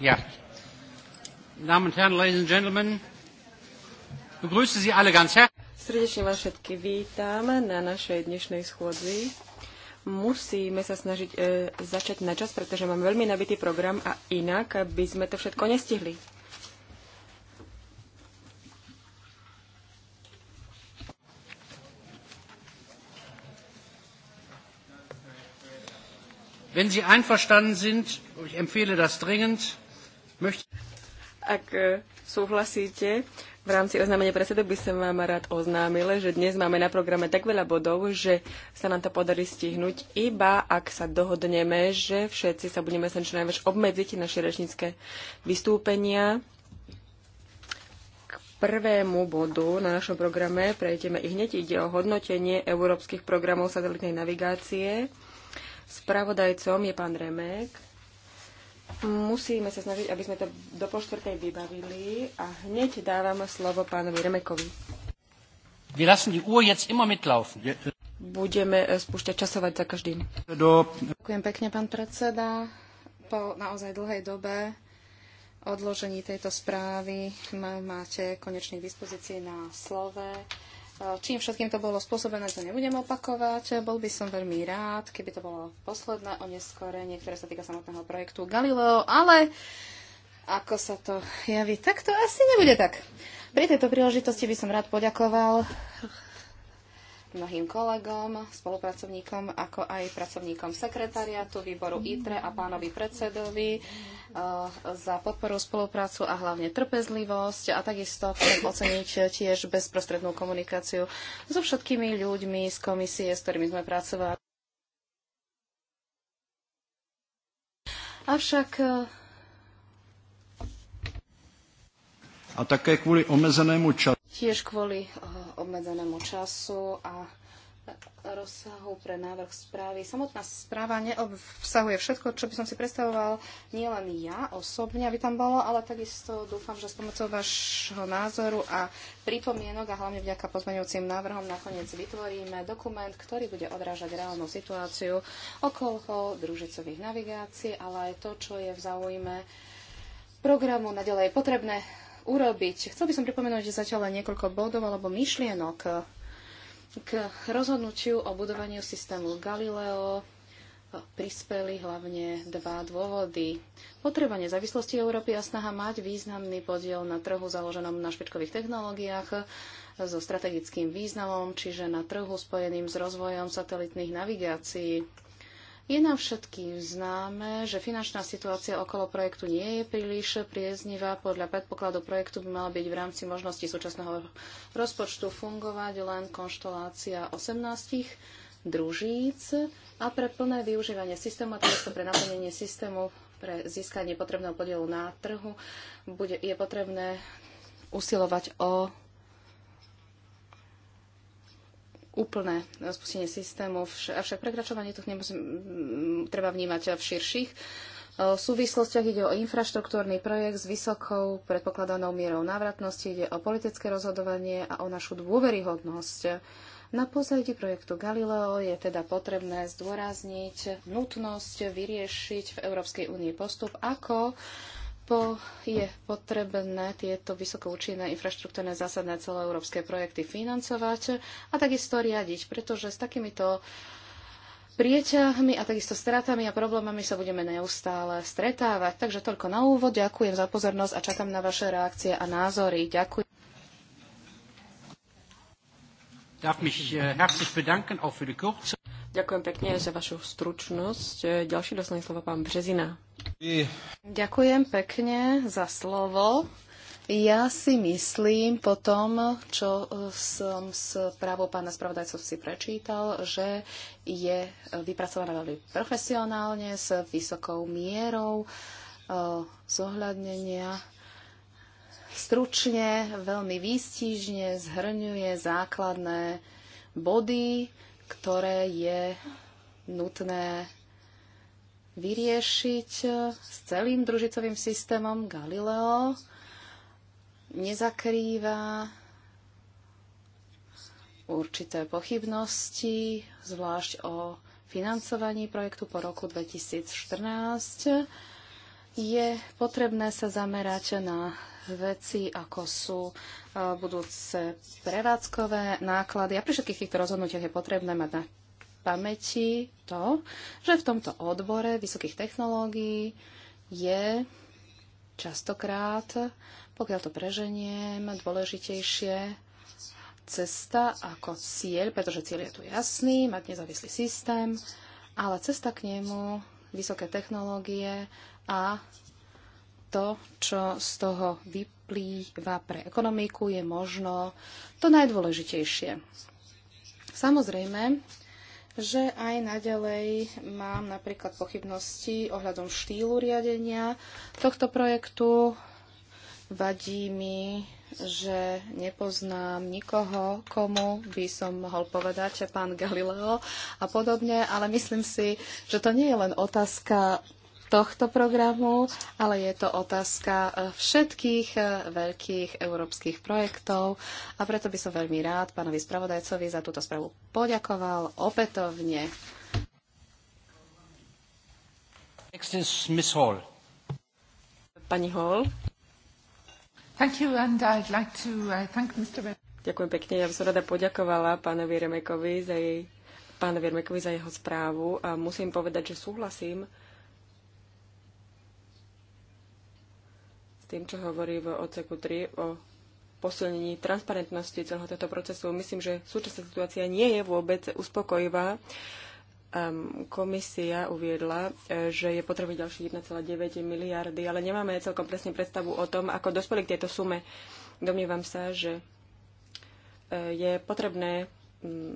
Ja. Damen und Herren, Ladies and Gentlemen, begrüße Sie alle ganz herzlich. Srdečne vás všetky vítam na našej dnešnej schôdzi. Musíme sa snažiť e, začať na čas, pretože mám veľmi nabitý program a inak by sme to všetko nestihli. Wenn Sie einverstanden sind, ich empfehle das dringend, ak e, súhlasíte, v rámci oznámenia predsedu by som vám rád oznámila, že dnes máme na programe tak veľa bodov, že sa nám to podarí stihnúť, iba ak sa dohodneme, že všetci sa budeme sa čo najväčšie obmedziť naše rečnícke vystúpenia. K prvému bodu na našom programe prejdeme i hneď. Ide o hodnotenie európskych programov satelitnej navigácie. Spravodajcom je pán Remek. Musíme sa snažiť, aby sme to do poštvrtej vybavili a hneď dávam slovo pánovi Remekovi. Wir lassen die Uhr jetzt immer mitlaufen. Budeme eh, spúšťať časovať za každým. Do... Ďakujem pekne, pán predseda. Po naozaj dlhej dobe odložení tejto správy máte konečne k dispozícii na slove Čím všetkým to bolo spôsobené, to nebudem opakovať. Bol by som veľmi rád, keby to bolo posledné oneskorenie, ktoré sa týka samotného projektu Galileo, ale ako sa to javí, tak to asi nebude tak. Pri tejto príležitosti by som rád poďakoval mnohým kolegom, spolupracovníkom, ako aj pracovníkom sekretariátu výboru ITRE a pánovi predsedovi eh, za podporu, spoluprácu a hlavne trpezlivosť. A takisto chcem oceniť tiež bezprostrednú komunikáciu so všetkými ľuďmi z komisie, s ktorými sme pracovali. Avšak eh, a také kvôli omezenému času tiež kvôli eh, obmedzenému času a rozsahu pre návrh správy. Samotná správa neobsahuje všetko, čo by som si predstavoval nielen ja osobne, aby tam bolo, ale takisto dúfam, že s pomocou vášho názoru a pripomienok a hlavne vďaka pozmeňujúcim návrhom nakoniec vytvoríme dokument, ktorý bude odrážať reálnu situáciu okolo družicových navigácií, ale aj to, čo je v záujme programu nadalej potrebné urobiť. Chcel by som pripomenúť zatiaľ len niekoľko bodov alebo myšlienok k rozhodnutiu o budovaniu systému Galileo prispeli hlavne dva dôvody. Potreba nezávislosti Európy a snaha mať významný podiel na trhu založenom na špičkových technológiách so strategickým významom, čiže na trhu spojeným s rozvojom satelitných navigácií je nám všetkým známe, že finančná situácia okolo projektu nie je príliš prieznivá. Podľa predpokladu projektu by mala byť v rámci možnosti súčasného rozpočtu fungovať len konštolácia 18 družíc a pre plné využívanie systému a teda pre naplnenie systému pre získanie potrebného podielu na trhu bude, je potrebné usilovať o úplné spustenie systému. Avšak prekračovanie tohto treba vnímať v širších e, v súvislostiach ide o infraštruktúrny projekt s vysokou predpokladanou mierou návratnosti, ide o politické rozhodovanie a o našu dôveryhodnosť. Na pozadí projektu Galileo je teda potrebné zdôrazniť nutnosť vyriešiť v Európskej únii postup, ako po, je potrebné tieto vysokoučinné infraštruktúrne zásadné celoeurópske projekty financovať a takisto riadiť, pretože s takýmito prieťahmi a takisto stratami a problémami sa budeme neustále stretávať. Takže toľko na úvod. Ďakujem za pozornosť a čakám na vaše reakcie a názory. Ďakujem. Äh, Ďakujem pekne za vašu stručnosť. Ďalší dostane slovo pán Březina. Ďakujem pekne za slovo. Ja si myslím po tom, čo som z právo pána spravodajcov si prečítal, že je vypracovaná veľmi profesionálne, s vysokou mierou e, zohľadnenia. Stručne, veľmi výstížne zhrňuje základné body, ktoré je nutné vyriešiť eh, s celým družicovým systémom Galileo nezakrýva určité pochybnosti, zvlášť o financovaní projektu po roku 2014. Je potrebné sa zamerať na veci, ako sú eh, budúce prevádzkové náklady. A pri všetkých týchto rozhodnutiach je potrebné mať na pamäti to, že v tomto odbore vysokých technológií je častokrát, pokiaľ to preženiem, dôležitejšie cesta ako cieľ, pretože cieľ je tu jasný, mať nezávislý systém, ale cesta k nemu, vysoké technológie a to, čo z toho vyplýva pre ekonomiku, je možno to najdôležitejšie. Samozrejme, že aj naďalej mám napríklad pochybnosti ohľadom štýlu riadenia tohto projektu. Vadí mi, že nepoznám nikoho, komu by som mohol povedať, že pán Galileo a podobne, ale myslím si, že to nie je len otázka tohto programu, ale je to otázka eh, všetkých eh, veľkých európskych projektov a preto by som veľmi rád pánovi spravodajcovi za túto správu poďakoval opätovne. Next is Hall. Pani Hall. Thank you and I'd like to uh, thank Mr. Ďakujem pekne. Ja by som rada poďakovala pánovi Remekovi za jej, pánovi Remekovi za jeho správu a musím povedať, že súhlasím tým, čo hovorí v odseku 3 o posilnení transparentnosti celého tohto procesu. Myslím, že súčasná situácia nie je vôbec uspokojivá. Ehm, komisia uviedla, e, že je potrebné ďalšie 1,9 miliardy, ale nemáme celkom presne predstavu o tom, ako dospeli k tejto sume. Domnievam sa, že e, je potrebné, mm,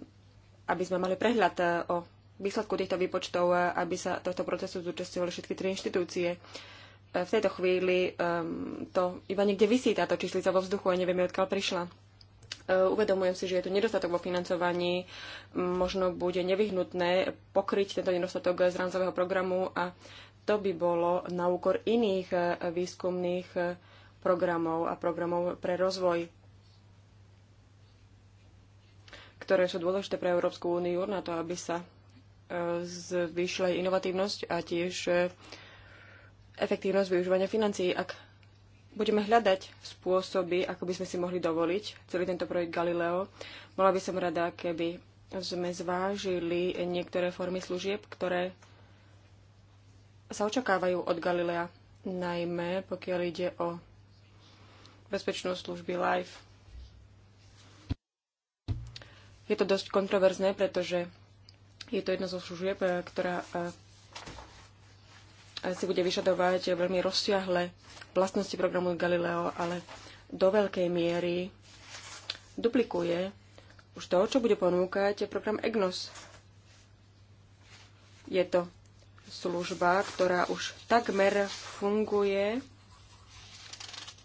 aby sme mali prehľad e, o výsledku týchto výpočtov, aby sa tohto procesu zúčastňovali všetky tri inštitúcie. E, v tejto chvíli um, to iba niekde vysí táto číslica vo vzduchu a nevieme, odkiaľ prišla. Uh, uvedomujem si, že je tu nedostatok vo financovaní, možno bude nevyhnutné pokryť tento nedostatok z rámcového programu a to by bolo na úkor iných e, výskumných programov a programov pre rozvoj, ktoré sú dôležité pre Európsku úniu na to, aby sa zvýšila inovatívnosť a tiež uh, efektívnosť využívania financií. Ak budeme hľadať spôsoby, ako by sme si mohli dovoliť celý tento projekt Galileo, bola by som rada, keby sme zvážili niektoré formy služieb, ktoré sa očakávajú od Galilea, najmä pokiaľ ide o bezpečnú služby LIFE. Je to dosť kontroverzné, pretože je to jedna zo služieb, eh, ktorá eh, si bude vyžadovať veľmi rozsiahle vlastnosti programu Galileo, ale do veľkej miery duplikuje už to, čo bude ponúkať program EGNOS. Je to služba, ktorá už takmer funguje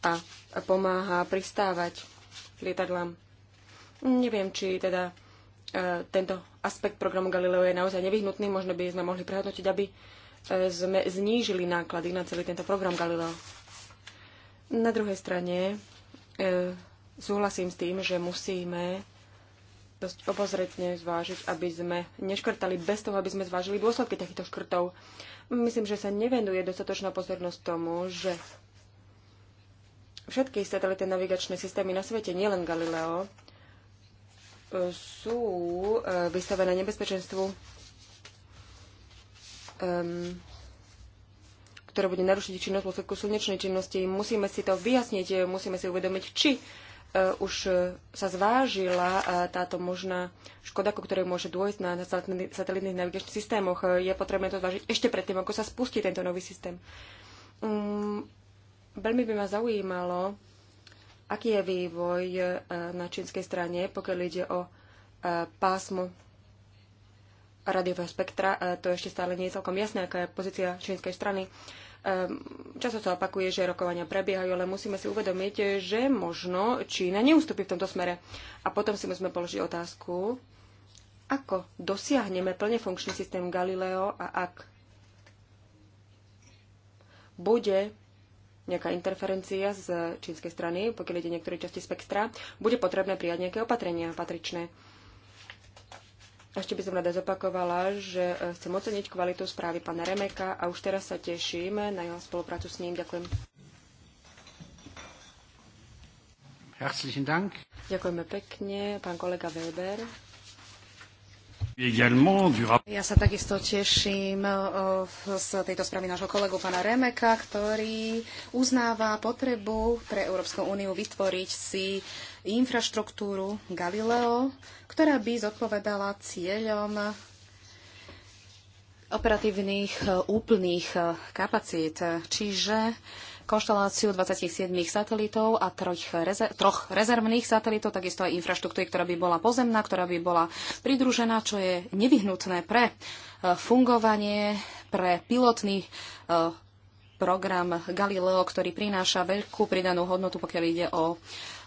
a pomáha pristávať lietadlám. Neviem, či teda e, tento aspekt programu Galileo je naozaj nevyhnutný, možno by sme mohli prehodnotiť, aby sme znížili náklady na celý tento program Galileo. Na druhej strane e, súhlasím s tým, že musíme dosť obozretne zvážiť, aby sme neškrtali bez toho, aby sme zvážili dôsledky takýchto škrtov. Myslím, že sa nevenuje dostatočná pozornosť tomu, že všetky satelitné navigačné systémy na svete, nielen Galileo, e, sú e, vystavené nebezpečenstvu um, ktoré bude narušiť činnosť v dôsledku slnečnej činnosti. Musíme si to vyjasniť, e, musíme si uvedomiť, či uh, už e, sa zvážila uh, táto možná škoda, ku ktorej môže dôjsť na, na satelitných navigačných systémoch. Uh, je potrebné to zvážiť ešte predtým, ako sa spustí tento nový systém. Um, veľmi by ma zaujímalo, aký je vývoj na čínskej strane, pokiaľ ide o pásmo radiového spektra. E, to ešte stále nie je celkom jasné, aká je pozícia čínskej strany. E, často sa opakuje, že rokovania prebiehajú, ale musíme si uvedomiť, že možno Čína neustúpi v tomto smere. A potom si musíme položiť otázku, ako dosiahneme plne funkčný systém Galileo a ak bude nejaká interferencia z čínskej strany, pokiaľ ide niektoré časti spektra, bude potrebné prijať nejaké opatrenia patričné. Ešte by som rada zopakovala, že e, chcem oceniť kvalitu správy pána Remeka a už teraz sa teším na jeho spoluprácu s ním. Ďakujem. Herzlichen Dank. Ďakujeme pekne, pán kolega Weber. Ja sa takisto teším e, z tejto správy nášho kolegu pána Remeka, ktorý uznáva potrebu pre Európsku úniu vytvoriť si infraštruktúru Galileo, ktorá by zodpovedala cieľom operatívnych e, úplných e, kapacít, čiže konšteláciu 27 satelitov a troch, rezer- troch rezervných satelitov, takisto aj infraštruktúry, ktorá by bola pozemná, ktorá by bola pridružená, čo je nevyhnutné pre e, fungovanie, pre pilotný program Galileo, ktorý prináša veľkú pridanú hodnotu, pokiaľ ide o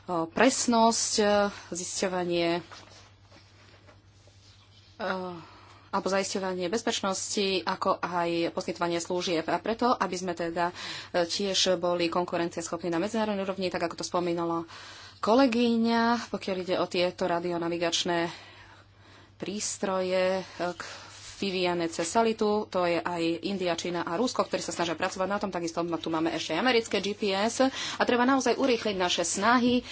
presnosť, e, zisťovanie e, alebo zaisťovanie bezpečnosti, ako aj poskytovanie služieb. A preto, aby sme teda e, tiež boli konkurencieschopní na medzinárodnej úrovni, tak ako to spomínala kolegyňa, pokiaľ ide o tieto radionavigačné prístroje, Viviane Cesalitu, to je aj India, Čína a Rusko, ktorí sa snažia pracovať na tom, takisto tu máme ešte aj americké GPS a treba naozaj urýchliť naše snahy,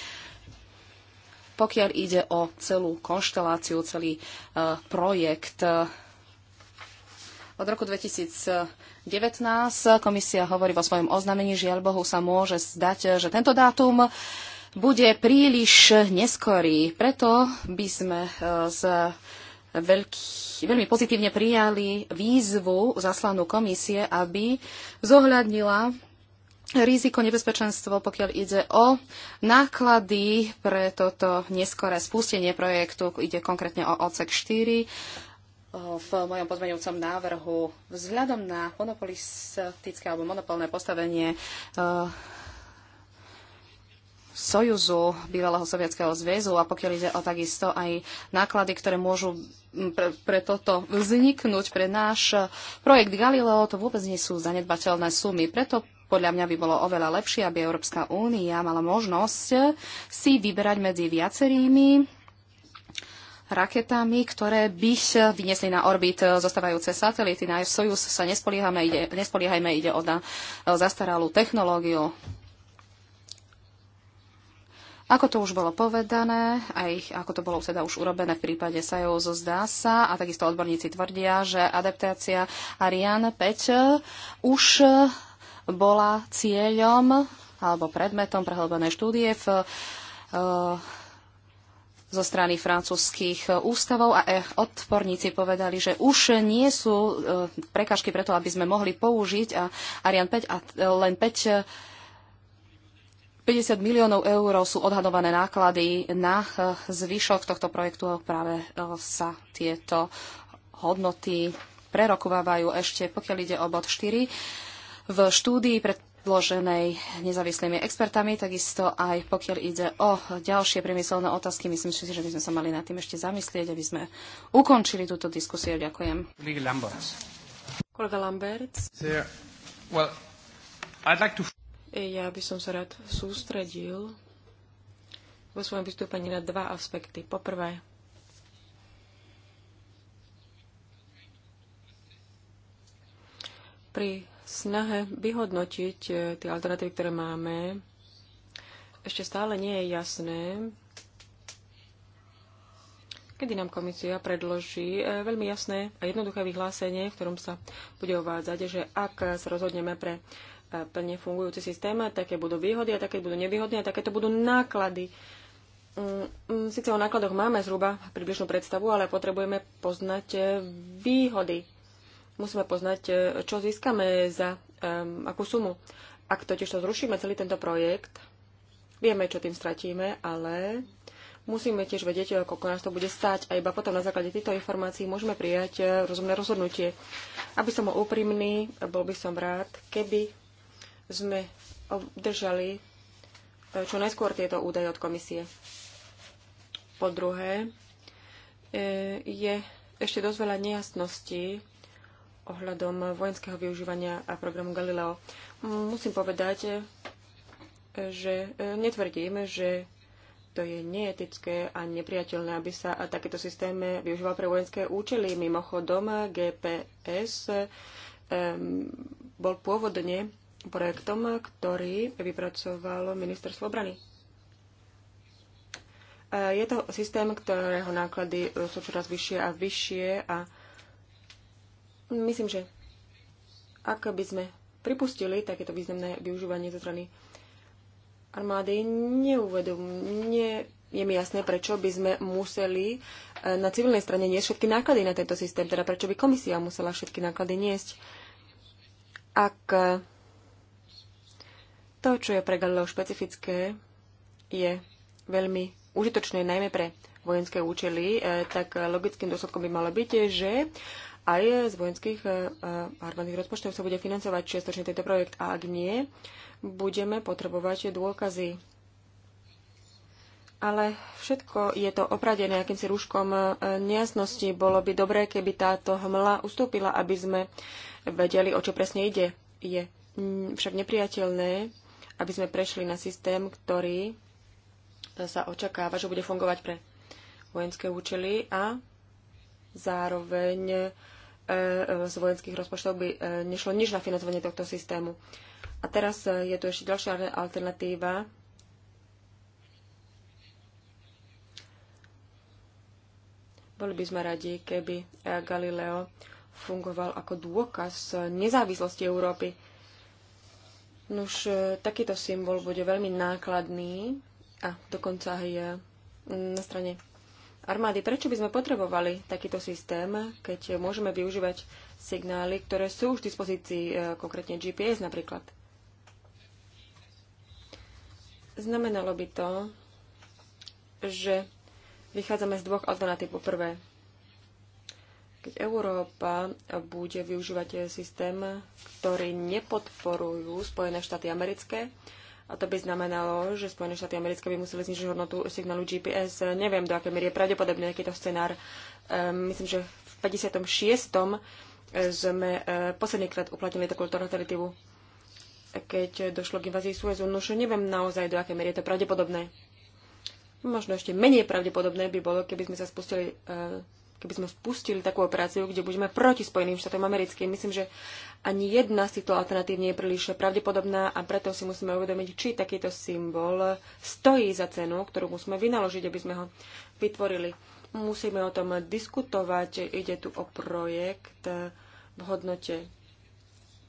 pokiaľ ide o celú konšteláciu, celý uh, projekt. Od roku 2000 19. Komisia hovorí vo svojom oznamení, žiaľ Bohu sa môže zdať, že tento dátum bude príliš neskorý. Preto by sme z e, veľký, veľmi pozitívne prijali výzvu zaslanú komisie, aby zohľadnila riziko, nebezpečenstvo, pokiaľ ide o náklady pre toto neskoré spustenie projektu. Ide konkrétne o Ocek 4 v mojom pozmeňujúcom návrhu. Vzhľadom na monopolistické alebo monopolné postavenie Sojuzu, bývalého Sovietskeho zväzu a pokiaľ ide o takisto aj náklady, ktoré môžu pre, pre toto vzniknúť, pre náš projekt Galileo, to vôbec nie sú zanedbateľné sumy. Preto podľa mňa by bolo oveľa lepšie, aby Európska únia mala možnosť si vyberať medzi viacerými raketami, ktoré by vyniesli na orbit zostávajúce satelity. Na Sojus sa nespoliehame, ide, nespoliehajme, ide o, na, o zastaralú technológiu. Ako to už bolo povedané, aj ako to bolo teda už urobené v prípade Sajozo, zdá sa, a takisto odborníci tvrdia, že adaptácia Ariane 5 už bola cieľom alebo predmetom prehlbenej štúdie v, e, zo strany francúzských ústavov a e, odporníci povedali, že už nie sú e, eh, prekažky preto, aby sme mohli použiť a Ariane 5 a len 5 50 miliónov eur sú odhadované náklady na eh, zvyšok tohto projektu. Práve eh, sa tieto hodnoty prerokovávajú ešte, pokiaľ ide o bod 4. V štúdii predloženej nezávislými expertami, takisto aj pokiaľ ide o ďalšie priemyselné otázky, myslím si, že by sme sa mali nad tým ešte zamyslieť, aby sme ukončili túto diskusiu. Ďakujem. Kolega Lamberts. Well, I'd like to ja by som sa rád sústredil vo svojom vystúpení na dva aspekty. Poprvé, pri snahe vyhodnotiť eh, tie alternatívy, ktoré máme, ešte stále nie je jasné, kedy nám komisia predloží eh, veľmi jasné a jednoduché vyhlásenie, v ktorom sa bude uvádzať, že ak sa rozhodneme pre plne fungujúci systém, také budú výhody a také budú nevýhody a takéto budú náklady. Mm, mm, Sice o nákladoch máme zhruba približnú predstavu, ale potrebujeme poznať e, výhody. Musíme poznať, e, čo získame za um, akú sumu. Ak totiž to zrušíme celý tento projekt, vieme, čo tým stratíme, ale musíme tiež vedieť, e, koľko nás to bude stáť a iba potom na základe týchto informácií môžeme prijať rozumné rozhodnutie. Aby som bol úprimný, bol by som rád, keby sme obdržali e, čo najskôr tieto údaje od komisie. Po druhé, e, je ešte dosť veľa nejasností ohľadom vojenského využívania a programu Galileo. Musím povedať, e, že netvrdím, že to je neetické a nepriateľné, aby sa takýto systémy využíval pre vojenské účely. Mimochodom, GPS um, bol pôvodne projektom, ktorý vypracovalo ministerstvo obrany. E, je to systém, ktorého náklady e, sú čoraz vyššie a vyššie a myslím, že ak by sme pripustili takéto významné využívanie zo strany armády, neuvedom, Nie je mi jasné, prečo by sme museli e, na civilnej strane niesť všetky náklady na tento systém, teda prečo by komisia musela všetky náklady niesť. Ak to, čo je pre Galileo špecifické, je veľmi užitočné najmä pre vojenské účely, e, tak logickým dôsledkom by malo byť, že aj z vojenských e, e, armádnych rozpočtov sa bude financovať čiastočne tento projekt a ak nie, budeme potrebovať dôkazy. Ale všetko je to opradené akýmsi rúškom nejasnosti. Bolo by dobré, keby táto hmla ustúpila, aby sme vedeli, o čo presne ide. Je však nepriateľné, aby sme prešli na systém, ktorý sa očakáva, že bude fungovať pre vojenské účely a zároveň e, e, z vojenských rozpočtov by e, nešlo nič na financovanie tohto systému. A teraz je tu ešte ďalšia alternatíva. Boli by sme radi, keby Galileo fungoval ako dôkaz nezávislosti Európy Nuž, e, takýto symbol bude veľmi nákladný a dokonca aj e, na strane armády. Prečo by sme potrebovali takýto systém, keď môžeme využívať signály, ktoré sú už v dispozícii, e, konkrétne GPS napríklad? Znamenalo by to, že vychádzame z dvoch alternatív. Po prvé, keď Európa bude využívať systém, ktorý nepodporujú Spojené štáty americké, a to by znamenalo, že Spojené štáty americké by museli znižiť hodnotu signálu GPS. Neviem, do akej miery je pravdepodobný takýto scenár. Ehm, myslím, že v 56. Ehm, sme ehm, poslednýkrát uplatnili takúto alternatívu, keď došlo k invazii Suezu. No že neviem naozaj, do akej miery je to pravdepodobné. Možno ešte menej pravdepodobné by bolo, keby sme sa spustili keby sme spustili takú operáciu, kde budeme proti Spojeným štátom americkým. Myslím, že ani jedna z týchto alternatív nie je príliš pravdepodobná a preto si musíme uvedomiť, či takýto symbol stojí za cenu, ktorú musíme vynaložiť, aby sme ho vytvorili. Musíme o tom diskutovať. Ide tu o projekt v hodnote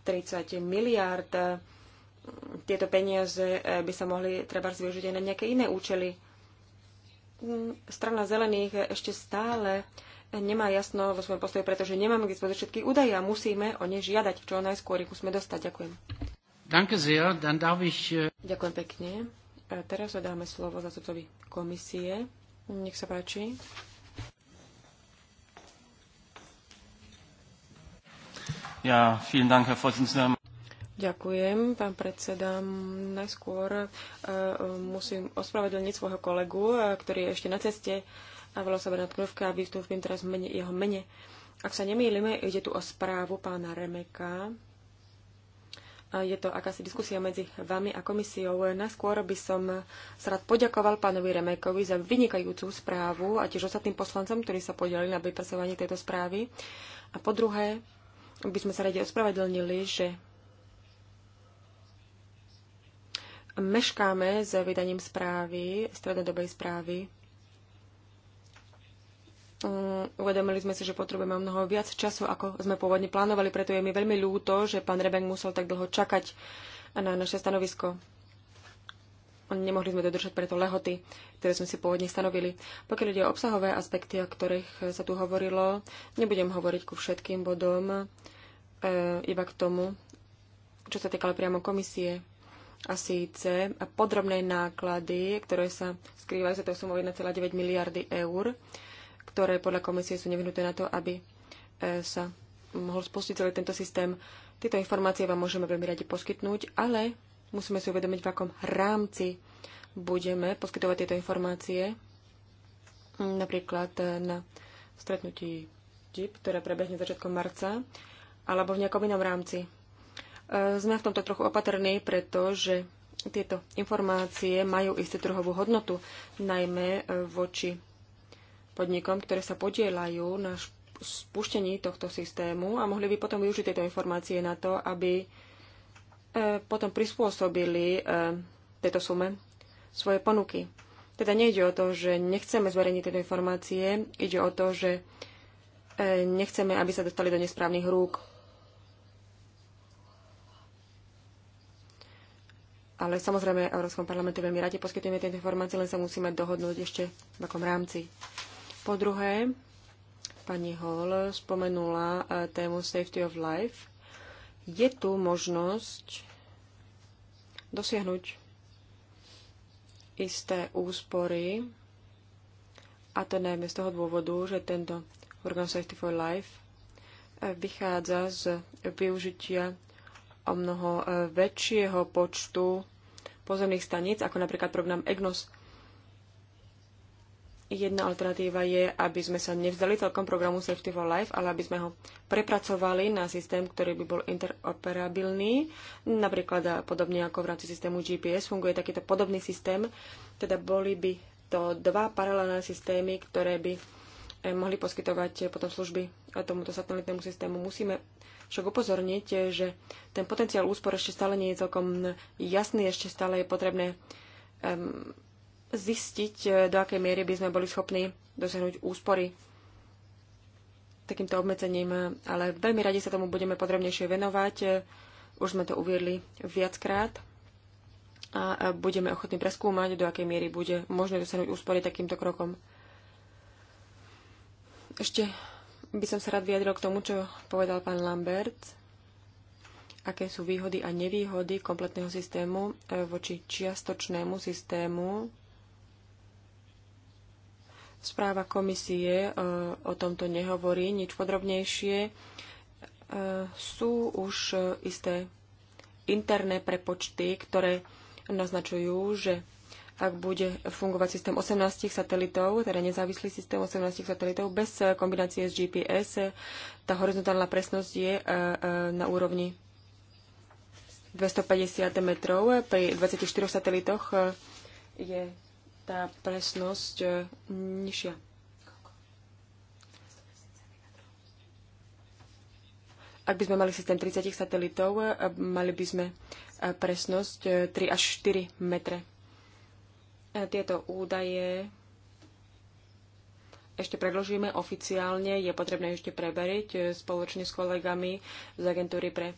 30 miliárd. Tieto peniaze by sa mohli treba využiť aj na nejaké iné účely strana zelených ešte stále nemá jasno vo svojom postoji, pretože nemáme k dispozícii všetky údaje a musíme o ne žiadať, čo najskôr ich musíme dostať. Ďakujem. Danke sehr, dann darf ich... Äh, Ďakujem pekne. A teraz dáme slovo zastupcovi komisie. Nech sa páči. Ja, vielen Dank, Herr Vorsitzender. Ďakujem, pán predseda. Najskôr uh, musím ospravedlniť svojho kolegu, äh, ktorý je ešte na ceste uh, a volá sa Bernard Knovka a vystúpim teraz v mene, jeho mene. Ak sa nemýlime, ide tu o správu pána Remeka. Je to akási diskusia medzi vami a komisiou. Naskôr by som sa rád poďakoval pánovi Remekovi za vynikajúcu správu a tiež ostatným poslancom, ktorí sa podelili na vypracovaní tejto správy. A po druhé, by sme sa radi ospravedlnili, že meškáme s vydaním správy, strednodobej správy Mm, uvedomili sme si, že potrebujeme mnoho viac času, ako sme pôvodne plánovali, preto je mi veľmi ľúto, že pán Rebeng musel tak dlho čakať na naše stanovisko. Nemohli sme dodržať preto lehoty, ktoré sme si pôvodne stanovili. Pokiaľ ide o obsahové aspekty, o ktorých sa tu hovorilo, nebudem hovoriť ku všetkým bodom, e, iba k tomu, čo sa týkalo priamo komisie a síce podrobné náklady, ktoré sa skrývajú za to sumou 1,9 miliardy eur ktoré podľa komisie sú nevyhnuté na to, aby e, sa mohol spustiť celý tento systém. Tieto informácie vám môžeme veľmi radi poskytnúť, ale musíme si uvedomiť, v akom rámci budeme poskytovať tieto informácie, napríklad e, na stretnutí DIP, ktoré prebehne začiatkom marca, alebo v nejakom inom rámci. E, sme v tomto trochu opatrní, pretože tieto informácie majú istú trhovú hodnotu, najmä voči podnikom, ktoré sa podielajú na spuštení tohto systému a mohli by potom využiť tieto informácie na to, aby e, potom prispôsobili e, tejto sume svoje ponuky. Teda nejde o to, že nechceme zverejniť tieto informácie, ide o to, že e, nechceme, aby sa dostali do nesprávnych rúk. Ale samozrejme, Európskom parlamentu veľmi radi poskytujeme tieto informácie, len sa musíme dohodnúť ešte v akom rámci. Po druhé, pani Hall spomenula eh, tému Safety of Life. Je tu možnosť dosiahnuť isté úspory, a to najmä z toho dôvodu, že tento Organ Safety for Life eh, vychádza z využitia o mnoho eh, väčšieho počtu pozemných staníc, ako napríklad program EGNOS Jedna alternatíva je, aby sme sa nevzdali celkom programu Safety for Life, ale aby sme ho prepracovali na systém, ktorý by bol interoperabilný. Napríklad podobne ako v rámci systému GPS funguje takýto podobný systém. Teda boli by to dva paralelné systémy, ktoré by eh, mohli poskytovať eh, potom služby eh, tomuto satelitnému systému. Musíme však upozorniť, že ten potenciál úspor ešte stále nie je celkom jasný, ešte stále je potrebné um, zistiť, e, do akej miery by sme boli schopní dosiahnuť úspory takýmto obmedzením, e, ale veľmi radi sa tomu budeme podrobnejšie venovať. E, už sme to uviedli viackrát a budeme ochotní preskúmať, do akej miery bude možné dosiahnuť úspory takýmto krokom. Ešte by som sa rád vyjadril k tomu, čo povedal pán Lambert, aké sú výhody a nevýhody kompletného systému voči čiastočnému systému Správa komisie e, o tomto nehovorí nič podrobnejšie. E, sú už e, isté interné prepočty, ktoré naznačujú, že ak bude fungovať systém 18 satelitov, teda nezávislý systém 18 satelitov, bez kombinácie s GPS, tá horizontálna presnosť je na úrovni 250 metrov. Pri 24 satelitoch je tá presnosť e, nižšia. Ak by sme mali systém 30 satelitov, e, mali by sme e, presnosť 3 až 4 metre. Tieto údaje ešte predložíme oficiálne, je potrebné ešte preberiť spoločne s kolegami z agentúry pre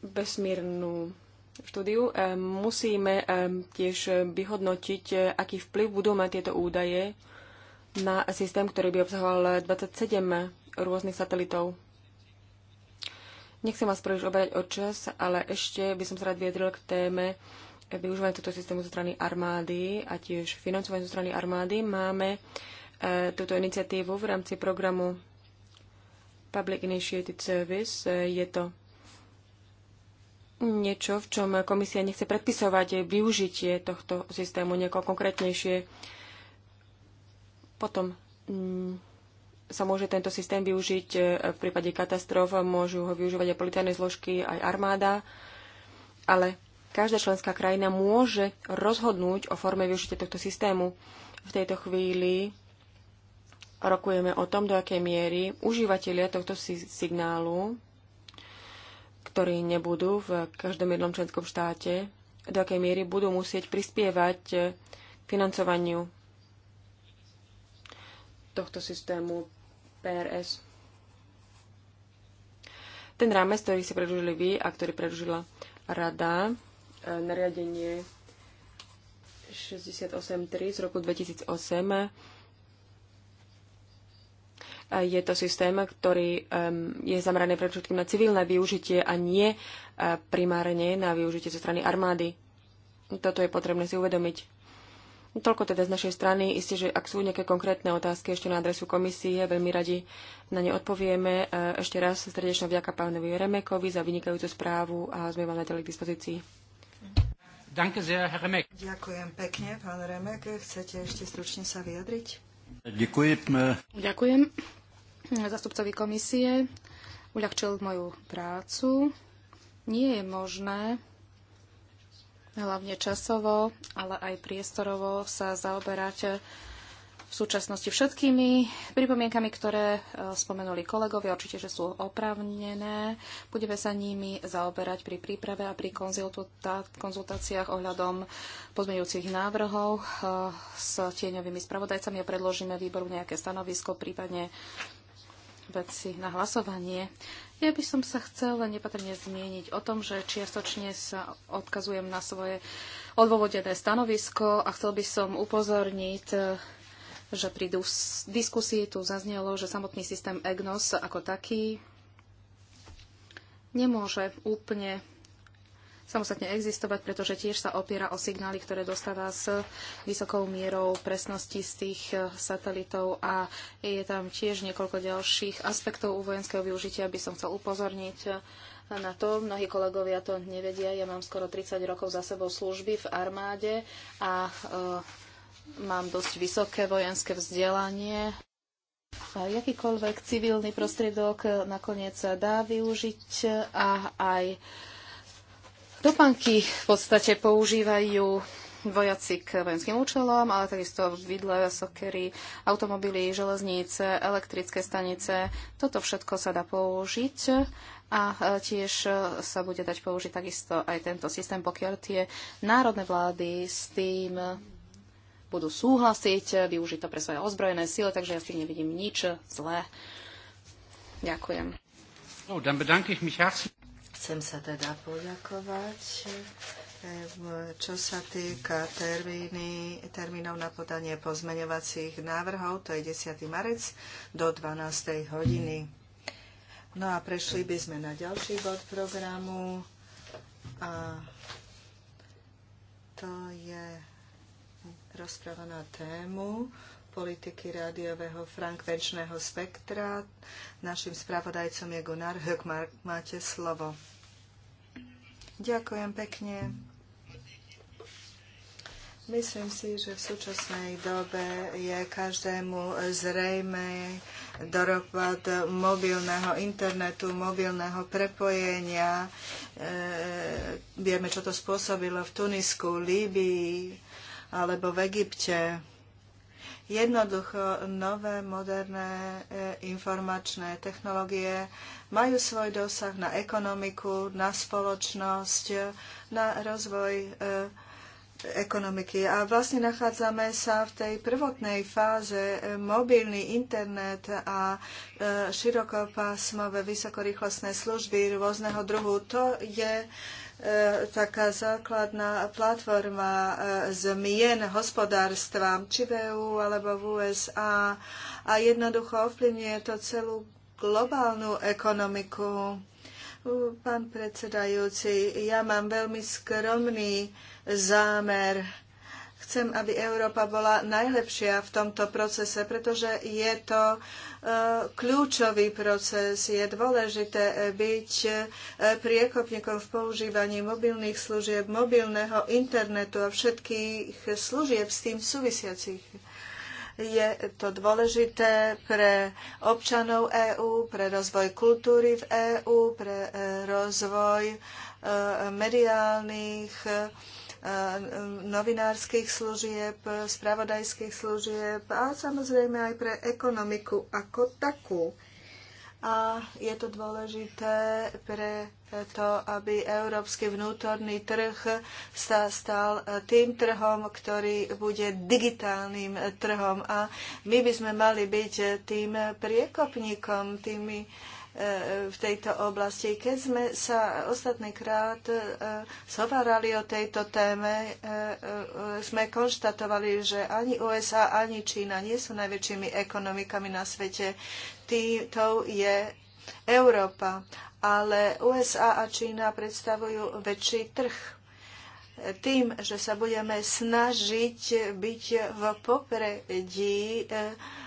vesmírnu štúdiu. Musíme tiež vyhodnotiť, e, aký vplyv budú mať tieto údaje na systém, ktorý by obsahoval 27 rôznych satelitov. Nechcem vás príliš obrať o čas, ale ešte by som sa rád viedril k téme využívania tohto systému zo strany armády a tiež financovania zo strany armády. Máme e, túto iniciatívu v rámci programu Public Initiated Service. E, je to niečo, v čom komisia nechce predpisovať využitie tohto systému nejako konkrétnejšie. Potom mm, sa môže tento systém využiť e, v prípade katastrof, môžu ho využívať aj policajné zložky, aj armáda, ale každá členská krajina môže rozhodnúť o forme využitia tohto systému. V tejto chvíli rokujeme o tom, do akej miery užívateľia tohto signálu ktorí nebudú v každom jednom členskom štáte, do akej miery budú musieť prispievať k financovaniu tohto systému PRS. Ten rámec, ktorý si predlžili vy a ktorý predlžila rada, e, nariadenie 68.3 z roku 2008 je to systém, ktorý je zameraný predovšetkým na civilné využitie a nie eh, primárne na využitie zo strany armády. Toto je potrebné si uvedomiť. Toľko teda z našej strany. Isté, že ak sú nejaké konkrétne otázky ešte na adresu komisie, veľmi radi na ne odpovieme. Eh, ešte raz srdečná vďaka pánovi Remekovi za vynikajúcu správu a sme vám naďalej k dispozícii. Ďakujem pekne, pán Remek. Chcete ešte stručne sa vyjadriť? Ďakujem. Ďakujem zastupcovi komisie. Uľahčil moju prácu. Nie je možné hlavne časovo, ale aj priestorovo sa zaoberať súčasnosti všetkými pripomienkami, ktoré e, spomenuli kolegovia, určite, že sú opravnené. Budeme sa nimi zaoberať pri príprave a pri konzultáciách ohľadom pozmeňujúcich návrhov e, s tieňovými spravodajcami a predložíme výboru nejaké stanovisko, prípadne veci na hlasovanie. Ja by som sa chcel len nepatrne zmieniť o tom, že čiastočne sa odkazujem na svoje odôvodené stanovisko a chcel by som upozorniť e, že pri diskusii tu zaznelo, že samotný systém EGNOS ako taký nemôže úplne samostatne existovať, pretože tiež sa opiera o signály, ktoré dostáva s vysokou mierou presnosti z tých e, satelitov a je tam tiež niekoľko ďalších aspektov u vojenského využitia, by som chcel upozorniť e, na to. Mnohí kolegovia to nevedia. Ja mám skoro 30 rokov za sebou služby v armáde a e, mám dosť vysoké vojenské vzdelanie. A jakýkoľvek civilný prostriedok nakoniec dá využiť a aj topanky v podstate používajú vojaci k vojenským účelom, ale takisto vidle, sokery, automobily, železnice, elektrické stanice. Toto všetko sa dá použiť a tiež sa bude dať použiť takisto aj tento systém, pokiaľ tie národné vlády s tým budú súhlasiť, eh, využiť to pre svoje ozbrojené síle, takže ja si nevidím nič zlé. Ďakujem. No, dann bedanke ich mich herzlich. Chcem sa teda poďakovať. Eh, čo sa týka termíny, termínov na podanie pozmeňovacích návrhov, to je 10. marec do 12. hodiny. No a prešli by sme na ďalší bod programu a to je rozpráva na tému politiky rádiového frankvenčného spektra. Našim spravodajcom je Gunnar Högmark. Máte slovo. Ďakujem pekne. Myslím si, že v súčasnej dobe je každému zrejme doropad mobilného internetu, mobilného prepojenia. E, vieme, čo to spôsobilo v Tunisku, Líbii, alebo v Egypte. Jednoducho nové, moderné e, informačné technológie majú svoj dosah na ekonomiku, na spoločnosť, na rozvoj e, ekonomiky. A vlastne nachádzame sa v tej prvotnej fáze e, mobilný internet a širokopásmové vysokorýchlostné služby rôzneho druhu. To je E, taká základná platforma e, zmien hospodárstva, či v EU alebo v USA. A jednoducho ovplyvňuje to celú globálnu ekonomiku. Pán predsedajúci, ja mám veľmi skromný zámer Chcem, aby Európa bola najlepšia v tomto procese, pretože je to e, kľúčový proces. Je dôležité e, byť e, priekopníkom v používaní mobilných služieb, mobilného internetu a všetkých služieb s tým súvisiacich je to dôležité pre občanov EÚ, pre rozvoj kultúry v EÚ, pre rozvoj mediálnych novinárskych služieb, spravodajských služieb a samozrejme aj pre ekonomiku ako takú. A je to dôležité pre to, aby európsky vnútorný trh sa stal e, tým trhom, ktorý bude digitálnym e, trhom. A my by sme mali byť e, tým priekopníkom, tými Eh, v tejto oblasti. Keď sme sa ostatný krát eh, zhovárali o tejto téme, eh, sme konštatovali, že ani USA, ani Čína nie sú najväčšími ekonomikami na svete. Tou je Európa, ale USA a Čína predstavujú väčší trh tým, že sa budeme snažiť byť v popredí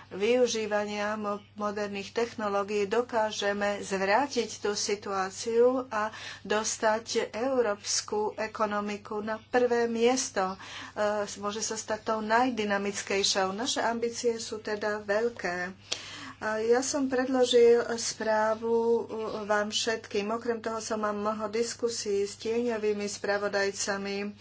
využívania moderných technológií dokážeme zvrátiť tú situáciu a dostať európsku ekonomiku na prvé miesto. E, môže sa stať tou najdynamickejšou. Naše ambície sú teda veľké. Ja som predložil správu vám všetkým. Okrem toho som mám mnoho diskusí s tieňovými spravodajcami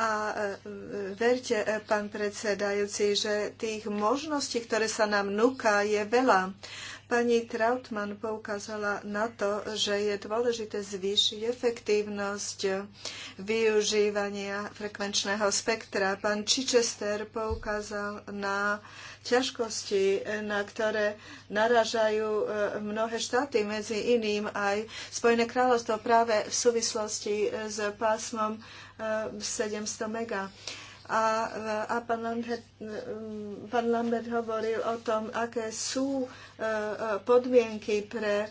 a e, e, verte, e, pán predsedajúci, že tých možností, ktoré sa nám núka, je veľa. Pani Trautmann poukázala na to, že je dôležité zvýšiť efektívnosť využívania frekvenčného spektra. Pán Chichester poukázal na ťažkosti, na ktoré naražajú mnohé štáty, medzi iným aj Spojené kráľovstvo práve v súvislosti s pásmom 700 mega. A, a pán, Lambert, pán Lambert hovoril o tom, aké sú e, e, podmienky pre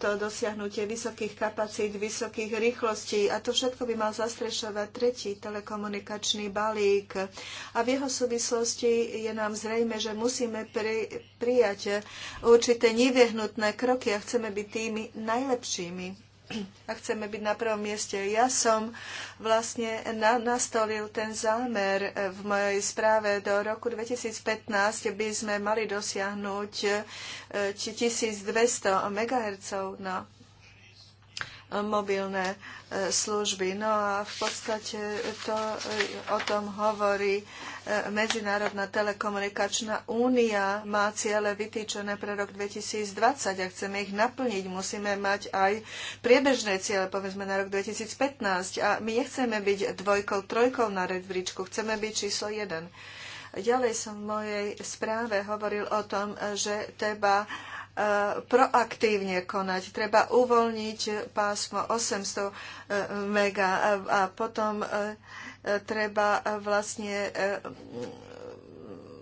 to dosiahnutie vysokých kapacít, vysokých rýchlostí. A to všetko by mal zastrešovať tretí telekomunikačný balík. A v jeho súvislosti je nám zrejme, že musíme pri, prijať určité nevyhnutné kroky a chceme byť tými najlepšími a chceme byť na prvom mieste. Ja som vlastne na, nastolil ten zámer v mojej správe. Do roku 2015 by sme mali dosiahnuť 1200 eh, MHz. No, mobilné e, služby. No a v podstate to e, o tom hovorí e, Medzinárodná telekomunikačná únia. Má ciele vytýčené pre rok 2020 a chceme ich naplniť. Musíme mať aj priebežné ciele, povedzme na rok 2015. A my nechceme byť dvojkou, trojkou na Redvričku, Chceme byť číslo jeden. Ďalej som v mojej správe hovoril o tom, že treba proaktívne konať. Treba uvoľniť pásmo 800 e, mega a potom e, treba vlastne e,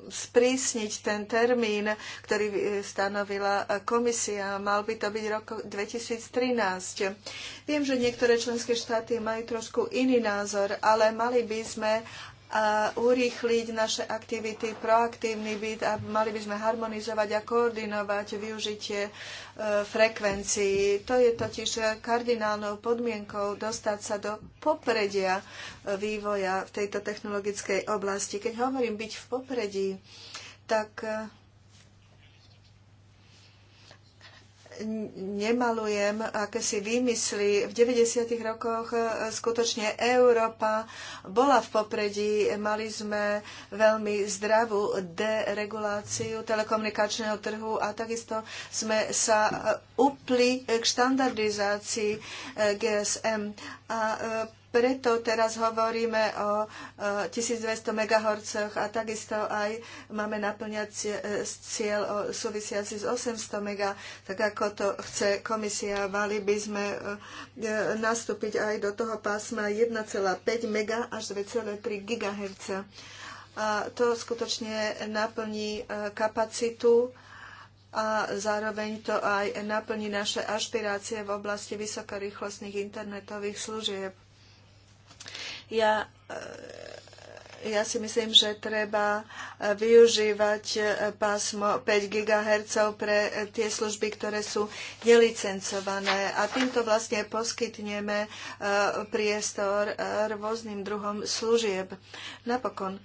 sprísniť ten termín, ktorý stanovila komisia. Mal by to byť rok 2013. Viem, že niektoré členské štáty majú trošku iný názor, ale mali by sme a urýchliť naše aktivity, proaktívny byt a mali by sme harmonizovať a koordinovať využitie e, frekvencií. To je totiž kardinálnou podmienkou dostať sa do popredia e, vývoja v tejto technologickej oblasti. Keď hovorím byť v popredí, tak e, nemalujem akési výmysly. V 90. rokoch e, skutočne Európa bola v popredí. Mali sme veľmi zdravú dereguláciu telekomunikačného trhu a takisto sme sa e, upli k štandardizácii e, GSM. A preto teraz hovoríme o 1200 e, MHz a takisto aj máme naplňať e, cieľ súvisiaci s 800 MHz, tak ako to chce komisia. Mali by sme e, nastúpiť aj do toho pásma 1,5 MHz až 2,3 GHz. A to skutočne naplní kapacitu a zároveň to aj naplní naše ašpirácie v oblasti vysokorýchlostných internetových služieb. Ja e, ja si myslím, že treba e, využívať e, pásmo 5 GHz pre tie služby, ktoré sú nelicencované. A týmto vlastne poskytneme priestor rôznym druhom služieb. Napokon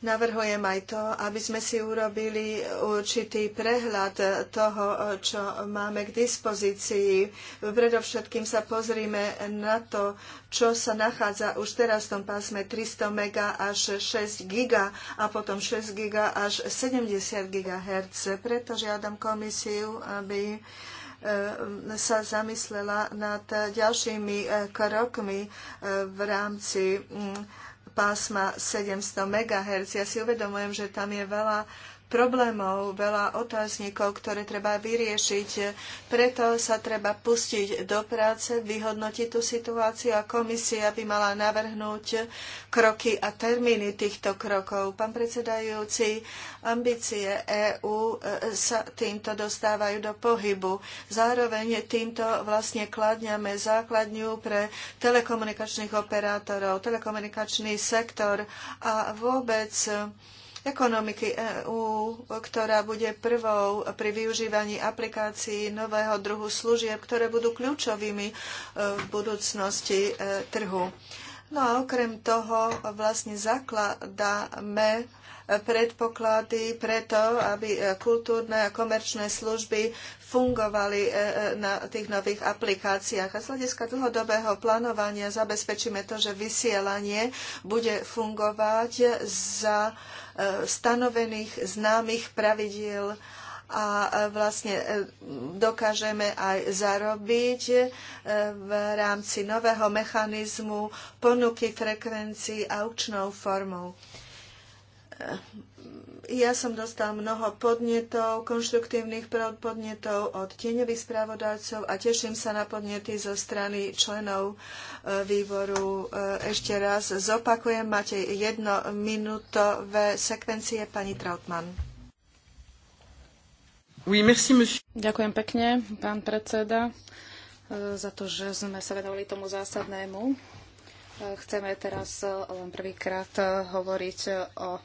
Navrhujem aj to, aby sme si urobili určitý prehľad toho, čo máme k dispozícii. Predovšetkým sa pozrime na to, čo sa nachádza už teraz v tom pásme 300 mega až 6 giga a potom 6 giga až 70 GHz. Preto žiadam komisiu, aby e, sa zamyslela nad ďalšími e, krokmi e, v rámci pásma 700 MHz. Ja si uvedomujem, že tam je veľa problémov, veľa otáznikov, ktoré treba vyriešiť. Preto sa treba pustiť do práce, vyhodnotiť tú situáciu a komisia by mala navrhnúť kroky a termíny týchto krokov. Pán predsedajúci, ambície EÚ e, sa týmto dostávajú do pohybu. Zároveň týmto vlastne kladňame základňu pre telekomunikačných operátorov, telekomunikačný sektor a vôbec ekonomiky EÚ, ktorá bude prvou pri využívaní aplikácií nového druhu služieb, ktoré budú kľúčovými e, v budúcnosti e, trhu. No a okrem toho vlastne zakladáme e, predpoklady preto, aby kultúrne a komerčné služby fungovali na tých nových aplikáciách. A z hľadiska dlhodobého plánovania zabezpečíme to, že vysielanie bude fungovať za stanovených známych pravidiel a e, vlastne e, dokážeme aj zarobiť e, v rámci nového mechanizmu ponuky frekvencií aukčnou formou ja som dostal mnoho podnetov, konštruktívnych podnetov od tieňových správodajcov a teším sa na podnety zo strany členov e, výboru. E, ešte raz zopakujem, máte jednominútové sekvencie pani Trautmann. Oui, merci, Ďakujem pekne, pán predseda, e, za to, že sme sa venovali tomu zásadnému Chceme teraz eh, len prvýkrát eh, hovoriť eh, o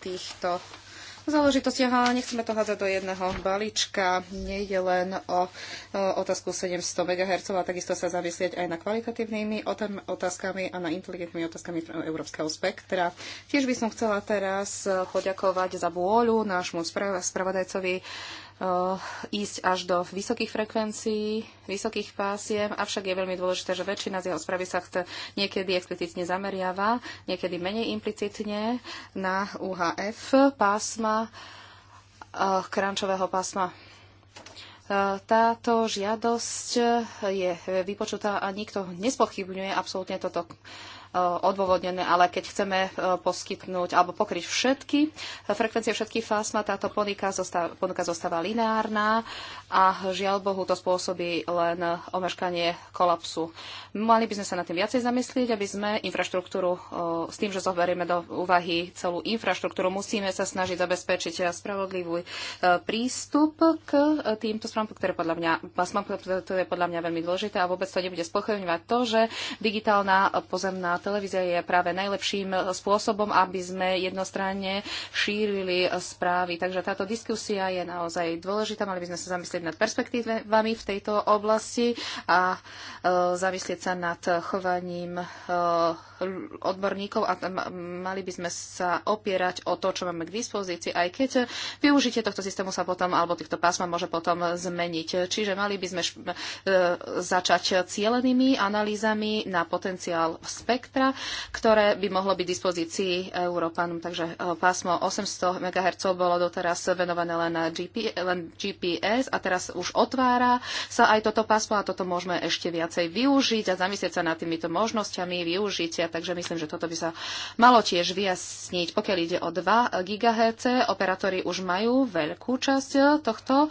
týchto záležitostiach, ale nechceme to hádzať do jedného balíčka. Nejde len o, otázku 700 MHz a takisto sa zamyslieť aj na kvalitatívnymi otázkami a na inteligentnými otázkami európskeho spektra. Tiež by som chcela teraz poďakovať za vôľu nášmu spravodajcovi Eh, ísť až do vysokých frekvencií, vysokých pásiem, avšak je veľmi dôležité, že väčšina z jeho správy sa chce niekedy explicitne zameriava, niekedy menej implicitne na UHF pásma, eh, krančového pásma. Eh, táto žiadosť je vypočutá a nikto nespochybňuje absolútne toto Eh, odôvodnené, ale keď chceme eh, poskytnúť alebo pokryť všetky eh, frekvencie, všetky fásma, táto ponuka zostáva, zostáva lineárna a žiaľ Bohu to spôsobí len omeškanie kolapsu. Mali by sme sa na tým viacej zamyslieť, aby sme infraštruktúru s tým, že zoberieme do úvahy celú infraštruktúru, musíme sa snažiť zabezpečiť spravodlivý prístup k týmto správam, ktoré podľa mňa, ktoré je podľa mňa veľmi dôležité a vôbec to nebude spochybňovať to, že digitálna pozemná televízia je práve najlepším spôsobom, aby sme jednostranne šírili správy. Takže táto diskusia je naozaj dôležitá. Mali by sme sa zamyslieť nad perspektívami v tejto oblasti a e, zamyslieť sa nad chovaním e, odborníkov a mali by sme sa opierať o to, čo máme k dispozícii, aj keď využitie tohto systému sa potom, alebo týchto pásma môže potom zmeniť. Čiže mali by sme e, začať cielenými analýzami na potenciál spektra, ktoré by mohlo byť dispozícii Európanom. Takže e, pásmo 800 MHz bolo doteraz venované len, na GP, len GPS a teraz už otvára sa aj toto pásmo a toto môžeme ešte viacej využiť a zamyslieť sa nad týmito možnosťami využitia takže myslím, že toto by sa malo tiež vyjasniť. Pokiaľ ide o 2 GHz, operátori už majú veľkú časť tohto e,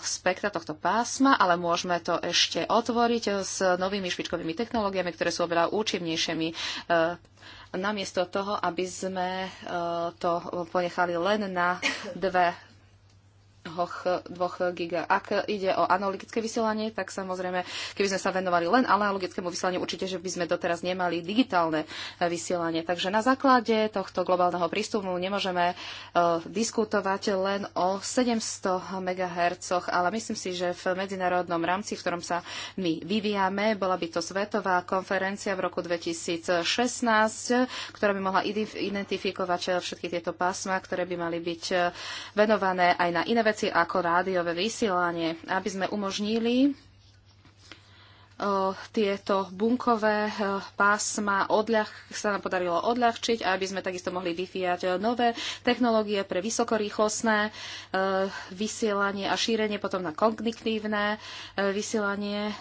spektra, tohto pásma, ale môžeme to ešte otvoriť s novými špičkovými technológiami, ktoré sú oveľa účinnejšími e, namiesto toho, aby sme e, to ponechali len na dve 2 giga. Ak ide o analogické vysielanie, tak samozrejme, keby sme sa venovali len analogickému vysielaniu, určite, že by sme doteraz nemali digitálne vysielanie. Takže na základe tohto globálneho prístupu nemôžeme uh, diskutovať len o 700 MHz, ale myslím si, že v medzinárodnom rámci, v ktorom sa my vyvíjame, bola by to svetová konferencia v roku 2016, ktorá by mohla identifikovať všetky tieto pásma, ktoré by mali byť e, venované aj na iné veci, veci ako rádiové vysielanie, aby sme umožnili tieto bunkové pásma odľah, sa nám podarilo odľahčiť, aby sme takisto mohli vyvíjať nové technológie pre vysokorýchlostné vysielanie a šírenie potom na kognitívne vysielanie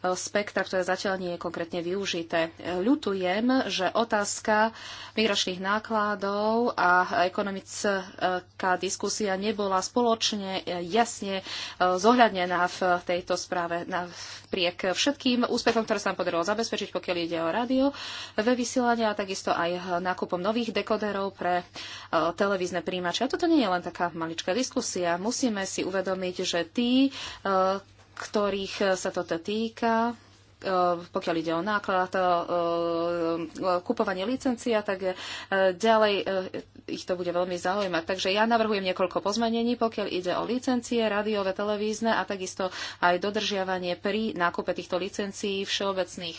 spektra, ktoré zatiaľ nie je konkrétne využité. Ľutujem, že otázka migračných nákladov a ekonomická diskusia nebola spoločne e, jasne e, zohľadnená v tejto správe napriek všetkým úspechom, ktoré sa nám podarilo zabezpečiť, pokiaľ ide o rádio ve vysielanie a takisto aj nákupom nových dekoderov pre e, televízne príjimače. A toto nie je len taká maličká diskusia. Musíme si uvedomiť, že tí, ktorých e, sa toto týka e, pokiaľ ide o náklad, e, kupovanie licencia, tak ďalej, ich to bude veľmi zaujímať. Takže ja navrhujem niekoľko pozmenení, pokiaľ ide o licencie, rádiové, televízne a takisto aj dodržiavanie pri nákupe týchto licencií všeobecných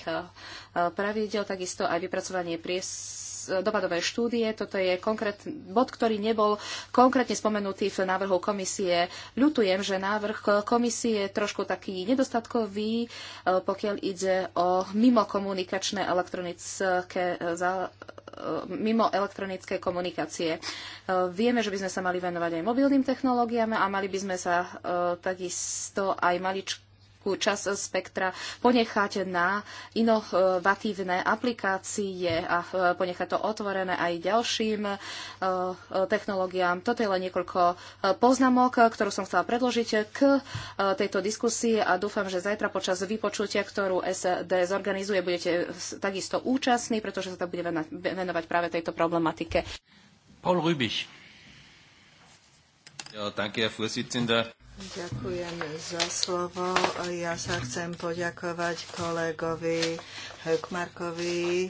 pravidel, takisto aj vypracovanie priestorov dopadové štúdie. Toto je konkrétny bod, ktorý nebol konkrétne spomenutý v návrhu komisie. Ľutujem, že návrh komisie je trošku taký nedostatkový, e, pokiaľ ide o mimokomunikačné elektronické e, e, mimo elektronické komunikácie. Vieme, že by sme sa mali venovať aj mobilným technológiám a mali by sme sa takisto aj maličko veľkú časť spektra ponechať na inovatívne aplikácie a e, ponechať to otvorené aj ďalším e, e, technológiám. Toto je len niekoľko poznámok, ktorú som chcela predložiť k tejto diskusii a dúfam, že zajtra počas vypočutia, ktorú SD zorganizuje, budete takisto účastní, pretože sa to bude venovať práve tejto problematike. Paul Rübig. Ja, danke, Herr Vorsitzender. Ďakujem za slovo. Ja sa chcem poďakovať kolegovi Hökmarkovi eh,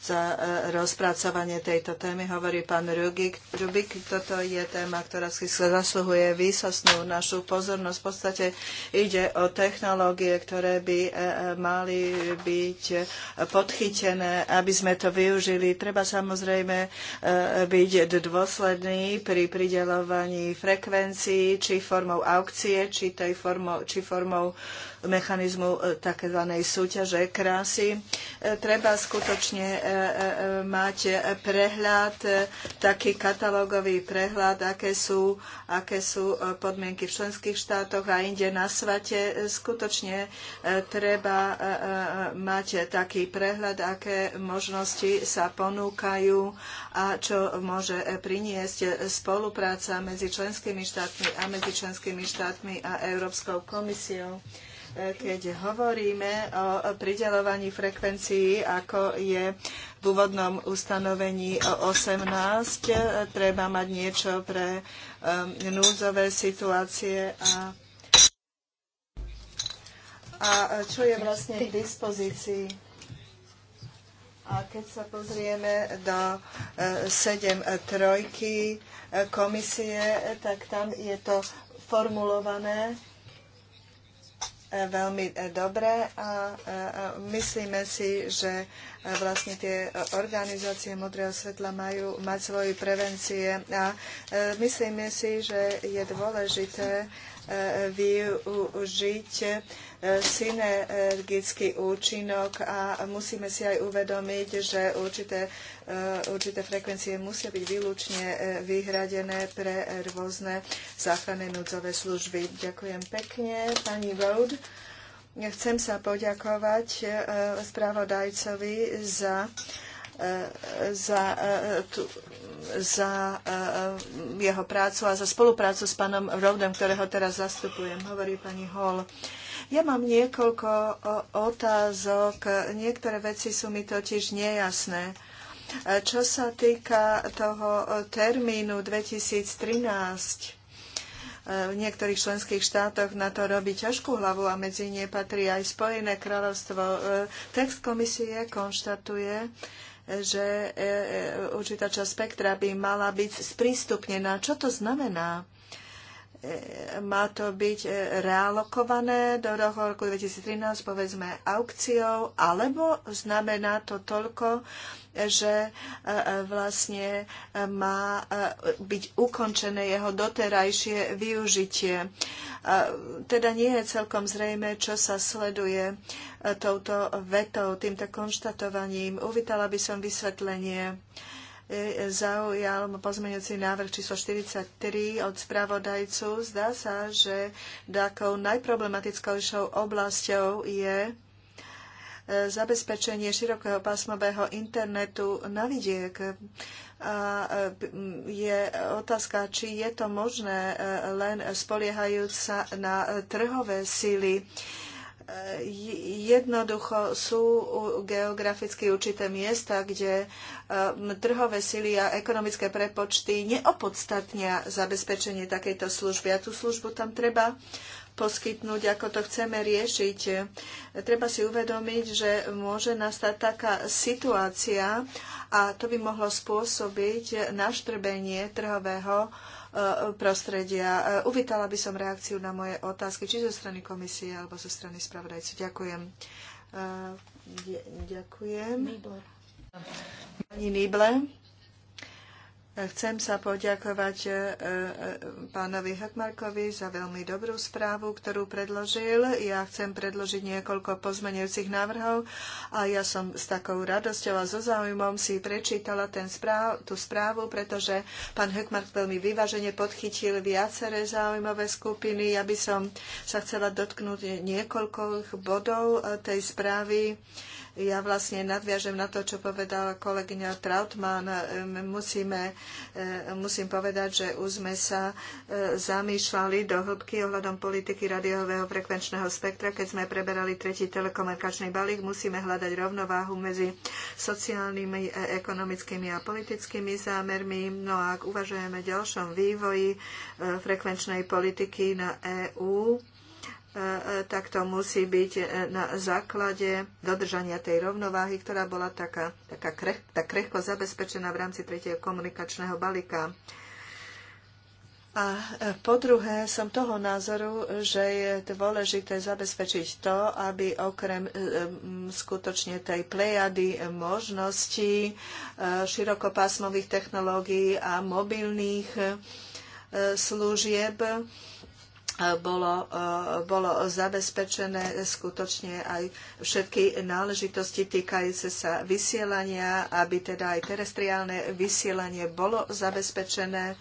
za eh, rozpracovanie tejto témy. Hovorí pán Rubik. Rubik, toto je téma, ktorá si zasluhuje výsostnú našu pozornosť. V podstate ide o technológie, ktoré by eh, mali byť podchytené, aby sme to využili. Treba samozrejme byť dôsledný pri pridelovaní frekvencií či form formou aukcie, či, tej formou, či formou mechanizmu e, tzv. súťaže krásy. E, treba skutočne e, mať prehľad, taký katalógový prehľad, aké sú, aké sú podmienky v členských štátoch a inde na svete. Skutočne treba mať taký prehľad, aké možnosti sa ponúkajú a čo môže priniesť spolupráca medzi členskými štátmi a medzi členskými štátmi a Európskou komisiou keď hovoríme o pridelovaní frekvencií, ako je v úvodnom ustanovení 18, treba mať niečo pre um, núdzové situácie a a čo je vlastne k dispozícii. A keď sa pozrieme do 7 e, trojky e, komisie, tak tam je to formulované E, veľmi e, dobré a e, myslíme si, že vlastne tie organizácie modrého svetla majú mať svoje prevencie a myslíme si, že je dôležité využiť synergický účinok a musíme si aj uvedomiť, že určité, e, určité frekvencie musia byť výlučne e, vyhradené pre rôzne záchranné núdzové služby. Ďakujem pekne, pani Road. Chcem sa poďakovať e, správodajcovi za za, tu, za jeho prácu a za spoluprácu s pánom Rodem, ktorého teraz zastupujem, hovorí pani Hall. Ja mám niekoľko otázok. Niektoré veci sú mi totiž nejasné. E, čo sa týka toho e, termínu 2013, e, v niektorých členských štátoch na to robí ťažkú hlavu a medzi ne patrí aj Spojené kráľovstvo. Text komisie konštatuje, že určitá časť spektra by mala byť sprístupnená. Čo to znamená? má to byť e, realokované do roku 2013, povedzme, aukciou, alebo znamená to toľko, že e, vlastne e, má byť ukončené jeho doterajšie využitie. Teda nie je celkom zrejme, čo sa sleduje touto vetou, týmto konštatovaním. Uvítala by som vysvetlenie. E, zaujal pozmeňujúci návrh číslo 43 od spravodajcu. Zdá sa, že takou najproblematickejšou oblasťou je e, zabezpečenie širokého pásmového internetu na vidiek. A e, je otázka, či je to možné len spoliehajúc sa na trhové síly E, jednoducho sú geograficky určité miesta, kde e, trhové sily a ekonomické prepočty neopodstatnia zabezpečenie takejto služby. A tú službu tam treba poskytnúť, ako to chceme riešiť. Treba si uvedomiť, že môže nastať taká situácia a to by mohlo spôsobiť naštrbenie trhového E, prostredia. E, uvítala by som reakciu na moje otázky, či zo strany komisie alebo zo strany spravodajcu. Ďakujem. E, ďakujem. Pani Nýble. Chcem sa poďakovať e, e, pánovi Hekmarkovi za veľmi dobrú správu, ktorú predložil. Ja chcem predložiť niekoľko pozmenujúcich návrhov a ja som s takou radosťou a so záujmom si prečítala ten správ, tú správu, pretože pán Hakmark veľmi vyvážene podchytil viaceré záujmové skupiny. Ja by som sa chcela dotknúť niekoľkých bodov e, tej správy. Ja vlastne nadviažem na to, čo povedala kolegyňa Trautmann. Musíme, e, musím povedať, že už sme sa e, zamýšľali do hĺbky ohľadom politiky radiového frekvenčného spektra. Keď sme preberali tretí telekomunikačný balík, musíme hľadať rovnováhu medzi sociálnymi, e, ekonomickými a politickými zámermi. No a ak uvažujeme ďalšom vývoji frekvenčnej politiky na EÚ, tak to musí byť e, na základe dodržania tej rovnováhy, ktorá bola taká, taká krech, tak krehko zabezpečená v rámci tretieho komunikačného balíka. A e, po druhé, som toho názoru, že je dôležité zabezpečiť to, aby okrem e, skutočne tej plejady možností širokopásmových technológií a mobilných služieb, bolo, eh, bolo zabezpečené skutočne aj všetky náležitosti týkajúce sa vysielania, aby teda aj terestriálne vysielanie bolo zabezpečené.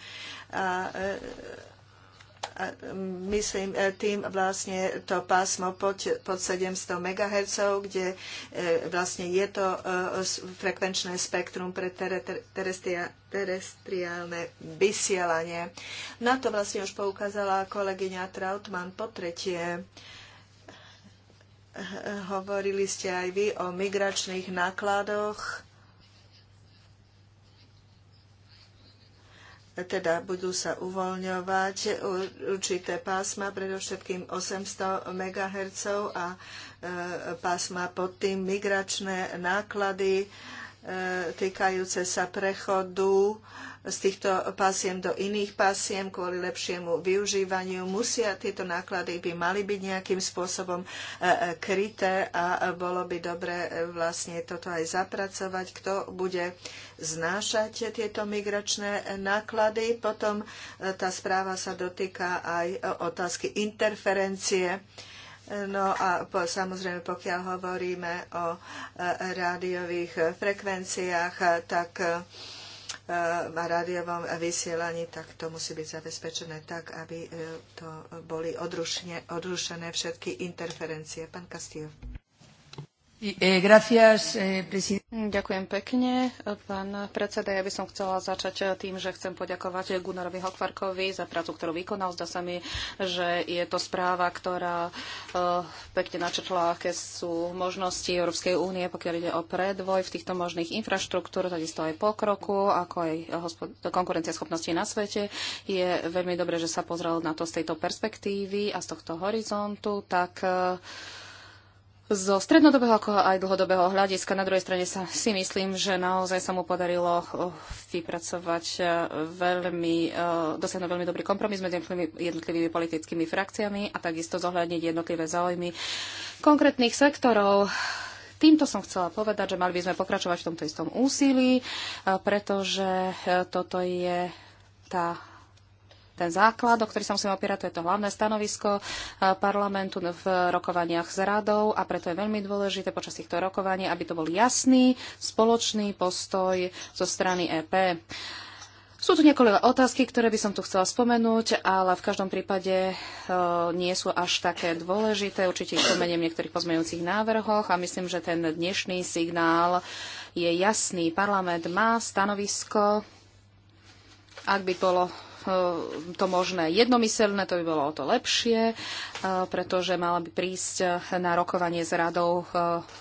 A, eh, Mm, myslím e, tým vlastne to pásmo pod, pod 700 MHz, kde e, vlastne je to e, frekvenčné spektrum pre terestia terestriálne vysielanie. Na to vlastne už poukázala kolegyňa Trautmann po tretie hovorili ste aj vy o migračných nákladoch teda budú sa uvoľňovať určité pásma, predovšetkým 800 MHz a e, pásma pod tým migračné náklady e, týkajúce sa prechodu z týchto pasiem do iných pasiem kvôli lepšiemu využívaniu. Musia tieto náklady by mali byť nejakým spôsobom e, e, kryté a bolo by dobre e, vlastne toto aj zapracovať, kto bude znášať tieto migračné náklady. Potom tá správa sa dotýka aj otázky interferencie. No a po, samozrejme, pokiaľ hovoríme o rádiových frekvenciách, tak v eh, rádiovom vysielaní, tak to musí byť zabezpečené tak, aby eh, to boli odrušené všetky interferencie. Pán Castillo. Eh, eh, Ďakujem pekne, pán predseda. Ja by som chcela začať tým, že chcem poďakovať Gunnarovi Hokvarkovi za prácu, ktorú vykonal. Zdá sa mi, že je to správa, ktorá eh, pekne načetla, aké sú možnosti Európskej únie, pokiaľ ide o predvoj v týchto možných infraštruktúr, takisto aj pokroku, ako aj konkurencieschopnosti na svete. Je veľmi dobré, že sa pozrel na to z tejto perspektívy a z tohto horizontu, tak zo strednodobého ako aj dlhodobého hľadiska. Na druhej strane sa, si myslím, že naozaj sa mu podarilo eh, vypracovať eh, veľmi, eh, dosiahnuť veľmi dobrý kompromis medzi jednotlivými politickými frakciami a takisto zohľadniť jednotlivé záujmy konkrétnych sektorov. Týmto som chcela povedať, že mali by sme pokračovať v tomto istom úsilí, pretože toto je tá ten základ, o ktorý sa musíme opierať, to je to hlavné stanovisko eh, parlamentu v rokovaniach s radou a preto je veľmi dôležité počas týchto rokovaní, aby to bol jasný spoločný postoj zo strany EP. Sú tu niekoľko otázky, ktoré by som tu chcela spomenúť, ale v každom prípade e, nie sú až také dôležité. Určite ich spomeniem v niektorých pozmeňujúcich návrhoch a myslím, že ten dnešný signál je jasný. Parlament má stanovisko, ak by bolo E, to možné jednomyselné, to by bolo o to lepšie, e, pretože mala by prísť na rokovanie s radou e,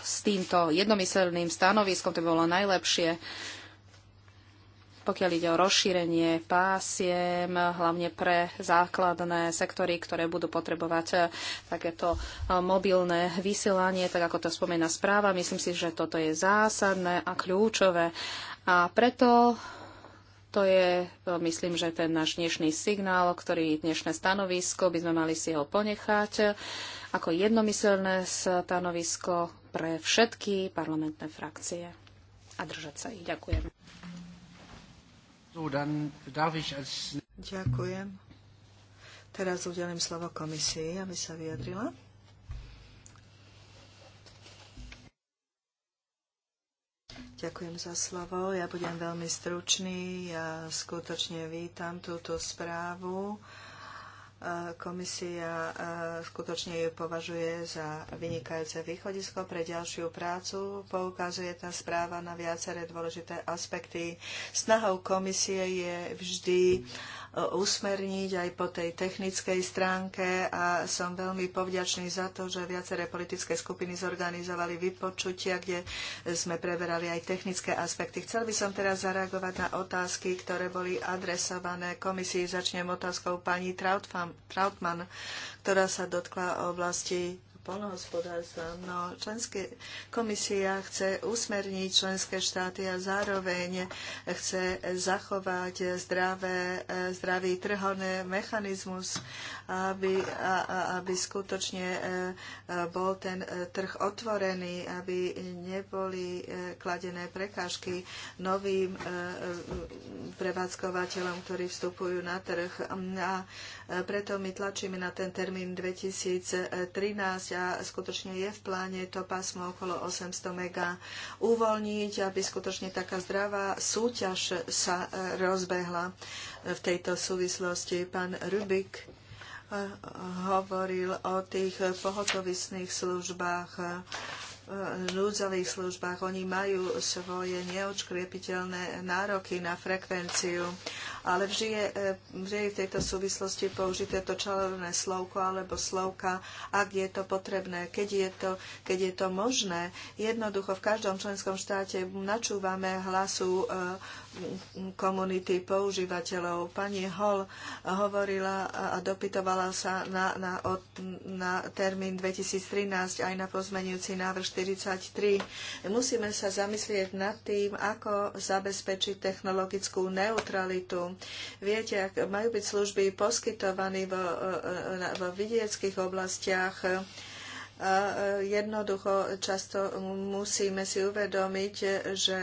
s týmto jednomyselným stanoviskom, to by bolo najlepšie pokiaľ ide o rozšírenie pásiem, hlavne pre základné sektory, ktoré budú potrebovať takéto mobilné vysielanie, tak ako to spomína správa. Myslím si, že toto je zásadné a kľúčové. A preto to je, e, myslím, že ten náš dnešný signál, ktorý dnešné stanovisko, by sme mali si ho ponechať ako jednomyselné stanovisko pre všetky parlamentné frakcie a držať sa ich. Ďakujem. Ďakujem. Teraz udelím slovo komisii, aby sa vyjadrila. Ďakujem za slovo. Ja budem veľmi stručný. Ja skutočne vítam túto správu. E, komisia e, skutočne ju považuje za vynikajúce východisko pre ďalšiu prácu. Poukazuje tá správa na viaceré dôležité aspekty. Snahou komisie je vždy E, usmerniť aj po tej technickej stránke a som veľmi povďačný za to, že viaceré politické skupiny zorganizovali vypočutia, kde sme preberali aj technické aspekty. Chcel by som teraz zareagovať na otázky, ktoré boli adresované komisii. Začnem otázkou pani Trautmann, ktorá sa dotkla oblasti polnohospodárstva. No, členské komisia chce usmerniť členské štáty a zároveň chce zachovať zdravé, e, zdravý trhovný mechanizmus aby, aby skutočne e, e, bol ten e, trh otvorený, aby neboli kladené prekážky novým prevádzkovateľom, ktorí vstupujú na trh. A preto my tlačíme na ten termín 2013 a skutočne je v pláne to pásmo okolo 800 mega uvoľniť, aby skutočne taká zdravá súťaž sa rozbehla v tejto súvislosti. Pán Rubik hovoril o tých pohotovisných službách, e, núdzových službách. Oni majú svoje neočkriepiteľné nároky na frekvenciu ale vždy je, e, vždy je v tejto súvislosti použité to čarovné slovko alebo slovka, ak je to potrebné, keď je to, keď je to možné. Jednoducho v každom členskom štáte načúvame hlasu e, komunity používateľov. Pani Hall hovorila a dopytovala sa na, na, od, na termín 2013 aj na pozmenujúci návrh 43. Musíme sa zamyslieť nad tým, ako zabezpečiť technologickú neutralitu. Viete, ak majú byť služby poskytované vo, eh, vo vidieckých oblastiach, eh, eh, jednoducho často musíme si uvedomiť, že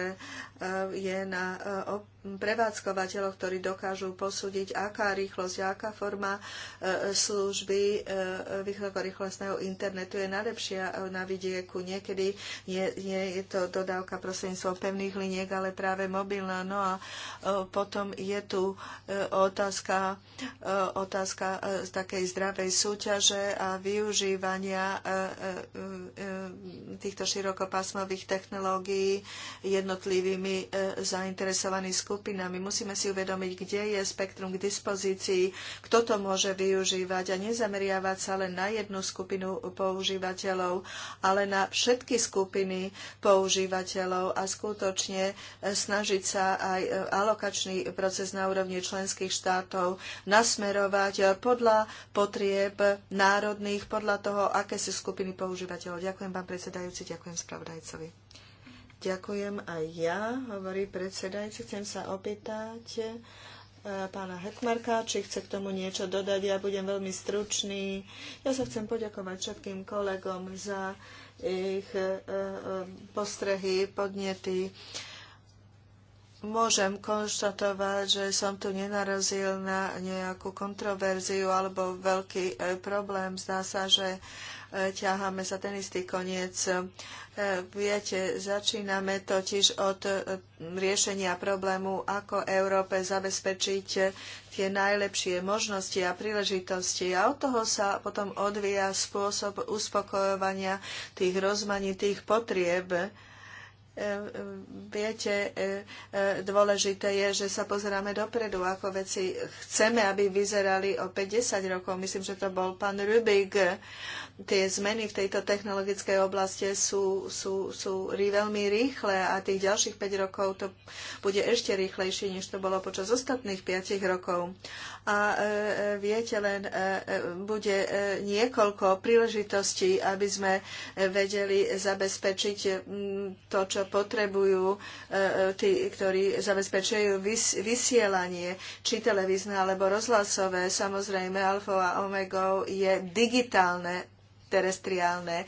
je na eh, prevádzkovateľov, ktorí dokážu posúdiť, aká rýchlosť, aká forma eh, služby eh, vysokorýchlostného internetu je najlepšia na vidieku. Niekedy je, je, je to dodávka prostredníctvom pevných liniek, ale práve mobilná. No a potom je tu otázka, otázka z takej zdravej súťaže a využívania týchto širokopásmových technológií jednotlivými všetkými zainteresovanými skupinami. Musíme si uvedomiť, kde je spektrum k dispozícii, kto to môže využívať a nezameriavať sa len na jednu skupinu používateľov, ale na všetky skupiny používateľov a skutočne e, snažiť sa aj e, alokačný proces na úrovni členských štátov nasmerovať podľa potrieb národných, podľa toho, aké sú skupiny používateľov. Ďakujem, pán predsedajúci, ďakujem spravodajcovi. Ďakujem aj ja, hovorí predsedajúci. Chcem sa opýtať e, pána Hekmarka, či chce k tomu niečo dodať. Ja budem veľmi stručný. Ja sa chcem poďakovať všetkým kolegom za ich e, e, postrehy, podnety. Môžem konštatovať, že som tu nenarazil na nejakú kontroverziu alebo veľký problém. Zdá sa, že ťaháme sa ten istý koniec. E, viete, začíname totiž od e, riešenia problému, ako Európe zabezpečiť e, tie najlepšie možnosti a príležitosti. A od toho sa potom odvíja spôsob uspokojovania tých rozmanitých potrieb, viete, dôležité je, že sa pozeráme dopredu, ako veci chceme, aby vyzerali o 50 rokov. Myslím, že to bol pán Rubik tie zmeny v tejto technologickej oblasti sú, sú, sú veľmi rýchle a tých ďalších 5 rokov to bude ešte rýchlejšie, než to bolo počas ostatných 5 rokov. A e, e, viete, len e, e bude e, niekoľko príležitostí, aby sme vedeli zabezpečiť to, čo potrebujú e, tí, ktorí zabezpečujú vys, vysielanie, či televízne alebo rozhlasové. Samozrejme, alfa a omega je digitálne terestriálne e,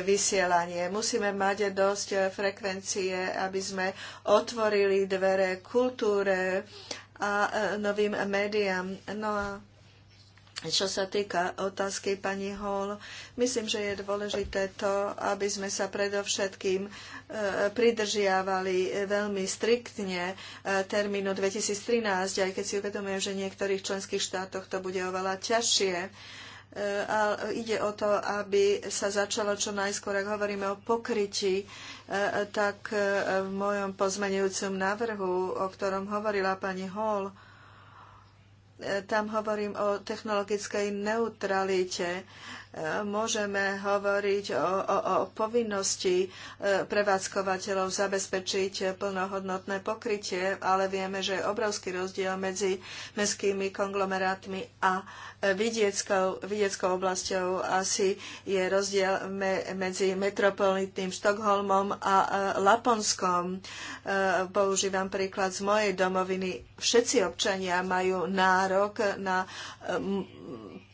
vysielanie. Musíme mať dosť e, frekvencie, aby sme otvorili dvere kultúre a e, novým médiám. No a čo sa týka otázky pani Hall, myslím, že je dôležité to, aby sme sa predovšetkým pridržiavali veľmi striktne termínu 2013, aj keď si uvedomujem, že v niektorých členských štátoch to bude oveľa ťažšie a ide o to, aby sa začalo čo najskôr, ak hovoríme o pokrytí, e, tak e, v mojom pozmenujúcom návrhu, o ktorom hovorila pani Hall, tam hovorím o technologickej neutralite. E, môžeme hovoriť o, o, o povinnosti e, prevádzkovateľov zabezpečiť plnohodnotné pokrytie, ale vieme, že je obrovský rozdiel medzi mestskými konglomerátmi a vidieckou, vidieckou oblasťou. Asi je rozdiel me, medzi metropolitným Štokholmom a e, Laponskom. Používam príklad z mojej domoviny. Všetci občania majú národ rok na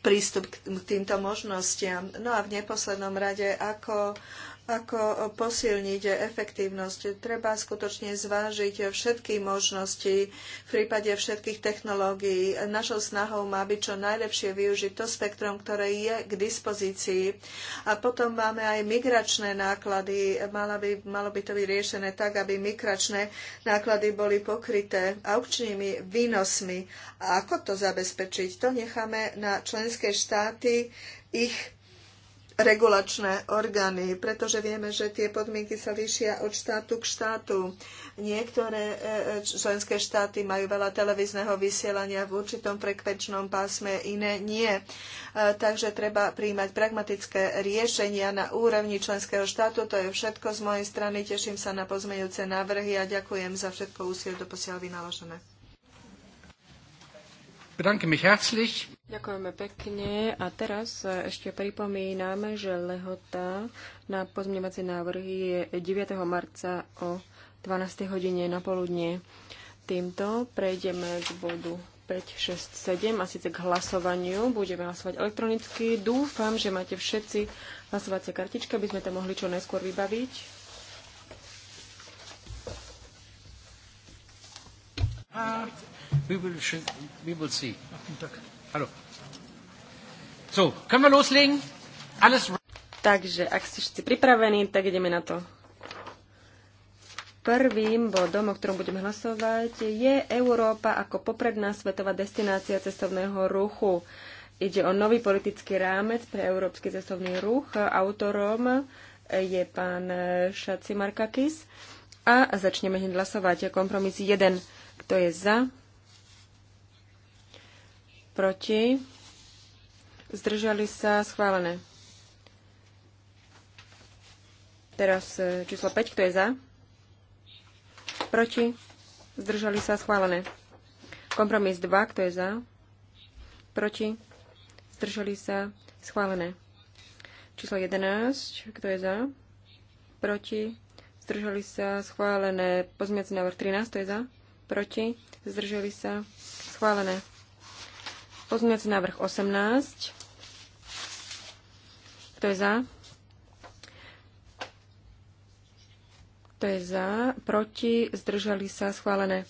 prístup k týmto možnostiam. No a v neposlednom rade, ako ako posilniť efektívnosť. Treba skutočne zvážiť všetky možnosti v prípade všetkých technológií. Našou snahou má byť čo najlepšie využiť to spektrum, ktoré je k dispozícii. A potom máme aj migračné náklady. Malo by, malo by to byť riešené tak, aby migračné náklady boli pokryté aukčnými výnosmi. A ako to zabezpečiť? To necháme na členské štáty ich regulačné orgány, pretože vieme, že tie podmienky sa líšia od štátu k štátu. Niektoré e, e, členské štáty majú veľa televízneho vysielania v určitom frekvenčnom pásme, iné nie. E, takže treba príjmať pragmatické riešenia na úrovni členského štátu. To je všetko z mojej strany. Teším sa na pozmeňujúce návrhy a ďakujem za všetko úsilie posiaľ vynaložené. Bedanke mich herzlich. Ďakujeme pekne. A teraz e, ešte pripomíname, že lehota na pozmeňovacie návrhy je 9. marca o 12. hodine na poludne. Týmto prejdeme k bodu 5, 6, 7 a síce k hlasovaniu. Budeme hlasovať elektronicky. Dúfam, že máte všetci hlasovacie kartičky, aby sme to mohli čo najskôr vybaviť. Uh, we will, we will see. Tak. Hallo. So, können wir loslegen? Alles Takže, ak ste všetci pripravení, tak ideme na to. Prvým bodom, o ktorom budeme hlasovať, je Európa ako popredná svetová destinácia cestovného ruchu. Ide o nový politický rámec pre európsky cestovný ruch. Autorom je pán Šaci Markakis. A začneme hneď hlasovať. Kompromis 1. Kto je za? proti, zdržali sa, schválené. Teraz e, číslo 5, kto je za? Proti? Zdržali sa schválené. Kompromis 2, kto je za? Proti? Zdržali sa schválené. Číslo 11, kto je za? Proti? Zdržali sa schválené. Pozmiaci návrh 13, kto je za? Proti? Zdržali sa schválené. Pozmeňovací návrh 18. Kto je za? Kto je za? Proti? Zdržali sa? Schválené.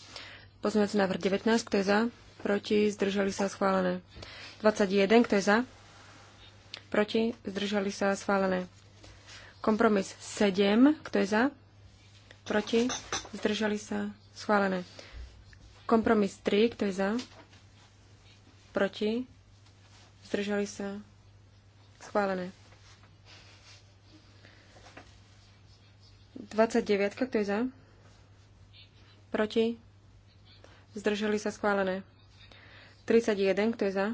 Pozmeňovací návrh 19. Kto je za? Proti? Zdržali sa? Schválené. 21. Kto je za? Proti? Zdržali sa? Schválené. Kompromis 7. Kto je za? Proti? Zdržali sa? Schválené. Kompromis 3. Kto je za? proti, zdržali sa, schválené. 29, kto je za, proti, zdržali sa, schválené. 31, kto je za,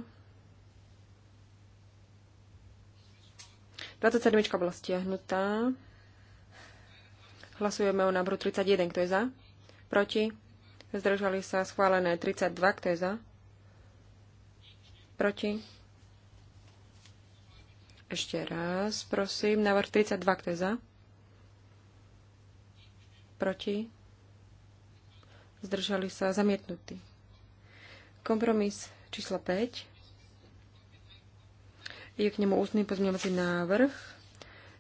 27 bola stiahnutá. Hlasujeme o návrhu 31. Kto je za? Proti? Zdržali sa schválené 32. Kto je za? Proti? Ešte raz, prosím. Návrh 32, kto je za? Proti? Zdržali sa zamietnutí. Kompromis číslo 5. Je k nemu ústny pozmeňovací návrh.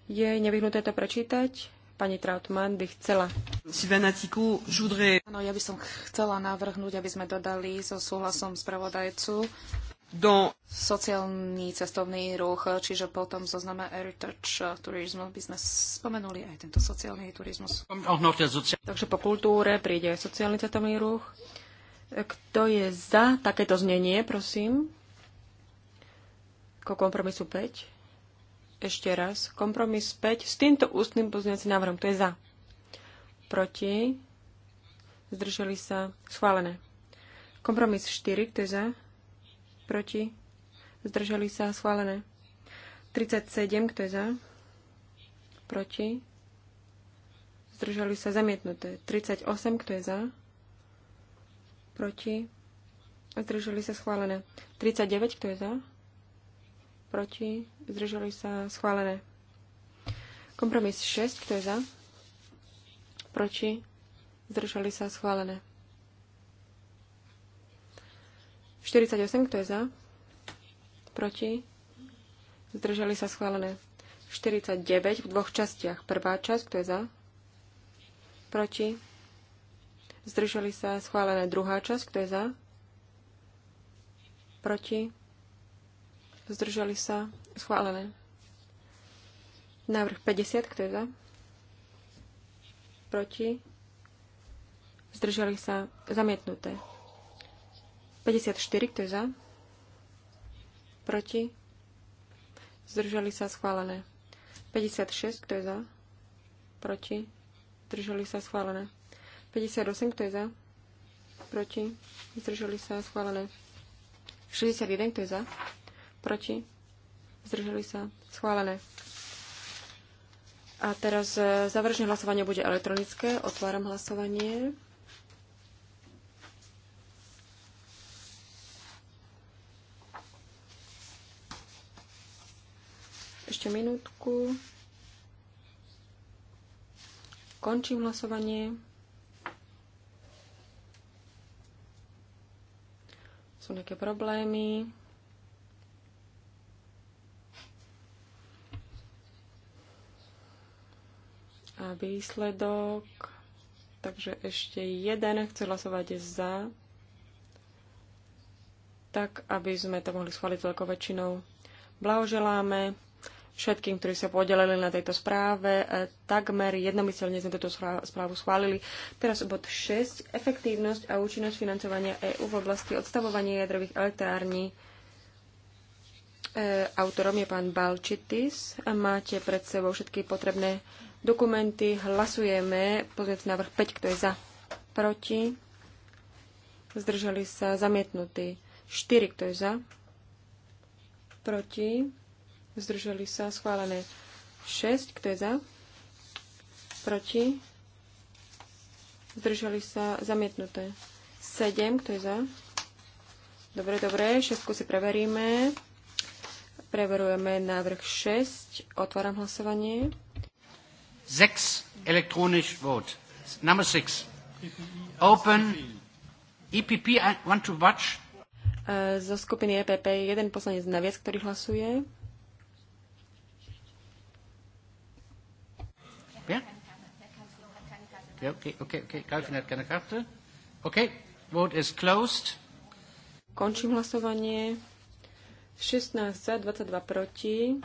Je nevyhnuté to prečítať? Pani Trautmann by chcela. Áno, ja by som chcela navrhnúť, aby sme dodali so súhlasom spravodajcu do... Sociálny cestovný ruch, čiže potom zozname Heritage Tourism by sme spomenuli aj tento sociálny turizmus. Takže po kultúre príde aj sociálny cestovný ruch. Kto je za takéto znenie, prosím? Ko kompromisu 5? Ešte raz. Kompromis 5 s týmto ústnym pozdňujúcim návrhom. Kto je za? Proti? Zdržali sa? Schválené. Kompromis 4. Kto je za? proti, zdržali sa, schválené. 37, kto je za, proti, zdržali sa, zamietnuté. 38, kto je za, proti, zdržali sa, schválené. 39, kto je za, proti, zdržali sa, schválené. Kompromis 6, kto je za, proti, zdržali sa, schválené. 48, kto je za? Proti? Zdržali sa schválené. 49 v dvoch častiach. Prvá časť, kto je za? Proti? Zdržali sa schválené. Druhá časť, kto je za? Proti? Zdržali sa schválené. Návrh 50, kto je za? Proti? Zdržali sa zamietnuté. 54, kto je za? Proti? Zdržali sa schválené. 56, kto je za? Proti? Zdržali sa schválené. 58, kto je za? Proti? Zdržali sa schválené. 61, kto je za? Proti? Zdržali sa schválené. A teraz e, záverečné hlasovanie bude elektronické. Otváram hlasovanie. Ešte minútku. Končím hlasovanie. Sú nejaké problémy. A výsledok. Takže ešte jeden chce hlasovať za. Tak, aby sme to mohli schváliť veľkou väčšinou. Blahoželáme všetkým, ktorí sa podelili na tejto správe. E, takmer jednomyselne sme túto správu schválili. Teraz bod 6. Efektívnosť a účinnosť financovania EÚ v oblasti odstavovania jadrových elektrární. E, autorom je pán Balčitis. Máte pred sebou všetky potrebné dokumenty. Hlasujeme. Pozrieť návrh 5, kto je za. Proti. Zdržali sa zamietnutí. 4, kto je za. Proti zdržali sa, schválené 6, kto je za, proti, zdržali sa, zamietnuté 7, kto je za, dobre, dobre, 6 si preveríme, preverujeme návrh 6, otváram hlasovanie. 6, elektronisch vot. number 6, open, EPP, I uh, want to watch. Uh, Zo skupiny EPP je jeden poslanec na viac, ktorý hlasuje. Ja? Ja, okay, okay, okay. Kalfin hat keine Karte. Okay, vote is closed. Končím hlasovanie. 16 za, 22 proti.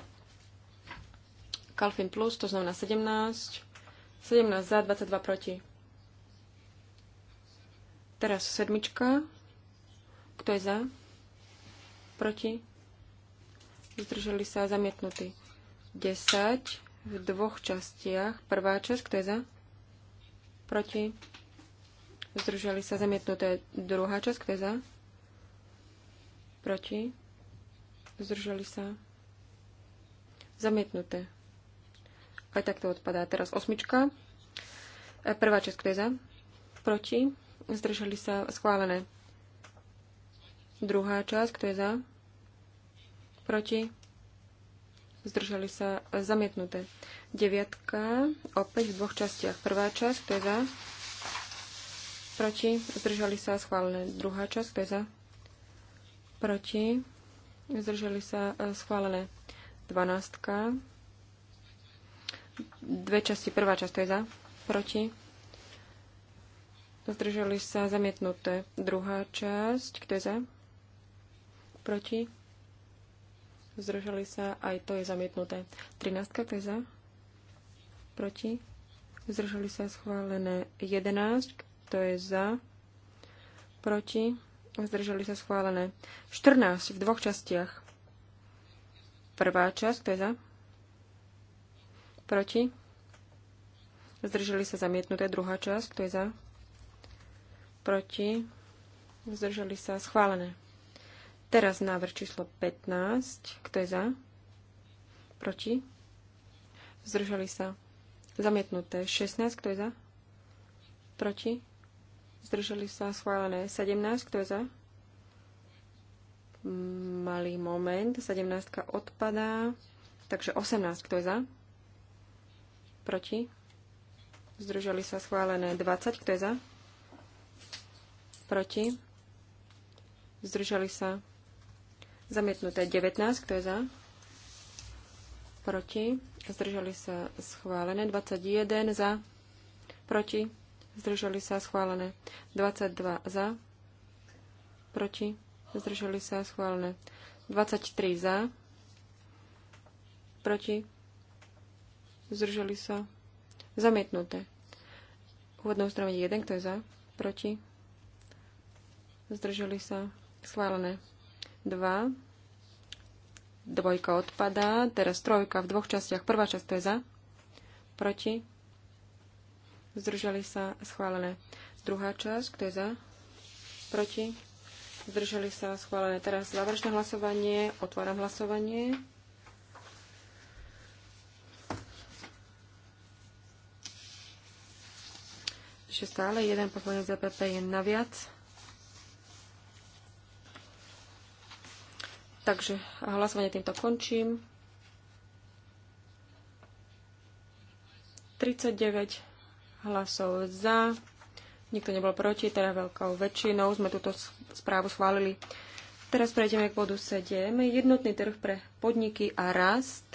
Kalfin plus, to znamená 17. 17 za, 22 proti. Teraz sedmička. Kto je za? Proti? Zdrželi sa zamietnutí. 10 v dvoch častiach. Prvá časť, kto je za? Proti? Zdržali sa zamietnuté. Druhá časť, kto je za? Proti? Zdržali sa zamietnuté. Aj tak to odpadá. Teraz osmička. E, prvá časť, kto je za? Proti? Zdržali sa schválené. Druhá časť, kto je za? Proti? zdržali sa e, zamietnuté. Deviatka, opäť v dvoch častiach. Prvá časť, to je za, proti, zdržali sa schválené. Druhá časť, to je za, proti, zdržali sa e, schválené. Dvanáctka, dve časti, prvá časť, to je za, proti, zdržali sa zamietnuté. Druhá časť, kto je za, proti, zdržali sa, aj to je zamietnuté. 13, teza je za, proti, zdržali sa, schválené. 11, to je za, proti, zdržali sa, schválené. 14 v dvoch častiach. Prvá časť, kto je za, proti, zdržali sa, zamietnuté. Druhá časť, kto je za, proti, zdržali sa, schválené. Teraz návrh číslo 15. Kto je za? Proti? Zdržali sa. Zamietnuté 16. Kto je za? Proti? Zdržali sa. Schválené 17. Kto je za? Malý moment. 17 odpadá. Takže 18. Kto je za? Proti? Zdržali sa. Schválené 20. Kto je za? Proti? Zdržali sa. Zamietnuté 19, kto je za? Proti. Zdržali sa schválené. 21 za. Proti. Zdržali sa schválené. 22 za. Proti. Zdržali sa schválené. 23 za. Proti. Zdržali sa. Zamietnuté. Úvodné ustanovenie 1, kto je za? Proti. Zdržali sa. Schválené. 2. Dvojka odpadá. Teraz trojka v dvoch častiach. Prvá časť to je za. Proti. Zdržali sa. Schválené. Druhá časť. Kto je za? Proti. Zdržali sa. Schválené. Teraz záverečné hlasovanie. Otváram hlasovanie. Ešte stále jeden poslanec ZPP je naviac. Takže hlasovanie týmto končím. 39 hlasov za, nikto nebol proti, teda veľkou väčšinou sme túto správu schválili. Teraz prejdeme k bodu 7. Jednotný trh pre podniky a rast.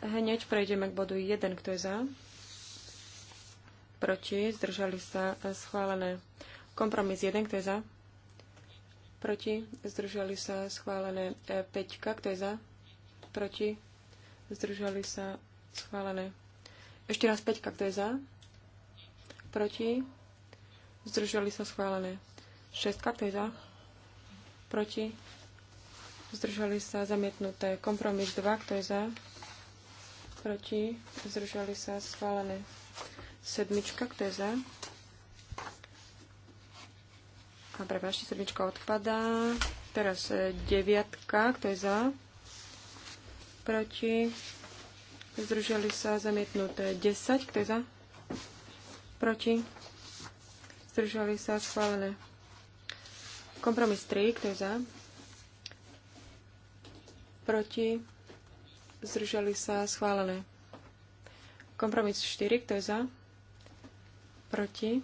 Hneď prejdeme k bodu 1, kto je za. Proti, zdržali sa schválené. Kompromis 1, kto je za? Proti? Zdržali sa schválené 5, e, kto je za? Proti? Zdržali sa schválené. Ešte raz 5, kto je za? Proti? Zdržali sa schválené. 6, kto je za? Proti? Zdržali sa zamietnuté. Kompromis 2, kto je za? Proti? Zdržali sa schválené. Sedmička, kto je za? A prepáčte, sedmička odpadá. Teraz e, deviatka, kto je za? Proti? Združili sa zamietnuté 10, kto je za? Proti? Združili sa schválené. Kompromis 3, kto je za? Proti? Združili sa schválené. Kompromis 4, kto je za? Proti?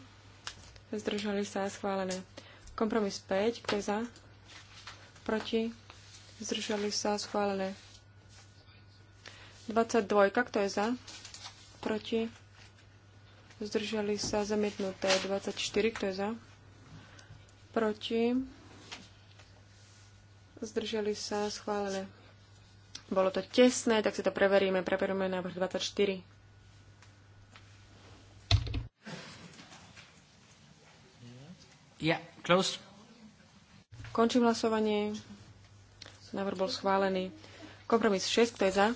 Združili sa schválené. Kompromis 5, kto je za? Proti? Zdržali sa schválené. 22, kto je za? Proti? Zdržali sa zamietnuté. 24, kto je za? Proti? Zdržali sa schválené. Bolo to tesné, tak si to preveríme. Preveríme návrh 24. Yeah, closed. Končím hlasovanie. Návrh bol schválený. Kompromis 6, kto je za?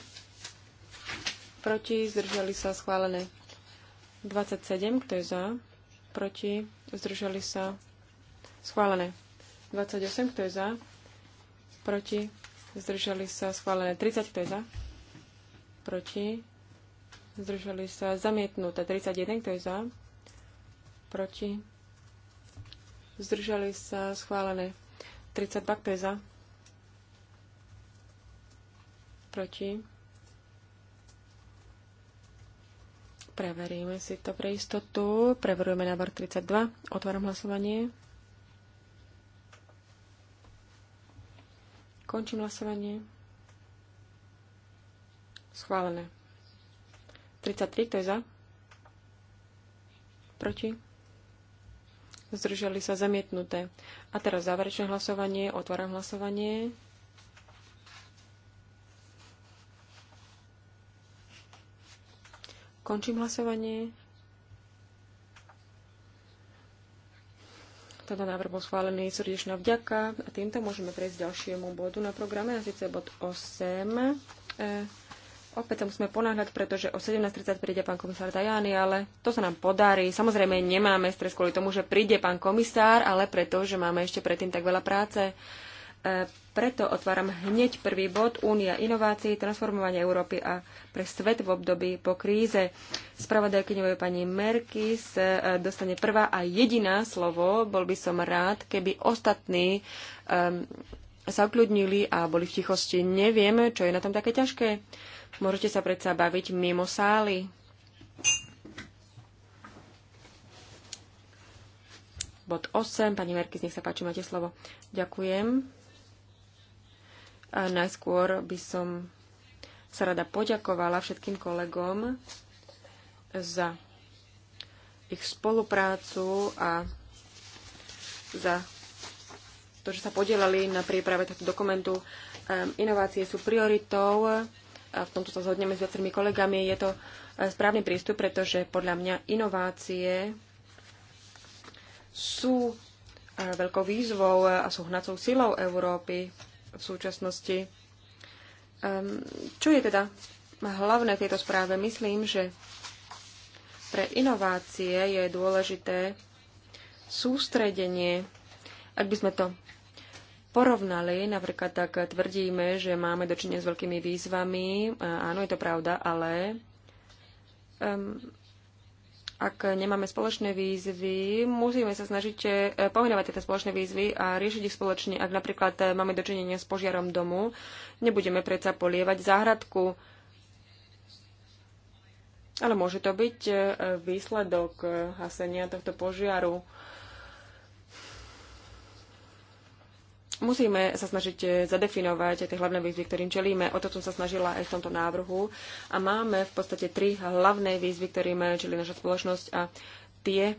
Proti, zdržali sa schválené. 27, kto je za? Proti, zdržali sa schválené. 28, kto je za? Proti, zdržali sa schválené. 30, kto je za? Proti, zdržali sa zamietnuté. 31, kto je za? Proti, zdržali sa schválené 32 kto je za, proti. Preveríme si to pre istotu. Preverujeme návrh 32. Otváram hlasovanie. Končím hlasovanie. Schválené. 33, kto je za? Proti? zdržali sa zamietnuté. A teraz záverečné hlasovanie, otváram hlasovanie. Končím hlasovanie. Tento návrh bol schválený, srdečná vďaka. A týmto môžeme prejsť k ďalšiemu bodu na programe, a síce bod 8. E Opäť sa musíme ponáhľať, pretože o 17.30 príde pán komisár Tajani, ale to sa nám podarí. Samozrejme, nemáme stres kvôli tomu, že príde pán komisár, ale preto, že máme ešte predtým tak veľa práce. E, preto otváram hneď prvý bod Únia inovácií, transformovania Európy a pre svet v období po kríze. Spravodajkyňovej pani Merkis e, dostane prvá a jediná slovo. Bol by som rád, keby ostatní e, sa ukľudnili a boli v tichosti. Neviem, čo je na tom také ťažké. Môžete sa predsa baviť mimo sály. Bod 8. Pani Merky, nech sa páči, máte slovo. Ďakujem. A najskôr by som sa rada poďakovala všetkým kolegom za ich spoluprácu a za to, že sa podielali na príprave tohto dokumentu. Um, inovácie sú prioritou, a v tomto sa zhodneme s viacerými kolegami. Je to e, správny prístup, pretože podľa mňa inovácie sú e, veľkou výzvou e, a sú hnacou silou Európy v súčasnosti. Um, čo je teda hlavné v tejto správe? Myslím, že pre inovácie je dôležité sústredenie ak by sme to porovnali, napríklad tak tvrdíme, že máme dočinenia s veľkými výzvami, áno, je to pravda, ale um, ak nemáme spoločné výzvy, musíme sa snažiť e, pomenovať tieto spoločné výzvy a riešiť ich spoločne. Ak napríklad e, máme dočinenie s požiarom domu, nebudeme predsa polievať záhradku, ale môže to byť e, výsledok hasenia tohto požiaru. Musíme sa snažiť e, zadefinovať tie hlavné výzvy, ktorým čelíme. O to som sa snažila aj v tomto návrhu. A máme v podstate tri hlavné výzvy, ktorým čelí naša spoločnosť a tie e,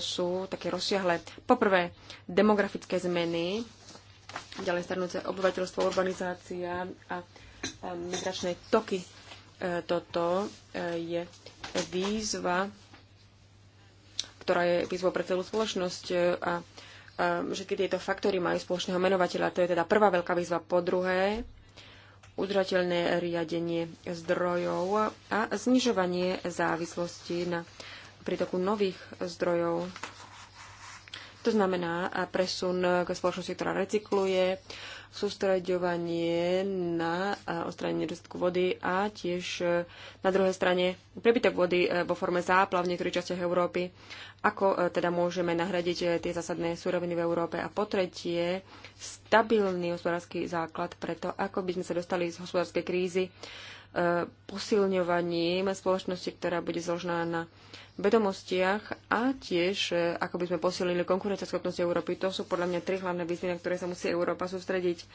sú také rozsiahle. Poprvé, demografické zmeny, ďalej starnúce obyvateľstvo, urbanizácia a migračné toky. E, toto e, je výzva, ktorá je výzvou pre celú spoločnosť e, a e, Ehm, všetky tieto faktory majú spoločného menovateľa. To je teda prvá veľká výzva. Po druhé, udržateľné riadenie zdrojov a znižovanie závislosti na prítoku nových zdrojov. To znamená presun k spoločnosti, ktorá recykluje, sústreďovanie na eh, odstránenie nedostatku vody a tiež eh, na druhej strane prebytok vody eh, vo forme záplav v niektorých častiach Európy. Ako teda môžeme nahradiť tie zásadné súroviny v Európe? A po tretie, stabilný hospodársky základ preto, ako by sme sa dostali z hospodárskej krízy posilňovaním spoločnosti, ktorá bude zložená na vedomostiach a tiež, e, ako by sme posilnili konkurenceschopnosť Európy. To sú podľa mňa tri hlavné výzvy, na ktoré sa musí Európa sústrediť. E,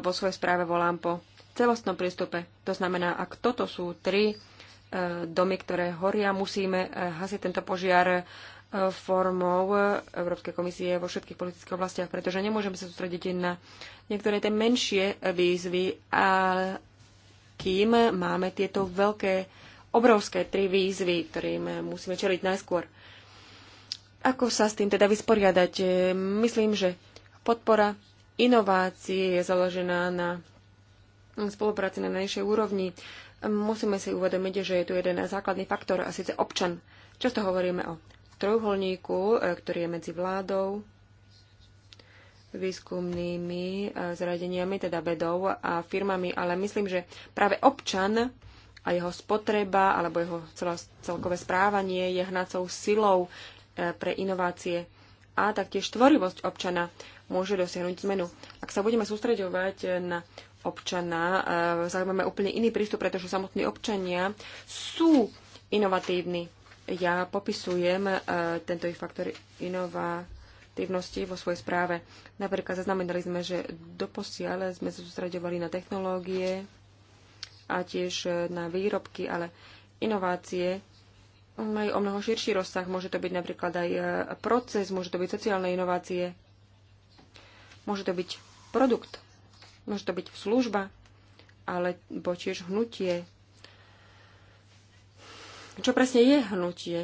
vo svojej správe volám po celostnom prístupe. To znamená, ak toto sú tri e, domy, ktoré horia, musíme hasiť tento požiar formou Európskej komisie vo všetkých politických oblastiach, pretože nemôžeme sa sústrediť na niektoré tie menšie výzvy, a kým máme tieto veľké, obrovské tri výzvy, ktorým musíme čeliť najskôr. Ako sa s tým teda vysporiadať? Myslím, že podpora inovácií je založená na spolupráci na najšej úrovni. Musíme si uvedomiť, že je tu jeden základný faktor, a síce občan. Často hovoríme o trojuholníku, eh, ktorý je medzi vládou, výskumnými e, zradeniami, teda vedou a firmami, ale myslím, že práve občan a jeho spotreba alebo jeho celkové správanie je hnacou silou e, pre inovácie a taktiež tvorivosť občana môže dosiahnuť zmenu. Ak sa budeme sústreďovať na občana, e, zaujímame úplne iný prístup, pretože samotní občania sú inovatívni. Ja popisujem tento ich faktor inová aktivnosti vo svojej správe. Napríklad zaznamenali sme, že doposiaľ sme sa sústredovali na technológie a tiež na výrobky, ale inovácie majú o mnoho širší rozsah. Môže to byť napríklad aj e, proces, môže to byť sociálne inovácie, môže to byť produkt, môže to byť služba, alebo tiež hnutie. Čo presne je hnutie?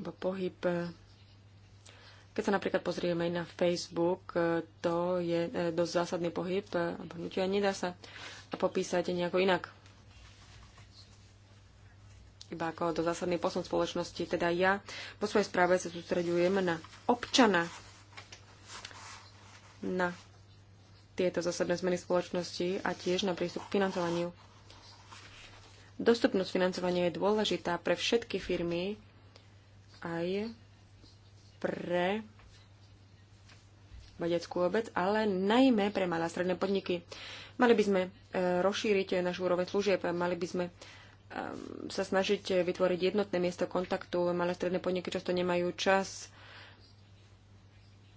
Alebo pohyb e, keď sa napríklad pozrieme aj na Facebook, e, to je e, dosť zásadný pohyb e, a hnutia. Nedá sa popísať nejako inak. Iba ako do zásadný posun spoločnosti. Teda ja po svojej správe sa sústreďujem na občana, na tieto zásadné zmeny spoločnosti a tiež na prístup k financovaniu. Dostupnosť financovania je dôležitá pre všetky firmy, aj pre vedeckú obec, ale najmä pre malé a stredné podniky. Mali by sme e, rozšíriť náš úroveň služieb, mali by sme e, sa snažiť vytvoriť jednotné miesto kontaktu. Malé stredné podniky často nemajú čas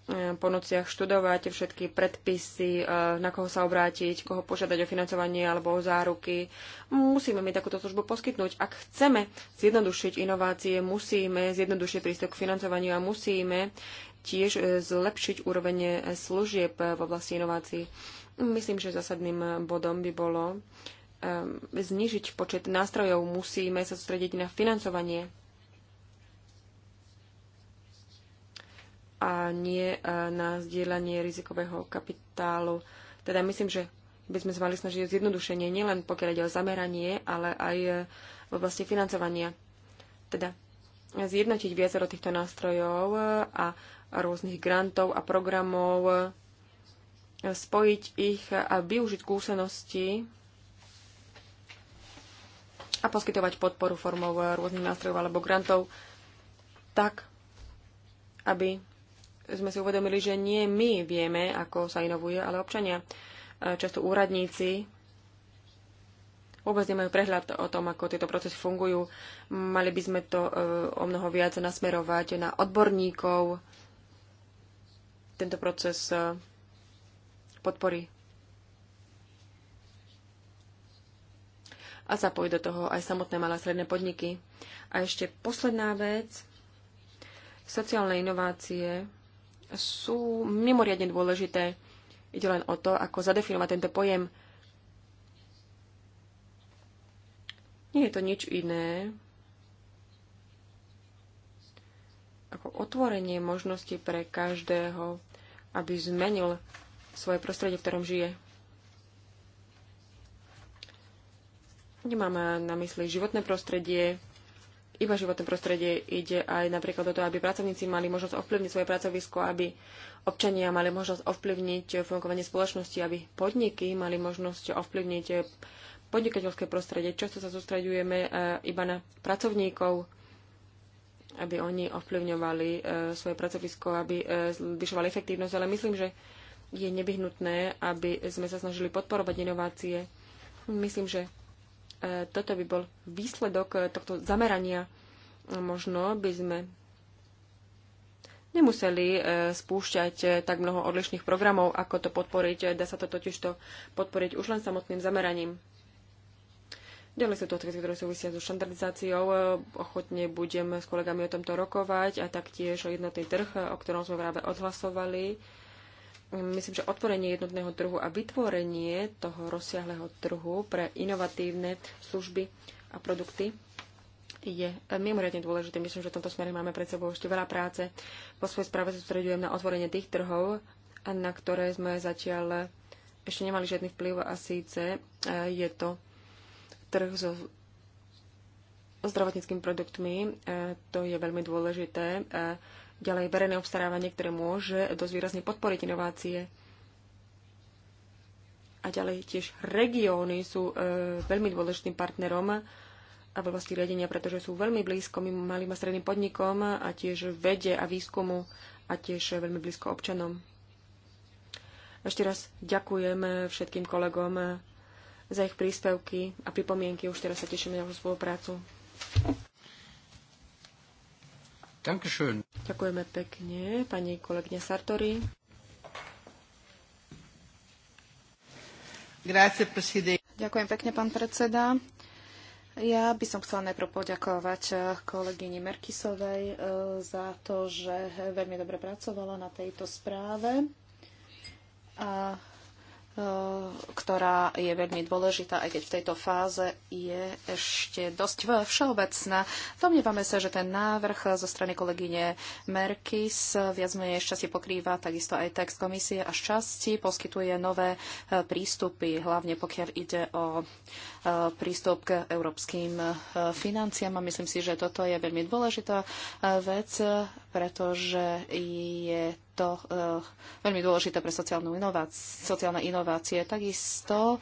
Eh, po nociach študovať všetky predpisy, eh, na koho sa obrátiť, koho požiadať o financovanie alebo o záruky. Musíme mi takúto službu poskytnúť. Ak chceme zjednodušiť inovácie, musíme zjednodušiť prístup k financovaniu a musíme tiež eh, zlepšiť úroveň služieb v oblasti inovácií. Myslím, že zásadným bodom by bolo znižiť počet nástrojov. Musíme sa sústrediť na financovanie a nie e, na zdieľanie rizikového kapitálu. Teda myslím, že by sme sa mali snažiť o zjednodušenie nielen pokiaľ ide o zameranie, ale aj e, v oblasti financovania. Teda zjednotiť viacero týchto nástrojov e, a rôznych grantov a programov, spojiť ich a využiť skúsenosti a poskytovať podporu formou rôznych nástrojov alebo grantov tak, aby sme si uvedomili, že nie my vieme, ako sa inovuje, ale občania. Často úradníci vôbec nemajú prehľad o tom, ako tieto procesy fungujú. Mali by sme to e, o mnoho viac nasmerovať na odborníkov. Tento proces e, podpory. A zapojiť do toho aj samotné malé a stredné podniky. A ešte posledná vec. Sociálne inovácie sú mimoriadne dôležité. Ide len o to, ako zadefinovať tento pojem. Nie je to nič iné ako otvorenie možnosti pre každého, aby zmenil svoje prostredie, v ktorom žije. Nemáme na mysli životné prostredie, iba životné prostredie, ide aj napríklad o to, aby pracovníci mali možnosť ovplyvniť svoje pracovisko, aby občania mali možnosť ovplyvniť fungovanie spoločnosti, aby podniky mali možnosť ovplyvniť podnikateľské prostredie. Často sa sústreďujeme e, iba na pracovníkov, aby oni ovplyvňovali e, svoje pracovisko, aby e, zvyšovali efektívnosť, ale myslím, že je nevyhnutné, aby sme sa snažili podporovať inovácie. Myslím, že E, toto by bol výsledok e, tohto zamerania. E, možno by sme nemuseli spúšťať tak mnoho odlišných programov, ako to podporiť. Dá sa to to podporiť už len samotným zameraním. Ďalej sú to otázky, ktoré súvisia so štandardizáciou. Ochotne budem s kolegami o tomto rokovať a taktiež o jednotný trh, o ktorom sme práve odhlasovali myslím, že otvorenie jednotného trhu a vytvorenie toho rozsiahleho trhu pre inovatívne služby a produkty je mimoriadne dôležité. Myslím, že v tomto smere máme pred sebou ešte veľa práce. Po svojej správe sústredujem na otvorenie tých trhov, na ktoré sme zatiaľ ešte nemali žiadny vplyv a síce e, je to trh so zdravotníckými produktmi. E, to je veľmi dôležité e, Ďalej verejné obstarávanie, ktoré môže dosť výrazne podporiť inovácie. A ďalej tiež regióny sú e, veľmi dôležitým partnerom a e, v riadenia, pretože sú veľmi blízko malým a stredným podnikom a tiež vede a výskumu a tiež veľmi blízko občanom. Ešte raz ďakujem všetkým kolegom za ich príspevky a pripomienky. Už teraz sa tešíme na spoluprácu. Dankeschön. Ďakujeme pekne, pani kolegyne Sartori. Grazie, Ďakujem pekne, pán predseda. Ja by som chcela najprv poďakovať eh, kolegyni Merkisovej eh, za to, že veľmi dobre pracovala na tejto správe. A Eh, ktorá je veľmi dôležitá, aj keď v tejto fáze je ešte dosť všeobecná. Domnievame sa, že ten návrh zo strany kolegyne Merkis viac menej si pokrýva takisto aj text komisie a šťastí, poskytuje nové eh, prístupy, hlavne pokiaľ ide o prístup k európskym e, financiám a myslím si, že toto je veľmi dôležitá e, vec, pretože je to e, veľmi dôležité pre sociálnu inováci- sociálne inovácie. Takisto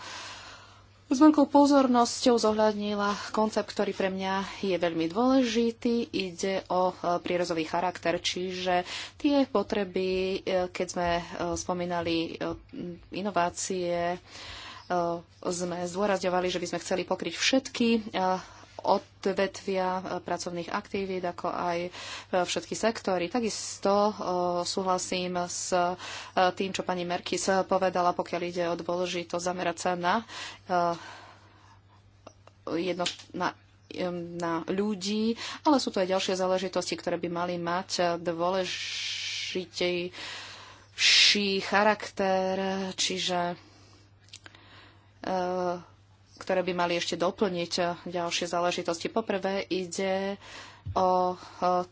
s veľkou pozornosťou zohľadnila koncept, ktorý pre mňa je veľmi dôležitý. Ide o prírozový charakter, čiže tie potreby, keď sme spomínali inovácie, E, sme zdôrazňovali, že by sme chceli pokryť všetky e, odvetvia e, pracovných aktivít, ako aj všetky sektory. Takisto súhlasím s tým, čo pani Merkis povedala, pokiaľ ide o dôležitosť zamerať sa na, jedno, na na ľudí, ale sú to aj ďalšie záležitosti, ktoré by mali mať dôležitejší charakter, čiže E, ktoré by mali ešte doplniť e, ďalšie záležitosti. Poprvé ide o e,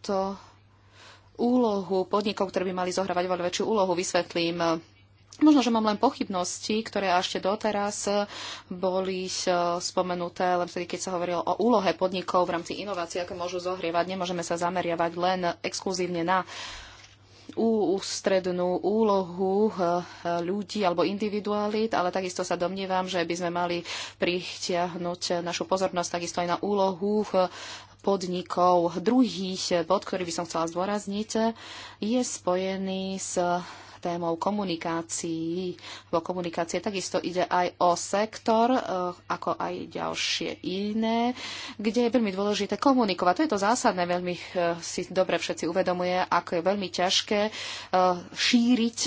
to úlohu podnikov, ktoré by mali zohrávať veľa väčšiu úlohu. Vysvetlím Možno, že mám len pochybnosti, ktoré ešte doteraz boli spomenuté, len vtedy, keď sa hovorilo o úlohe podnikov v rámci inovácií, aké môžu zohrievať. Nemôžeme sa zameriavať len exkluzívne na uh, ústrednú úlohu eh, ľudí alebo individualít, ale takisto sa domnievam, že by sme mali pritiahnuť našu pozornosť takisto aj na úlohu eh, podnikov. Druhý bod, ktorý by som chcela zdôrazniť, je spojený s témou komunikácií. Vo komunikácie takisto ide aj o sektor, eh, ako aj ďalšie iné, kde je veľmi dôležité komunikovať. To je to zásadné, veľmi eh, si dobre všetci uvedomuje, ako je veľmi ťažké eh, šíriť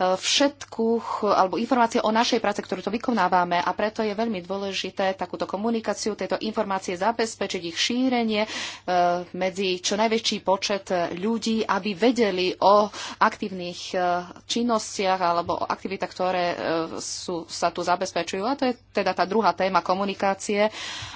všetku alebo informácie o našej práce, ktorú to vykonávame a preto je veľmi dôležité takúto komunikáciu, tieto informácie zabezpečiť ich šírenie medzi čo najväčší počet ľudí, aby vedeli o aktívnych činnostiach alebo o aktivitách, ktoré e, sú, sa tu zabezpečujú. A to je teda tá druhá téma komunikácie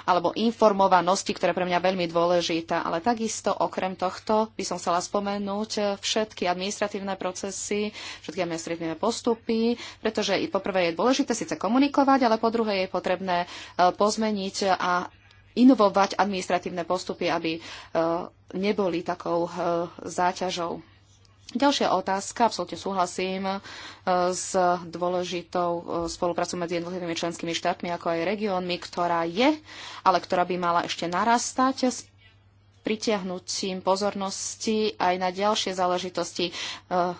alebo informovanosti, ktorá je pre mňa veľmi dôležitá. Ale takisto okrem tohto by som chcela spomenúť e, všetky administratívne procesy, všetky administratívne postupy, pretože i poprvé je dôležité síce komunikovať, ale po druhé je potrebné e, pozmeniť a inovovať administratívne postupy, aby neboli takou záťažou. Ďalšia otázka, absolútne súhlasím e, s dôležitou e, spoluprácou medzi jednotlivými členskými štátmi, ako aj regiónmi, ktorá je, ale ktorá by mala ešte narastať s pritiahnutím pozornosti aj na ďalšie záležitosti. E,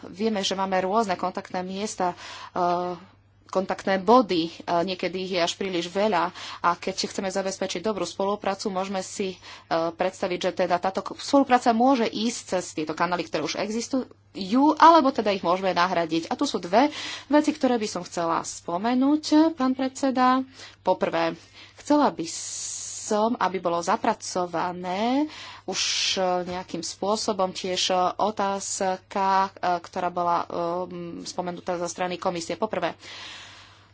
vieme, že máme rôzne kontaktné miesta kontaktné body. E, niekedy ich je až príliš veľa a keď chceme zabezpečiť dobrú spoluprácu, môžeme si e, predstaviť, že teda táto spolupráca môže ísť cez tieto kanály, ktoré už existujú, alebo teda ich môžeme nahradiť. A tu sú dve veci, ktoré by som chcela spomenúť, pán predseda. Poprvé, chcela by som, aby bolo zapracované už nejakým spôsobom tiež otázka, e, ktorá bola spomenutá zo strany komisie. Poprvé,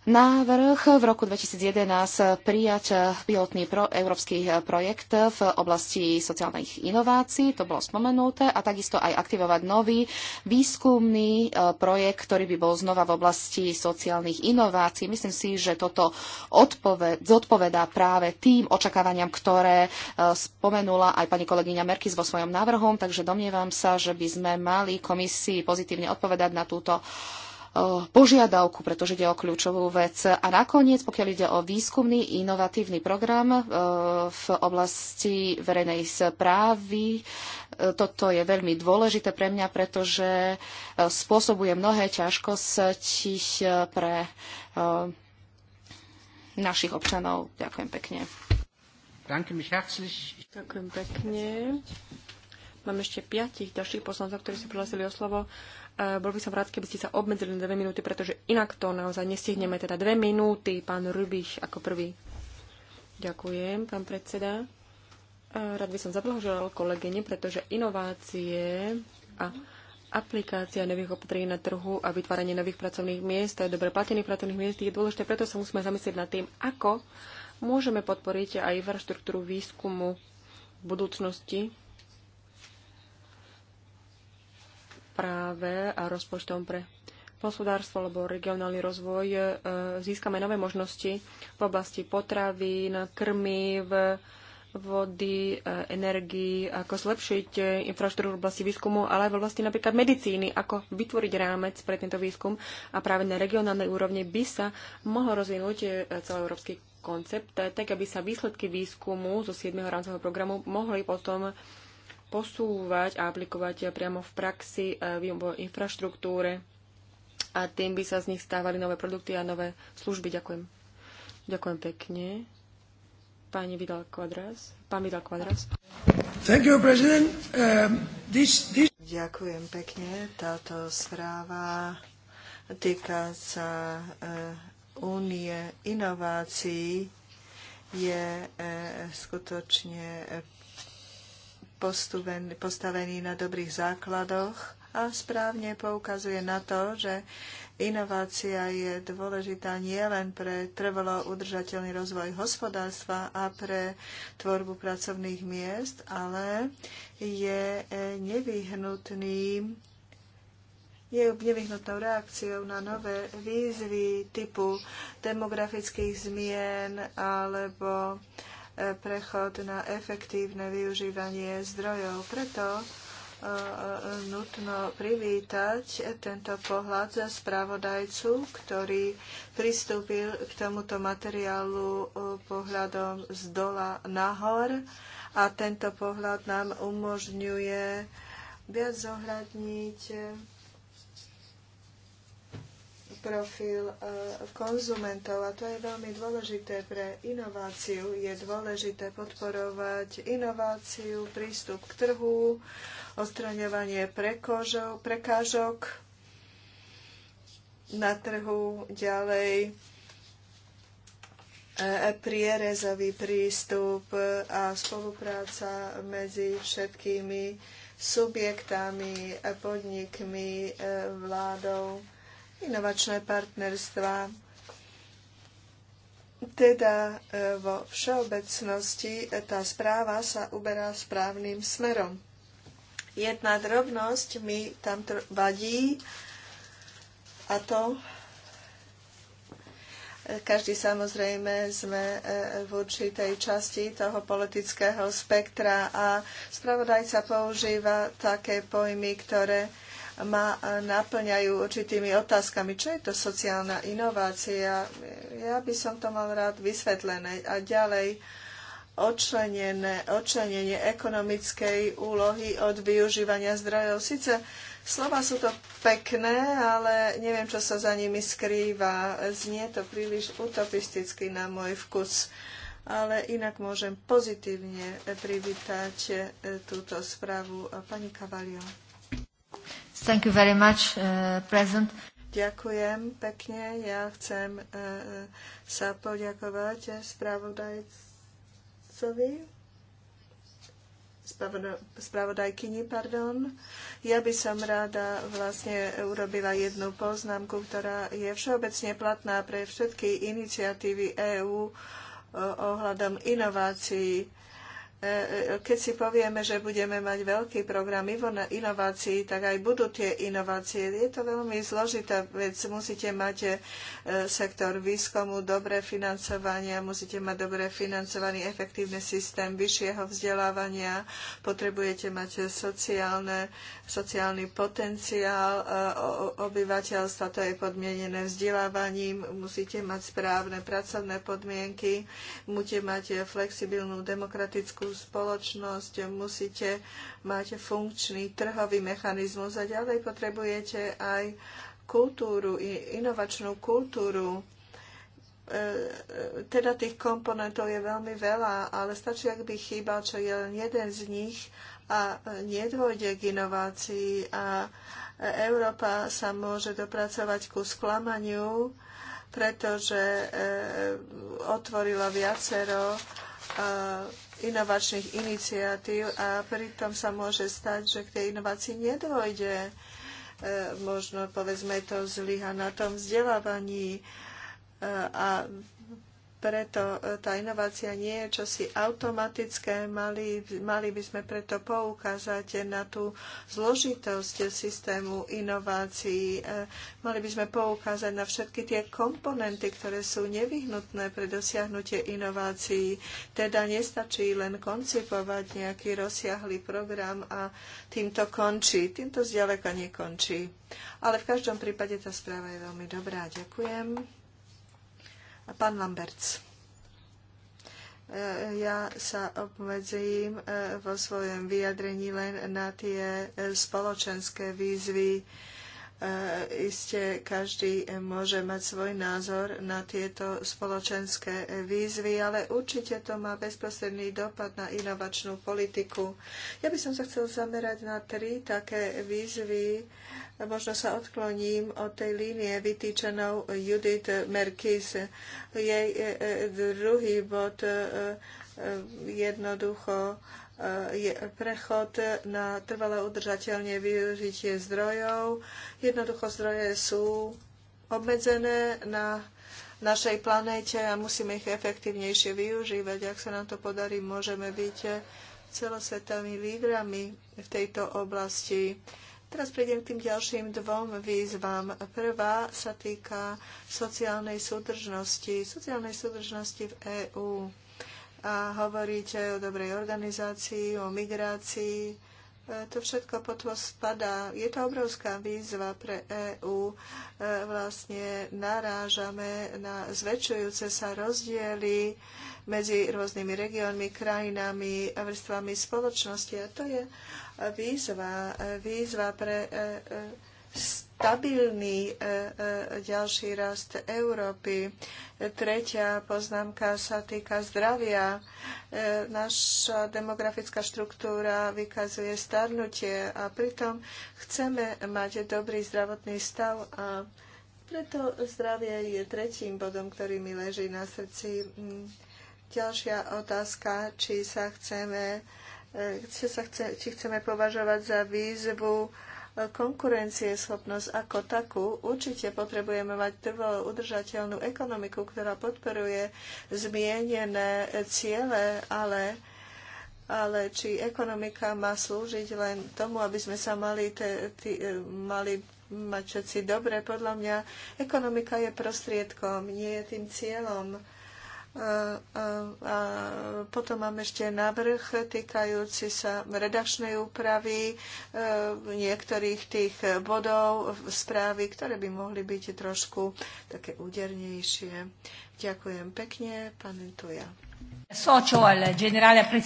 návrh v roku 2011 prijať pilotný pro, európsky eh, projekt v oblasti sociálnych inovácií, to bolo spomenuté, a takisto aj aktivovať nový výskumný eh, projekt, ktorý by bol znova v oblasti sociálnych inovácií. Myslím si, že toto odpoved, zodpovedá práve tým očakávaniam, ktoré eh, spomenula aj pani kolegyňa Merkis vo svojom návrhom, takže domnievam sa, že by sme mali komisii pozitívne odpovedať na túto požiadavku, pretože ide o kľúčovú vec. A nakoniec, pokiaľ ide o výskumný inovatívny program e, v oblasti verejnej správy, e, toto je veľmi dôležité pre mňa, pretože e, spôsobuje mnohé ťažkosti pre našich občanov. Ďakujem pekne. Ďakujem pekne. Mám ešte piatich ďalších poslancov, ktorí si prihlásili o slovo. Eh, bol by som rád, keby ste sa obmedzili na dve minúty, pretože inak to naozaj nestihneme. Teda dve minúty, pán Rubiš ako prvý. Ďakujem, pán predseda. Eh, rád by som zablahoželal kolegyne, pretože inovácie a aplikácia nových opatrení na trhu a vytváranie nových pracovných miest a dobre platených pracovných miest je dôležité, preto sa musíme zamyslieť nad tým, ako môžeme podporiť aj infraštruktúru výskumu budúcnosti správe a rozpočtom pre hospodárstvo alebo regionálny rozvoj e, získame nové možnosti v oblasti potravín, krmiv, vody, e, energii, ako zlepšiť e, infraštruktúru v oblasti výskumu, ale aj v oblasti napríklad medicíny, ako vytvoriť rámec pre tento výskum a práve na regionálnej úrovni by sa mohol rozvinúť celoeurópsky koncept, tak aby sa výsledky výskumu zo 7. rámcového programu mohli potom posúvať a aplikovať priamo v praxi e, v infraštruktúre a tým by sa z nich stávali nové produkty a nové služby. Ďakujem. Ďakujem pekne. Pani Vidal Quadras. Pán Vidal Quadras. Thank you, President. Um, this, this... Ďakujem pekne. Táto správa týka sa e, únie inovácií je e, skutočne postavený na dobrých základoch a správne poukazuje na to, že inovácia je dôležitá nielen pre trvalo udržateľný rozvoj hospodárstva a pre tvorbu pracovných miest, ale je e, nevyhnutným je nevyhnutnou reakciou na nové výzvy typu demografických zmien alebo uh, prechod na efektívne využívanie zdrojov. Preto e, e, nutno privítať tento pohľad za správodajcu, ktorý pristúpil k tomuto materiálu e, pohľadom z dola nahor a tento pohľad nám umožňuje viac zohľadniť profil e, konzumentov a to je veľmi dôležité pre inováciu. Je dôležité podporovať inováciu, prístup k trhu, odstraňovanie prekážok na trhu, ďalej e, prierezový prístup a spolupráca medzi všetkými subjektami, podnikmi, e, vládou inovačné partnerstva. Teda e, vo všeobecnosti tá správa sa uberá správnym smerom. Jedna drobnosť mi tam vadí a to e, každý samozrejme sme e, v určitej časti toho politického spektra a spravodajca používa také pojmy, ktoré ma naplňajú určitými otázkami. Čo je to sociálna inovácia? Ja by som to mal rád vysvetlené. A ďalej, odčlenenie ekonomickej úlohy od využívania zdrojov. Sice slova sú to pekné, ale neviem, čo sa za nimi skrýva. Znie to príliš utopisticky na môj vkus. Ale inak môžem pozitívne privítať e, túto správu. Pani Kavalio. Thank you very much, uh, President. Ďakujem pekne. Ja chcem uh, uh, sa poďakovať spravodajcovi, spravodajkyni, pardon. Ja by som rada vlastne urobila jednu poznámku, ktorá je všeobecne platná pre všetky iniciatívy EÚ uh, ohľadom inovácií keď si povieme, že budeme mať veľký program inovácií, tak aj budú tie inovácie. Je to veľmi zložitá vec. Musíte mať e, sektor výskumu, dobré financovania, musíte mať dobré financovaný efektívny systém vyššieho vzdelávania, potrebujete mať sociálne, sociálny potenciál e, obyvateľstva, to je podmienené vzdelávaním, musíte mať správne pracovné podmienky, musíte mať flexibilnú demokratickú spoločnosť musíte mať funkčný trhový mechanizmus a ďalej potrebujete aj kultúru, inovačnú kultúru. E, e, teda tých komponentov je veľmi veľa, ale stačí, ak by chýbal čo je len jeden z nich a nedôjde k inovácii a Európa sa môže dopracovať ku sklamaniu, pretože e, otvorila viacero inovačných iniciatív a pritom sa môže stať, že k tej inovácii nedôjde. E, možno povedzme to zlyha na tom vzdelávaní e, a preto e, tá inovácia nie je čosi automatické. Mali, mali by sme preto poukázať na tú zložitosť systému inovácií. E, mali by sme poukázať na všetky tie komponenty, ktoré sú nevyhnutné pre dosiahnutie inovácií. Teda nestačí len koncipovať nejaký rozsiahly program a týmto končí. Týmto zďaleka nekončí. Ale v každom prípade tá správa je veľmi dobrá. Ďakujem. Pán Lamberts. E, ja sa obmedzím e, vo svojom vyjadrení len na tie e, spoločenské výzvy. Isté každý môže mať svoj názor na tieto spoločenské výzvy, ale určite to má bezprostredný dopad na inovačnú politiku. Ja by som sa chcel zamerať na tri také výzvy, možno sa odkloním od tej línie vytýčenou Judith Merkis. Jej e, e, druhý bod e, jednoducho je prechod na trvalé udržateľne využitie zdrojov. Jednoducho zdroje sú obmedzené na našej planéte a musíme ich efektívnejšie využívať. Ak sa nám to podarí, môžeme byť celosvetovými lídrami v tejto oblasti. Teraz prejdem k tým ďalším dvom výzvam. Prvá sa týka sociálnej súdržnosti, sociálnej súdržnosti v EÚ. A hovoríte o dobrej organizácii, o migrácii, to všetko potom spadá. Je to obrovská výzva pre EÚ. E, vlastne narážame na zväčšujúce sa rozdiely medzi rôznymi regiónmi, krajinami a vrstvami spoločnosti. A to je výzva, výzva pre EÚ e stabilný e, e, ďalší rast Európy. Tretia poznámka sa týka zdravia. E, naša demografická štruktúra vykazuje starnutie a pritom chceme mať dobrý zdravotný stav a preto zdravie je tretím bodom, ktorý mi leží na srdci. Mm, ďalšia otázka, či sa chceme, či, sa chce, či chceme považovať za výzvu konkurencieschopnosť ako takú. Určite potrebujeme mať trvalo udržateľnú ekonomiku, ktorá podporuje zmienené ciele, ale ale či ekonomika má slúžiť len tomu, aby sme sa mali, te, te, mali mať všetci dobre. Podľa mňa ekonomika je prostriedkom, nie je tým cieľom. A potom mám ešte navrh týkajúci sa redačnej úpravy e, niektorých tých bodov správy, ktoré by mohli byť trošku také údernejšie. Ďakujem pekne, pán Tuja. Ja e,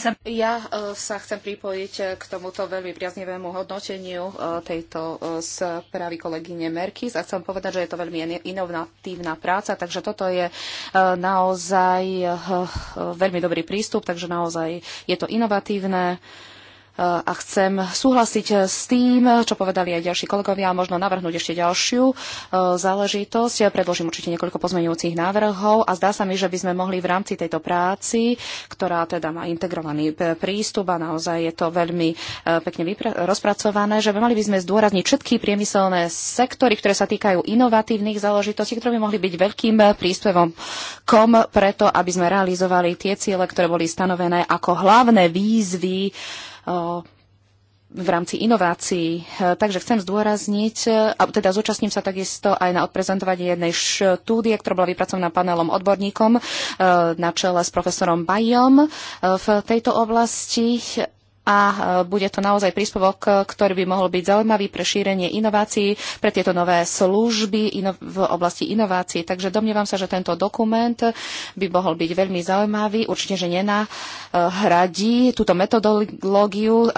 sa chcem pripojiť e, k tomuto veľmi priaznevému hodnoteniu e, tejto správy kolegyne Merkis a chcem povedať, že je to veľmi inovatívna práca, takže toto je naozaj veľmi dobrý prístup, takže naozaj je to inovatívne a chcem súhlasiť s tým, čo povedali aj ďalší kolegovia a možno navrhnúť ešte ďalšiu e, záležitosť. Predložím určite niekoľko pozmeňujúcich návrhov a zdá sa mi, že by sme mohli v rámci tejto práci, ktorá teda má integrovaný prístup a naozaj je to veľmi e, pekne rozpracované, že by mali by sme zdôrazniť všetky priemyselné sektory, ktoré sa týkajú inovatívnych záležitostí, ktoré by mohli byť veľkým príspevom kom preto, aby sme realizovali tie ciele, ktoré boli stanovené ako hlavné výzvy Eh, v rámci inovácií. Eh, takže chcem zdôrazniť, eh, a teda zúčastním sa takisto aj na odprezentovanie jednej štúdie, ktorá bola vypracovaná panelom odborníkom na čele s profesorom Bajom v tejto oblasti a e, bude to naozaj príspevok, e, ktorý by mohol byť zaujímavý pre šírenie inovácií, pre tieto nové služby ino- v oblasti inovácií. Takže domnievam sa, že tento dokument by mohol byť veľmi zaujímavý. Určite, že nenahradí e, túto metodológiu,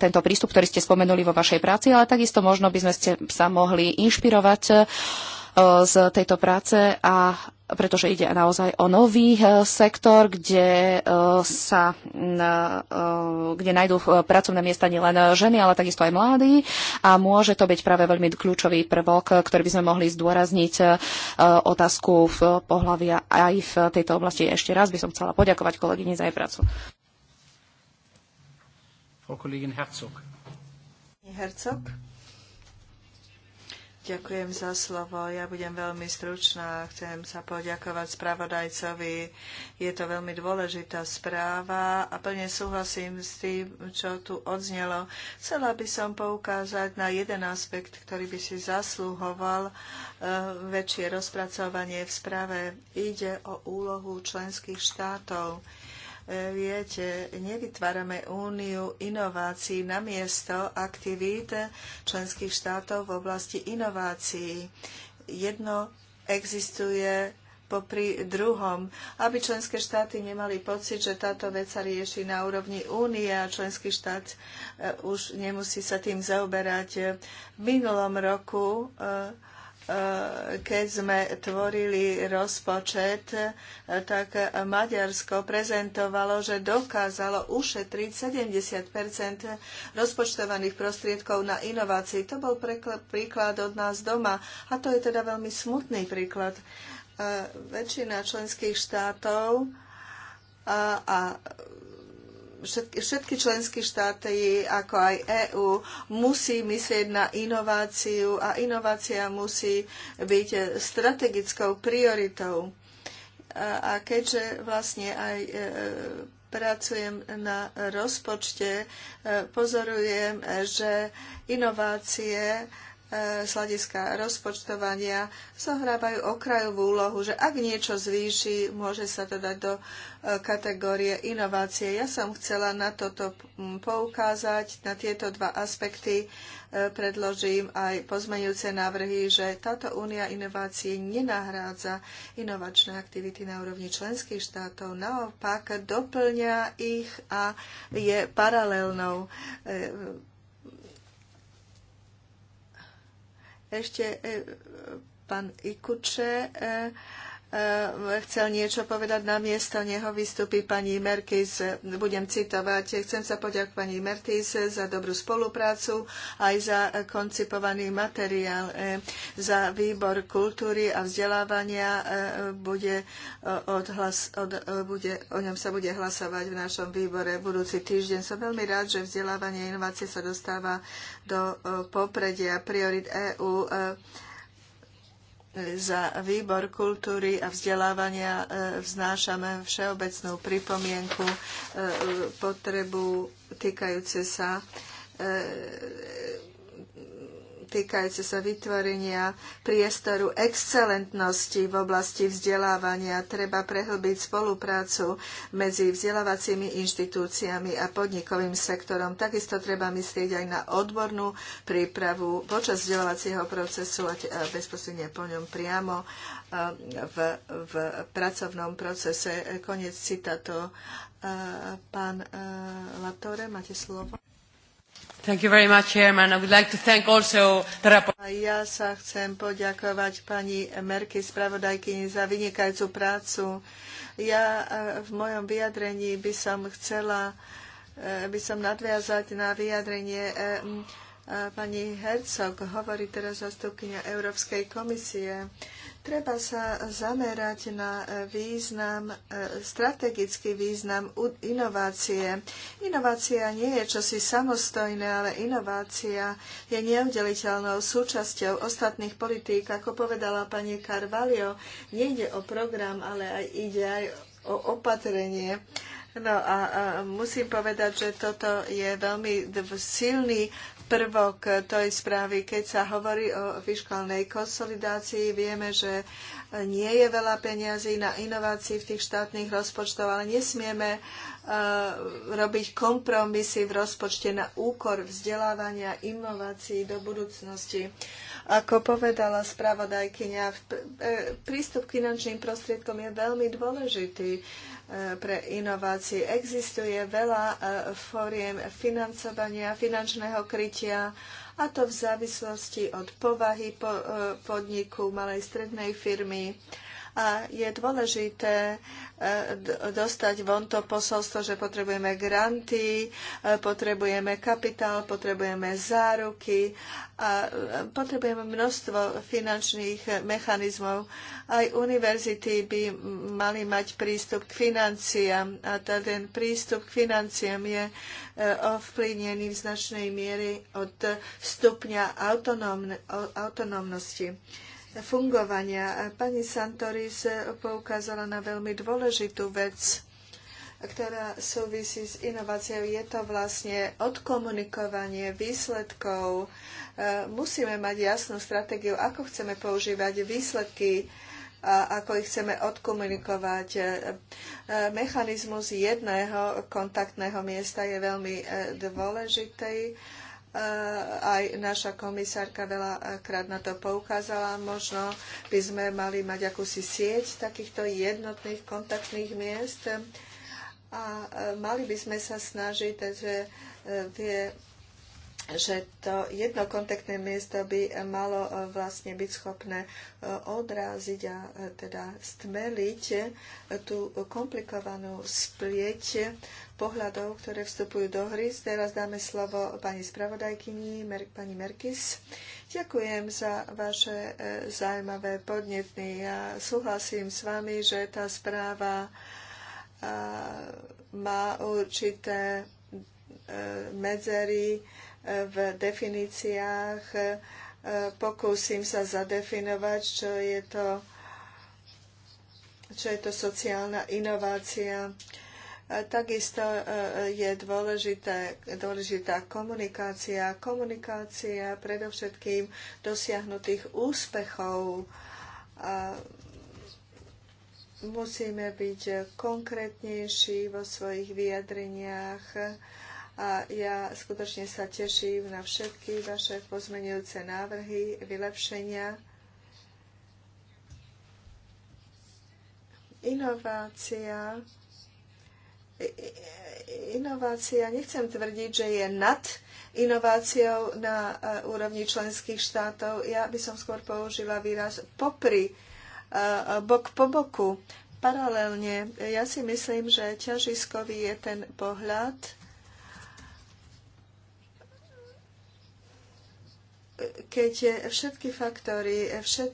tento prístup, ktorý ste spomenuli vo vašej práci, ale takisto možno by sme ste sa mohli inšpirovať z tejto práce a pretože ide naozaj o nový eh, sektor, kde eh, sa eh, kde nájdú pracovné miesta nielen ženy, ale takisto aj mladí a môže to byť práve veľmi kľúčový prvok, ktorý by sme mohli zdôrazniť otázku v pohľavia aj v tejto oblasti. Ešte raz by som chcela poďakovať kolegyni za jej prácu. Frau Kollegin Herzog. Herzog. Ďakujem za slovo. Ja budem veľmi stručná. Chcem sa poďakovať spravodajcovi. Je to veľmi dôležitá správa a plne súhlasím s tým, čo tu odznelo. Chcela by som poukázať na jeden aspekt, ktorý by si zaslúhoval e, väčšie rozpracovanie v správe. Ide o úlohu členských štátov Viete, nevytvárame úniu inovácií na miesto aktivít členských štátov v oblasti inovácií. Jedno existuje popri druhom, aby členské štáty nemali pocit, že táto vec sa rieši na úrovni únie a členský štát e, už nemusí sa tým zaoberať. V minulom roku e, keď sme tvorili rozpočet, tak Maďarsko prezentovalo, že dokázalo ušetriť 70 rozpočtovaných prostriedkov na inovácii. To bol príklad od nás doma a to je teda veľmi smutný príklad. Väčšina členských štátov a, a všetky, všetky členské štáty, ako aj EÚ, musí myslieť na inováciu a inovácia musí byť strategickou prioritou. A, a keďže vlastne aj e, pracujem na rozpočte, e, pozorujem, že inovácie E, z hľadiska rozpočtovania zohrávajú okrajovú úlohu, že ak niečo zvýši, môže sa to dať do e, kategórie inovácie. Ja som chcela na toto poukázať, na tieto dva aspekty e, predložím aj pozmeňujúce návrhy, že táto únia inovácie nenahrádza inovačné aktivity na úrovni členských štátov, naopak doplňa ich a je paralelnou Ešte e, e, pán Ikuče e, Eh, chcel niečo povedať na miesto neho, vystúpi pani Merkis. Budem citovať. Chcem sa poďakovať pani Merkis za dobrú spoluprácu, aj za koncipovaný materiál. Eh, za výbor kultúry a vzdelávania eh, bude, odhlas, od, bude, o ňom sa bude hlasovať v našom výbore budúci týždeň. Som veľmi rád, že vzdelávanie a inovácie sa dostáva do popredia priorit EÚ. EU za výbor kultúry a vzdelávania e, vznášame všeobecnú pripomienku e, potrebu týkajúce sa e, týkajúce sa vytvorenia priestoru excelentnosti v oblasti vzdelávania. Treba prehlbiť spoluprácu medzi vzdelávacími inštitúciami a podnikovým sektorom. Takisto treba myslieť aj na odbornú prípravu počas vzdelávacieho procesu a bezprostredne po ňom priamo v, v pracovnom procese. Konec citátu. Pán Latore, máte slovo. Thank you very much, Chairman. I would like to thank also the Ja sa chcem poďakovať pani Merky spravodajkyni za vynikajúcu prácu. Ja e, v mojom vyjadrení by som chcela e, by som nadviazať na vyjadrenie e, pani Herzog. Hovorí teraz zastupkynia Európskej komisie. Treba sa zamerať na e, význam, e, strategický význam inovácie. Inovácia nie je čosi samostojné, ale inovácia je neoddeliteľnou súčasťou ostatných politík. Ako povedala pani Carvalho, nejde o program, ale aj ide aj o opatrenie. No a, a musím povedať, že toto je veľmi silný prvok tej správy. Keď sa hovorí o fiskálnej konsolidácii, vieme, že nie je veľa peňazí na inovácii v tých štátnych rozpočtov, ale nesmieme e, robiť kompromisy v rozpočte na úkor vzdelávania inovácií do budúcnosti. Ako povedala spravodajkyňa, e, prístup k finančným prostriedkom je veľmi dôležitý e, pre inovácie. Existuje veľa e, fóriem financovania, finančného krytia a to v závislosti od povahy podniku malej strednej firmy a je dôležité e, dostať von to posolstvo, že potrebujeme granty, e, potrebujeme kapitál, potrebujeme záruky a e, potrebujeme množstvo finančných mechanizmov. Aj univerzity by mali mať prístup k financiám a ten prístup k financiám je ovplyvnený v značnej miery od stupňa autonómnosti fungovania. Pani Santoris poukázala na veľmi dôležitú vec, ktorá súvisí s inováciou. Je to vlastne odkomunikovanie výsledkov. E, musíme mať jasnú stratégiu, ako chceme používať výsledky a ako ich chceme odkomunikovať. E, mechanizmus jedného kontaktného miesta je veľmi e, dôležitý aj naša komisárka veľakrát na to poukázala. Možno by sme mali mať akúsi sieť takýchto jednotných kontaktných miest a e, mali by sme sa snažiť, že e, vie že to jedno kontaktné miesto by malo e, vlastne byť schopné odráziť a teda stmeliť tú komplikovanú splieť pohľadov, ktoré vstupujú do hry. Teraz dáme slovo pani spravodajkyni, pani Merkis. Ďakujem za vaše e, zaujímavé podnetny. Ja súhlasím s vami, že tá správa e, má určité e, medzery v definíciách. Pokúsim sa zadefinovať, čo je to, čo je to sociálna inovácia. Takisto e, je dôležité, dôležitá komunikácia, komunikácia predovšetkým dosiahnutých úspechov. Musíme byť konkrétnejší vo svojich vyjadreniach a ja skutočne sa teším na všetky vaše pozmenujúce návrhy, vylepšenia. Inovácia inovácia, nechcem tvrdiť, že je nad inováciou na e, úrovni členských štátov. Ja by som skôr použila výraz popri, e, e, bok po boku, paralelne. Ja si myslím, že ťažiskový je ten pohľad, keď všetky faktory, všet,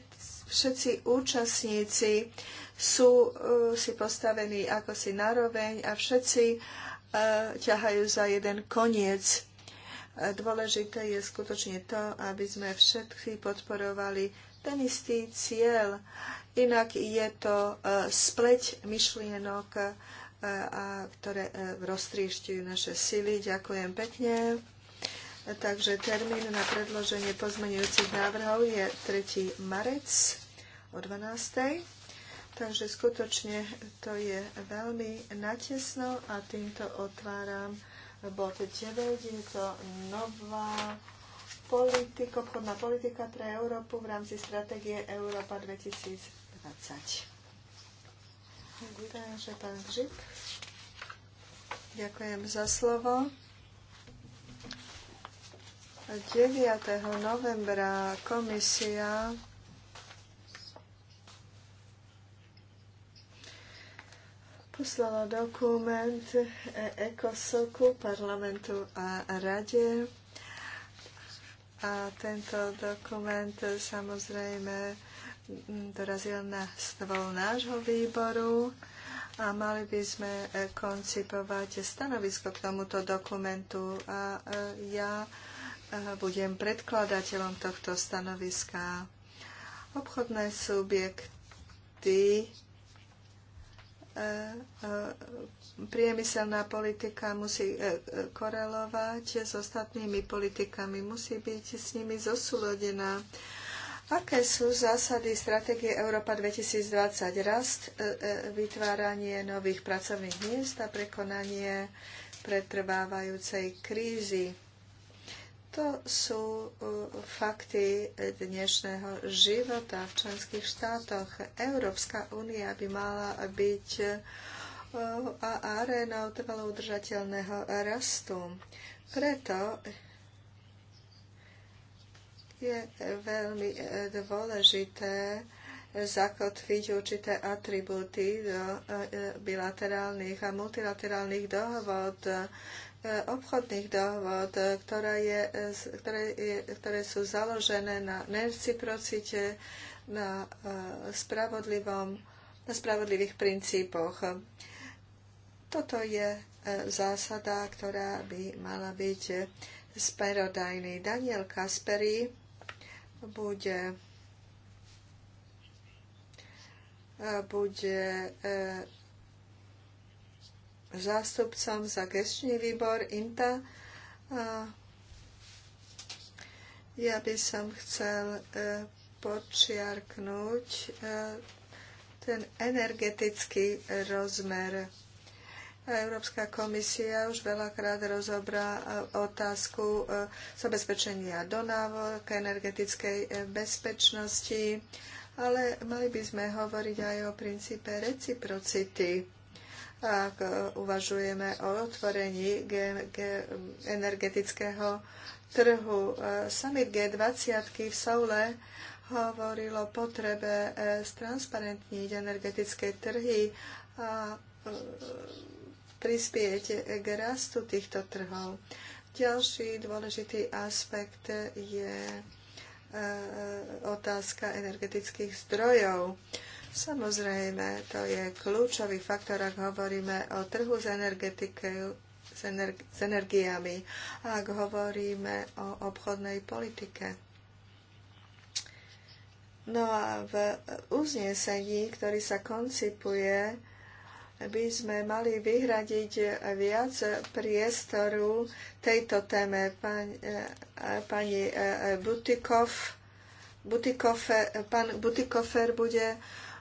všetci účastníci sú eh, si postavení ako si naroveň a všetci eh, ťahajú za jeden koniec. Eh, dôležité je skutočne to, aby sme všetci podporovali ten istý cieľ. Inak je to spleť myšlienok, a ktoré roztriešťujú naše sily. Ďakujem pekne. Takže termín na predloženie pozmenujúcich návrhov je 3. marec o 12. Takže skutočne to je veľmi natesno a týmto otváram bod 9. Je to nová politika, obchodná politika pre Európu v rámci stratégie Európa 2020. Takže pán Žip. Ďakujem za slovo. 9. novembra komisia poslala dokument ECOSOKu, parlamentu a rade. A tento dokument samozrejme dorazil na stôl nášho výboru a mali by sme koncipovať stanovisko k tomuto dokumentu. A e, ja e, budem predkladateľom tohto stanoviska. Obchodné subjekty E, e, priemyselná politika musí e, korelovať s ostatnými politikami, musí byť s nimi zosúlodená. Aké sú zásady stratégie Európa 2020? Rast, vytváranie nových pracovných miest a prekonanie pretrvávajúcej krízy to sú e, fakty dnešného života v členských štátoch. Európska únia by mala byť e, a arénou trvalo udržateľného rastu. Preto je veľmi e, dôležité zakotviť určité atributy do bilaterálnych a multilaterálnych dohovod Eh, obchodných dohôd, eh, ktoré, je, eh, ktoré, je, ktoré sú založené na reciprocite, na, na spravodlivých princípoch. Toto je zásada, ktorá by mala byť sperodajný. Daniel Kasperi bude bude zástupcom za gestčný výbor INTA. A ja by som chcel e, počiarknúť e, ten energetický rozmer. Európska komisia už veľakrát rozobrá e, otázku zabezpečenia donávok, energetickej bezpečnosti, ale mali by sme hovoriť aj o princípe reciprocity ak uvažujeme o otvorení energetického trhu. Summit G20 v Soule hovoril o potrebe e, stransparentniť energetické trhy a e, prispieť k rastu týchto trhov. Ďalší dôležitý aspekt je e, otázka energetických zdrojov. Samozrejme, to je kľúčový faktor, ak hovoríme o trhu s, s, s energiami, ak hovoríme o obchodnej politike. No a v uznesení, ktorý sa koncipuje, by sme mali vyhradiť viac priestoru tejto téme. Pani, pani eh, Butikov, Butikofer, pán Butikofer bude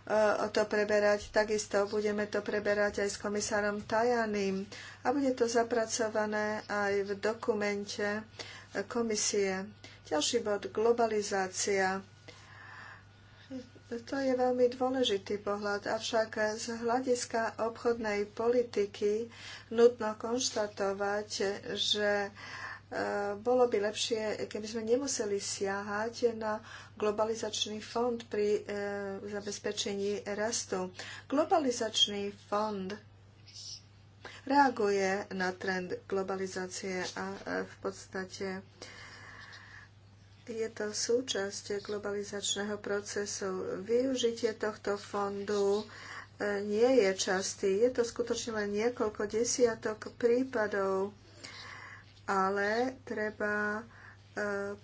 E, to preberať. Takisto budeme to preberať aj s komisárom Tajaným a bude to zapracované aj v dokumente komisie. Ďalší bod, globalizácia. To je veľmi dôležitý pohľad, avšak z hľadiska obchodnej politiky nutno konštatovať, že bolo by lepšie, keby sme nemuseli siahať na globalizačný fond pri e, zabezpečení rastu. Globalizačný fond reaguje na trend globalizácie a e, v podstate je to súčasť globalizačného procesu. Využitie tohto fondu e, nie je častý. Je to skutočne len niekoľko desiatok prípadov ale treba e,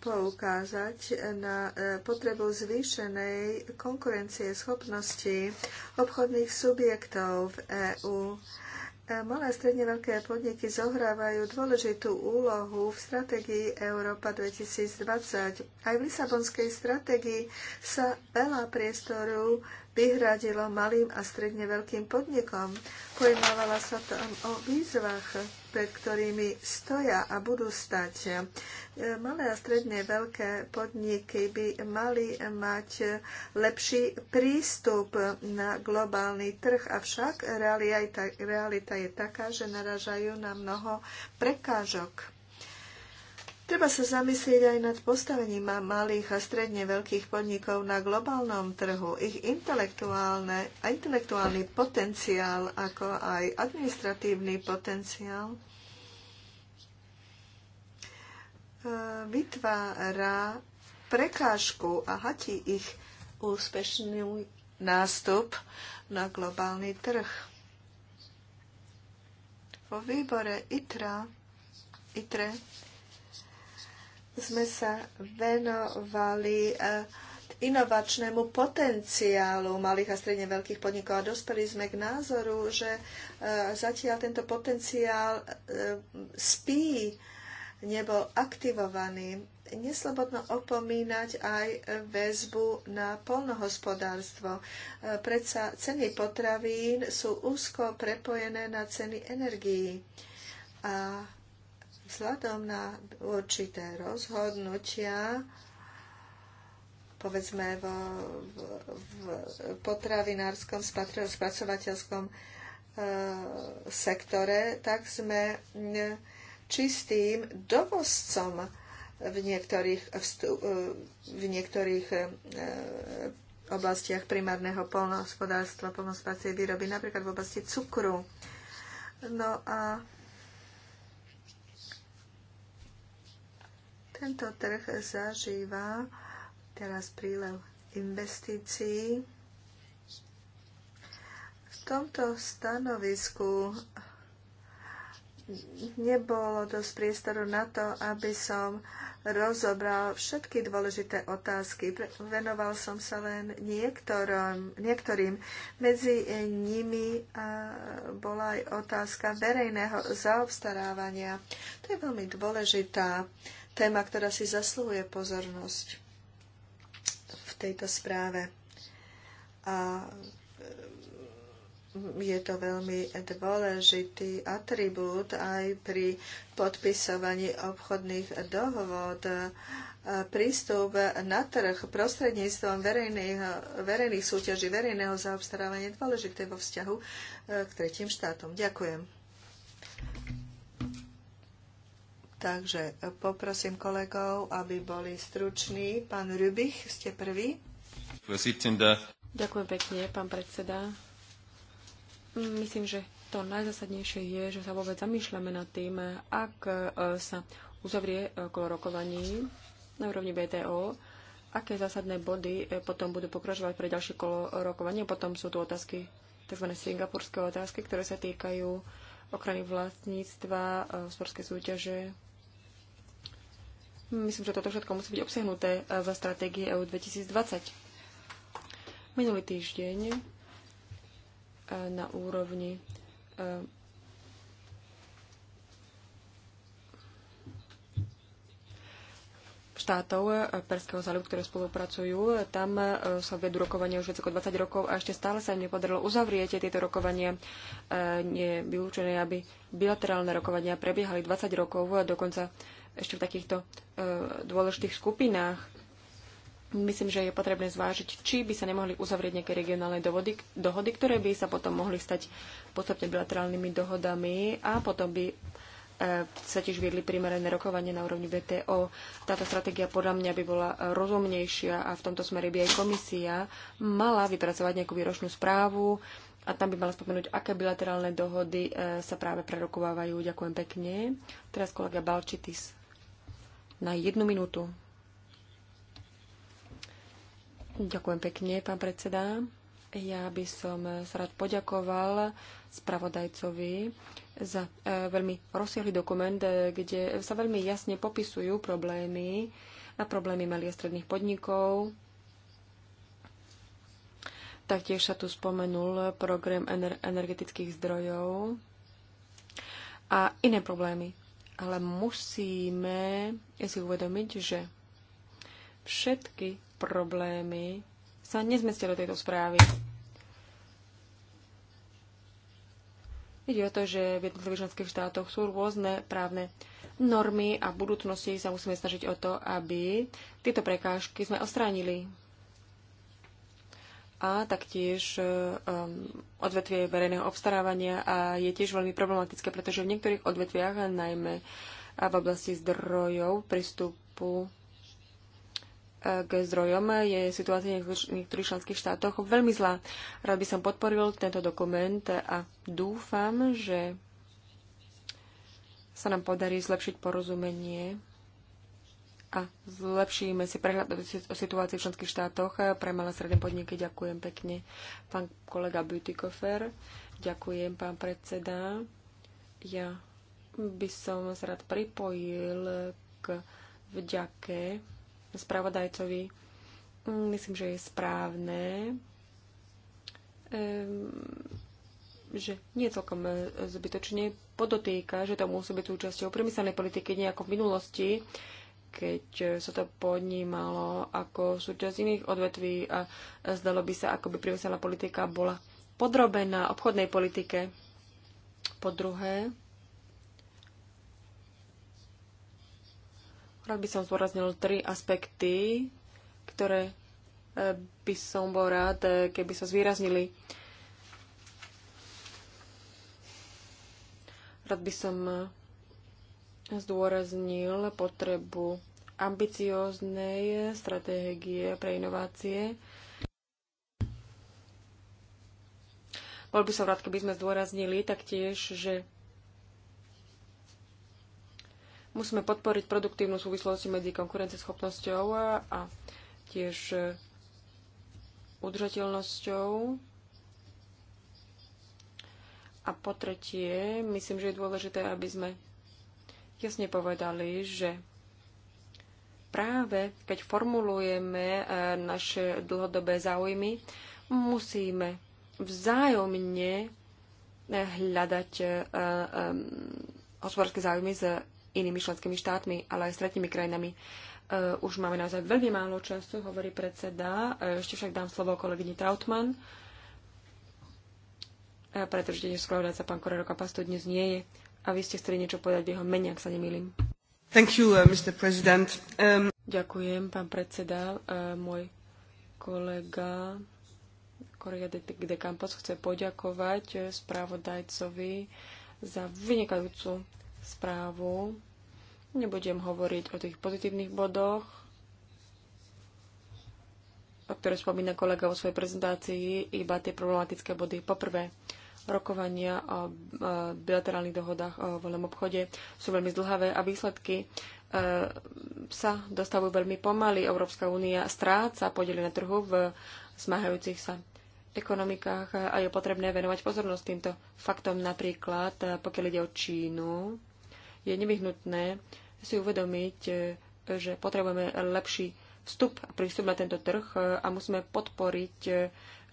poukázať na e, potrebu zvýšenej konkurencie schopnosti obchodných subjektov v EÚ. E, malé a stredne veľké podniky zohrávajú dôležitú úlohu v stratégii Európa 2020. Aj v Lisabonskej stratégii sa veľa priestoru vyhradilo malým a stredne veľkým podnikom. Pojednávala sa tam o výzvach pred ktorými stoja a budú stať. E, malé a stredne veľké podniky by mali mať lepší prístup na globálny trh, avšak realita, je taká, že naražajú na mnoho prekážok Treba sa zamyslieť aj nad postavením malých a stredne veľkých podnikov na globálnom trhu. Ich intelektuálne, a intelektuálny potenciál, ako aj administratívny potenciál e, vytvára prekážku a hatí ich úspešný nástup na globálny trh. Vo výbore ITRA, ITRE sme sa venovali eh, inovačnému potenciálu malých a stredne veľkých podnikov a dospeli sme k názoru, že eh, zatiaľ tento potenciál eh, spí, nebol aktivovaný. Neslobodno opomínať aj väzbu na polnohospodárstvo. Predsa ceny potravín sú úzko prepojené na ceny energií. A Vzhľadom na určité rozhodnutia, povedzme v, v potravinárskom, spracovateľskom e, sektore, tak sme čistým dovozcom v niektorých, e, v niektorých e, oblastiach primárneho polnohospodárstva, polnohospodárskej výroby, napríklad v oblasti cukru. No a Tento trh zažíva teraz prílev investícií. V tomto stanovisku nebolo dosť priestoru na to, aby som rozobral všetky dôležité otázky. Venoval som sa len niektorom, niektorým. Medzi nimi bola aj otázka verejného zaobstarávania. To je veľmi dôležitá téma, ktorá si zasluhuje pozornosť v tejto správe. A mm, je to veľmi dôležitý atribút aj pri podpisovaní obchodných dohôd. Prístup na trh prostredníctvom verejných, verejných súťaží, verejného zaobstarávania je dôležité vo vzťahu e, k tretím štátom. Ďakujem. Takže poprosím kolegov, aby boli struční. Pán Rubich, ste prvý. Ďakujem pekne, pán predseda. Myslím, že to najzasadnejšie je, že sa vôbec zamýšľame nad tým, ak e, sa uzavrie okolo e, rokovaní na úrovni BTO, aké zásadné body e, potom budú pokračovať pre ďalšie kolo rokovania. Potom sú tu otázky, tzv. singapurské otázky, ktoré sa týkajú ochrany vlastníctva, sporskej súťaže, Myslím, že toto všetko musí byť obsiahnuté v stratégii EU 2020. Minulý týždeň e, na úrovni e, štátov e, Perského zálivu, ktoré spolupracujú. Tam sa vedú rokovania už viac ako 20 rokov a ešte stále sa im nepodarilo uzavrieť tieto rokovania. Nie je vylúčené, aby bilaterálne rokovania prebiehali 20 rokov, a dokonca ešte v takýchto e, dôležitých skupinách. Myslím, že je potrebné zvážiť, či by sa nemohli uzavrieť nejaké regionálne dohody, dohody ktoré by sa potom mohli stať podstatne bilaterálnymi dohodami a potom by e, sa tiež viedli primerané rokovanie na úrovni VTO. Táto stratégia podľa mňa by bola rozumnejšia a v tomto smere by aj komisia mala vypracovať nejakú výročnú správu a tam by mala spomenúť, aké bilaterálne dohody e, sa práve prerokovávajú. Ďakujem pekne. Teraz kolega Balčitis na jednu minútu. Ďakujem pekne, pán predseda. Ja by som sa rád poďakoval spravodajcovi za e, veľmi rozsiahly dokument, e, kde sa veľmi jasne popisujú problémy a problémy malých a stredných podnikov. Taktiež sa tu spomenul program energetických zdrojov a iné problémy ale musíme si uvedomiť, že všetky problémy sa nezmestia do tejto správy. Ide o to, že v jednotlivých členských štátoch sú rôzne právne normy a v budúcnosti sa musíme snažiť o to, aby tieto prekážky sme ostránili a taktiež um, odvetvie verejného obstarávania a je tiež veľmi problematické, pretože v niektorých odvetviach, najmä v oblasti zdrojov, prístupu e, k zdrojom je situácia v niektorých členských štátoch veľmi zlá. Rád by som podporil tento dokument a dúfam, že sa nám podarí zlepšiť porozumenie a zlepšíme si prehľad o situácii v členských štátoch pre malé stredné podniky. Ďakujem pekne, pán kolega Beautykofer. Ďakujem, pán predseda. Ja by som sa rád pripojil k vďake spravodajcovi. Myslím, že je správne, že nie celkom e, zbytočne podotýka, že to musí byť súčasťou priemyselnej politiky nejako v minulosti keď eh, sa to podnímalo ako súčasť iných odvetví a zdalo by sa, ako by priveselá politika bola podrobená obchodnej politike. Po druhé, rád by som zdôraznil tri aspekty, ktoré eh, by som bol rád, eh, keby sa zvýraznili. Rád by som zdôraznil potrebu ambicióznej stratégie pre inovácie. Bol by som rád, keby sme zdôraznili taktiež, že musíme podporiť produktívnu súvislosť medzi konkurenceschopnosťou a tiež udržateľnosťou. A po tretie, myslím, že je dôležité, aby sme jasne povedali, že práve keď formulujeme e, naše dlhodobé záujmy, musíme vzájomne e, hľadať e, hospodárske záujmy s inými členskými štátmi, ale aj s tretimi krajinami. Už máme naozaj veľmi málo času, hovorí predseda. Ešte však dám slovo kolegyni Trautmann, pretože dnes skladá sa pán Korero Kapasto dnes nie je a vy ste chceli niečo povedať v jeho mene, ak sa nemýlim. Thank you, uh, Mr. President. Um... Ďakujem, pán predseda. Uh, môj kolega Korea de, de Campos chce poďakovať uh, správodajcovi za vynikajúcu správu. Nebudem hovoriť o tých pozitívnych bodoch, o ktoré spomína kolega vo svojej prezentácii, iba tie problematické body. Poprvé, rokovania o e, bilaterálnych dohodách o voľnom obchode sú veľmi zdlhavé a výsledky e, sa dostavujú veľmi pomaly. Európska únia stráca podiel na trhu v smáhajúcich sa ekonomikách a je potrebné venovať pozornosť týmto faktom. Napríklad, e, pokiaľ ide o Čínu, je nevyhnutné si uvedomiť, že potrebujeme lepší vstup a prístup na tento trh a musíme podporiť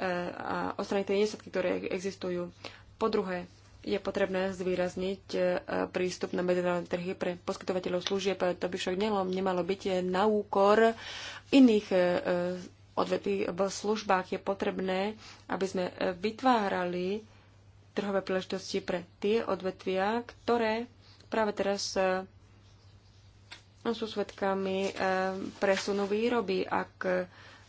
E, a odstrániť tie nedostatky, ktoré existujú. Po druhé, je potrebné zvýrazniť e, prístup na medzinárodné trhy pre poskytovateľov služieb. To by však nemalo byť na úkor iných e, odvetví v službách. Je potrebné, aby sme vytvárali trhové príležitosti pre tie odvetvia, ktoré práve teraz sú svetkami presunu výroby. Ak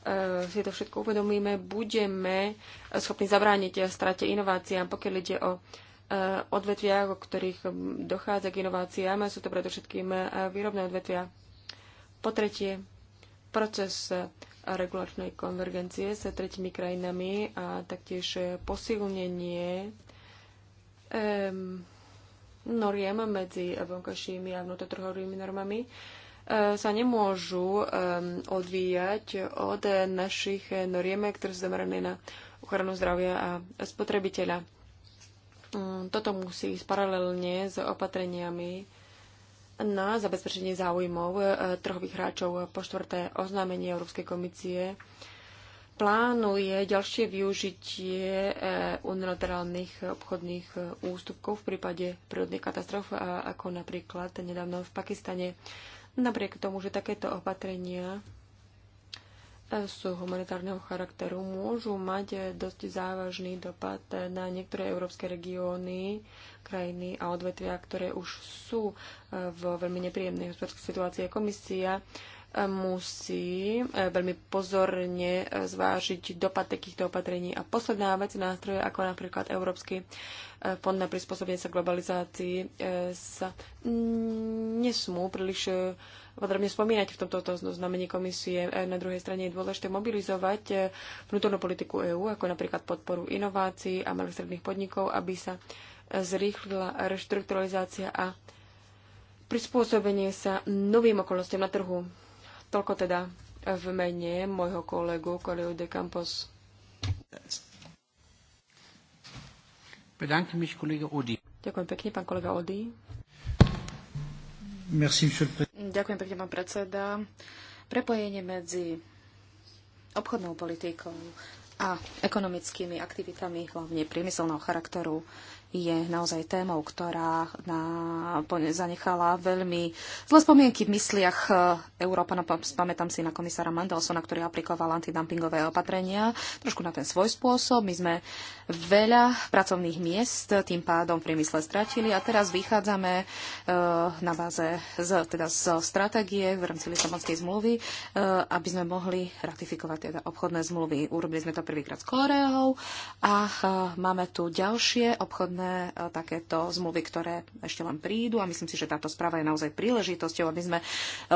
E, si to všetko uvedomíme, budeme schopní zabrániť strate inováciám, pokiaľ ide o e, odvetvia, o ktorých dochádza k inováciám. Sú to predovšetkým e, výrobné odvetvia. Po tretie, proces regulačnej konvergencie s tretimi krajinami a taktiež posilnenie noriem medzi vonkajšími a vnútotrhovými normami. Eh, sa nemôžu eh, odvíjať od našich noriem, ktoré sú zamerané na ochranu zdravia a spotrebiteľa. Mm, toto musí ísť paralelne s opatreniami na zabezpečenie záujmov eh, trhových hráčov. Po štvrté oznámenie Európskej komisie plánuje ďalšie využitie unilaterálnych obchodných ústupkov v prípade prírodných katastrof, ako napríklad nedávno v Pakistane. Napriek tomu, že takéto opatrenia e, sú humanitárneho charakteru, môžu mať e, dosť závažný dopad na niektoré európske regióny, krajiny a odvetvia, ktoré už sú e, v veľmi nepríjemnej hospodárskej situácii. Komisia musí e, veľmi pozorne e, zvážiť dopad takýchto opatrení. A posledná vec, nástroje ako napríklad Európsky e, fond na prispôsobenie sa globalizácii sa nesmú príliš podrobne spomínať v tomto znamení komisie. Na druhej strane je dôležité mobilizovať vnútornú politiku EÚ, ako napríklad podporu inovácií a malých stredných podnikov, aby sa zrýchlila reštrukturalizácia a prispôsobenie sa novým okolnostiam na trhu. Toľko teda v mene môjho kolegu Correo de Campos. Ďakujem pekne, pán kolega Odi. Merci, Ďakujem pekne, pán predseda. Prepojenie medzi obchodnou politikou a ekonomickými aktivitami, hlavne priemyselného charakteru, je naozaj témou, ktorá na, zanechala veľmi zlé spomienky v mysliach e, No, Pamätám si na komisára Mandelsona, ktorý aplikoval antidumpingové opatrenia trošku na ten svoj spôsob. My sme veľa pracovných miest tým pádom v priemysle stratili a teraz vychádzame e, na báze z, teda z stratégie v rámci Lisabonskej zmluvy, e, aby sme mohli ratifikovať teda obchodné zmluvy. Urobili sme to prvýkrát s Koreou a máme tu ďalšie obchodné rôzne takéto zmluvy, ktoré ešte len prídu a myslím si, že táto správa je naozaj príležitosťou, aby sme e,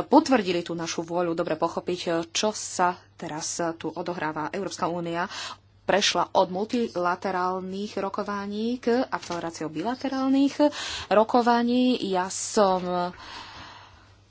potvrdili tú našu vôľu dobre pochopiť, e, čo sa teraz e, tu odohráva. Európska únia prešla od multilaterálnych rokovaní k akceleráciou bilaterálnych rokovaní. Ja som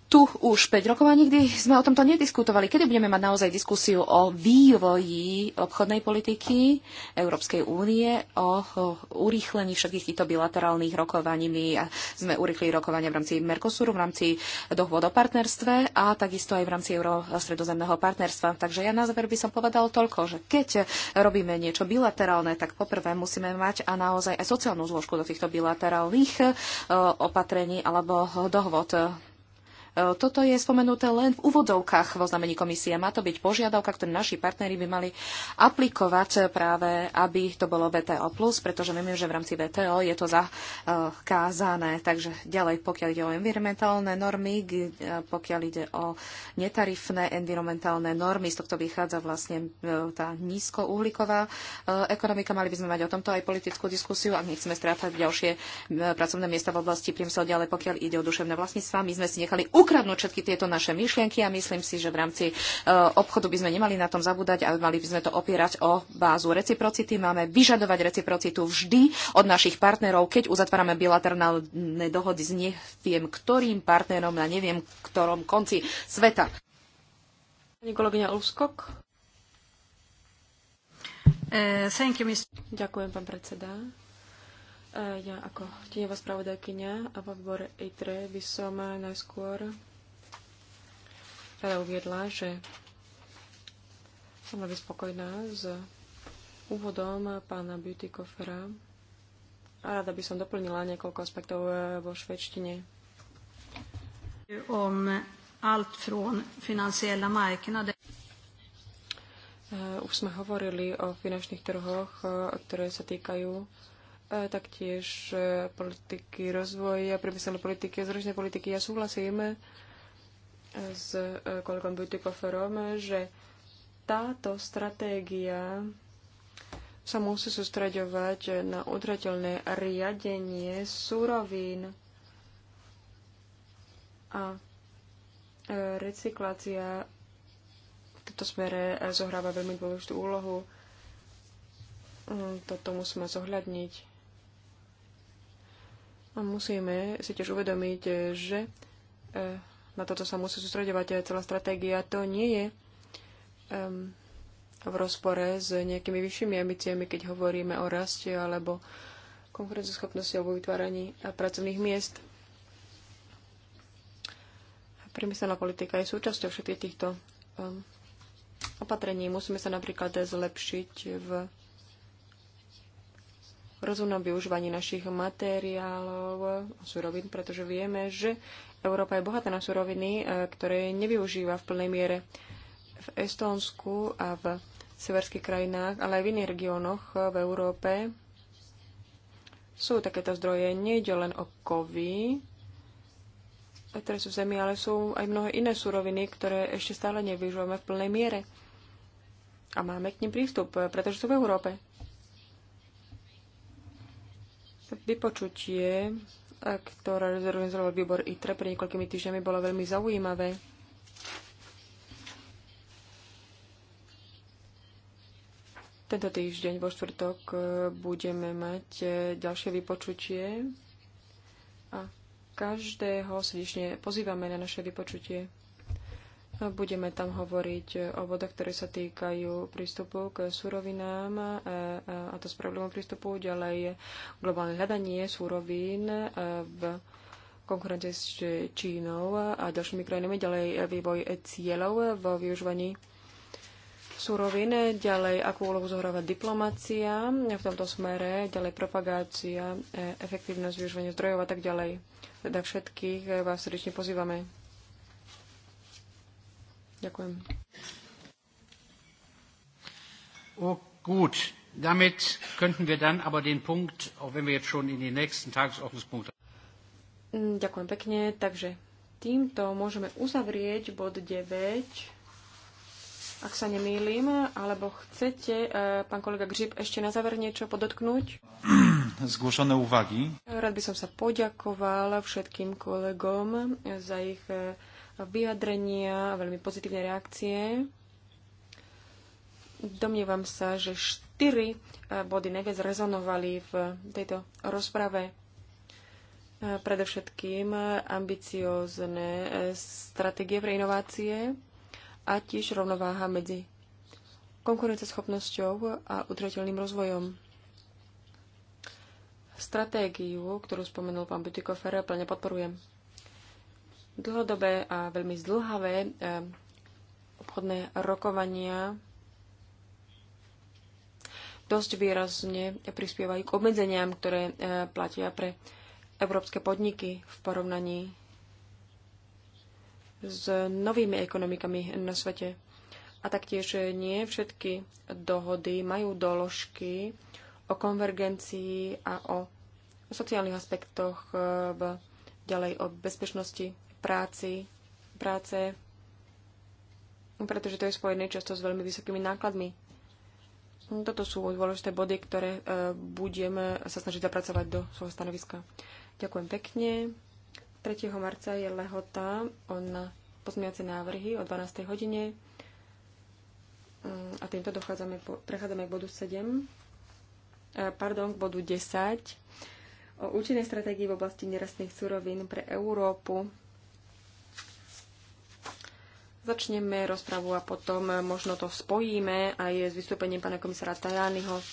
tu už 5 rokov a nikdy sme o tomto nediskutovali. Kedy budeme mať naozaj diskusiu o vývoji obchodnej politiky Európskej únie, o, o urýchlení všetkých týchto bilaterálnych rokovaní. My sme urýchli rokovania v rámci Mercosuru, v rámci dohôd o partnerstve a takisto aj v rámci Eurostredozemného partnerstva. Takže ja na záver by som povedal toľko, že keď robíme niečo bilaterálne, tak poprvé musíme mať a naozaj aj sociálnu zložku do týchto bilaterálnych e, opatrení alebo dohôd E, toto je spomenuté len v úvodovkách vo znamení komisie. Má to byť požiadavka, ktorú naši partnery by mali aplikovať práve, aby to bolo VTO+, pretože my viem, že v rámci VTO je to zakázané. Takže ďalej, pokiaľ ide o environmentálne normy, e, pokiaľ ide o netarifné environmentálne normy, z tohto vychádza vlastne e, tá nízkouhlíková ekonomika. Mali by sme mať o tomto aj politickú diskusiu, ak nechceme strácať ďalšie pracovné miesta v oblasti priemysel ďalej, pokiaľ ide o duševné vlastníctva. My sme si nechali ukradnúť všetky tieto naše myšlienky a myslím si, že v rámci e, obchodu by sme nemali na tom zabúdať, ale mali by sme to opierať o bázu reciprocity. Máme vyžadovať reciprocitu vždy od našich partnerov, keď uzatvárame bilaterálne dohody s neviem ktorým partnerom na neviem ktorom konci sveta. Pani kolegyňa Ulskok. Uh, eh, you, Ďakujem, pán predseda. Ja ako tieňová spravodajkynia a vo výbore EITRE by som najskôr rada uviedla, že som veľmi spokojná s úvodom pána Beauty Kofera a rada by som doplnila niekoľko aspektov eh, vo švedštine. Om allt från finansiella marknader. Eh, už sme hovorili o finančných trhoch, eh, ktoré sa týkajú taktiež e, politiky rozvoja, priemyselné politiky a zručné politiky. Ja súhlasím e, s e, kolegom Butikoferom, že táto stratégia sa musí sústraďovať na odrateľné riadenie súrovín a recyklácia v tomto smere zohráva veľmi dôležitú úlohu. Mm, toto musíme zohľadniť Musíme si tiež uvedomiť, že e, na toto sa musí sústredovať celá stratégia. To nie je um, v rozpore s nejakými vyššími ambíciami, keď hovoríme o raste alebo konkurenceschopnosti alebo vytváraní pracovných miest. Priemyselná politika je súčasťou všetkých týchto um, opatrení. Musíme sa napríklad zlepšiť v rozumnom využívaní našich materiálov a surovín, pretože vieme, že Európa je bohatá na suroviny, e, ktoré nevyužíva v plnej miere. V Estónsku a v severských krajinách, ale aj v iných regiónoch v Európe sú takéto zdroje. je len o kovy, ktoré sú v zemi, ale sú aj mnohé iné suroviny, ktoré ešte stále nevyužívame v plnej miere. A máme k nim prístup, pretože sú v Európe. Vypočutie, ktoré zorganizoval výbor ITRE pre niekoľkými týždňami, bolo veľmi zaujímavé. Tento týždeň vo štvrtok e, budeme mať e, ďalšie vypočutie a každého srdečne pozývame na naše vypočutie. Budeme tam hovoriť o vodách, ktoré sa týkajú prístupu k surovinám, e, e, a to spravodlivom prístupu, ďalej globálne hľadanie surovín e, v konkurencie s Čínou a ďalšími krajinami, ďalej vývoj cieľov vo využívaní surovín, ďalej akú úlohu zohráva diplomácia v tomto smere, ďalej propagácia, efektívnosť využívania zdrojov a tak ďalej. Teda všetkých vás srdečne pozývame. Ďakujem. Oh, gut. Damit könnten wir dann aber den Punkt, auch wenn wir jetzt schon in den nächsten Tagesordnungspunkt. Mm, Ďakujem pekne. Takže týmto môžeme uzavrieť bod 9 ak sa nemýlim, alebo chcete, eh, pán kolega Gřip ešte na záver niečo podotknúť? Zgłoszone uwagi. Rád by som sa poďakoval všetkým kolegom za ich eh, vyjadrenia, veľmi pozitívne reakcie. Domnievam sa, že štyri eh, body najviac rezonovali v tejto rozprave. Eh, predovšetkým ambiciozne eh, stratégie pre inovácie a tiež rovnováha medzi konkurenceschopnosťou a udržateľným rozvojom. Stratégiu, ktorú spomenul pán Butikofer, plne podporujem dlhodobé a veľmi zdlhavé eh, obchodné rokovania dosť výrazne prispievajú k obmedzeniam, ktoré eh, platia pre európske podniky v porovnaní s novými ekonomikami na svete. A taktiež nie všetky dohody majú doložky o konvergencii a o sociálnych aspektoch eh, v, ďalej o bezpečnosti práci, práce, pretože to je spojené často s veľmi vysokými nákladmi. Toto sú dôležité body, ktoré e, budeme sa snažiť zapracovať do svojho stanoviska. Ďakujem pekne. 3. marca je lehota na pozmiace návrhy o 12. hodine. E, a týmto dochádzame, prechádzame k bodu 7, e, pardon, k bodu 10 o účinnej stratégii v oblasti nerastných surovín pre Európu Začneme rozpravu a potom možno to spojíme aj s vystúpením pána komisára Tajányho. E,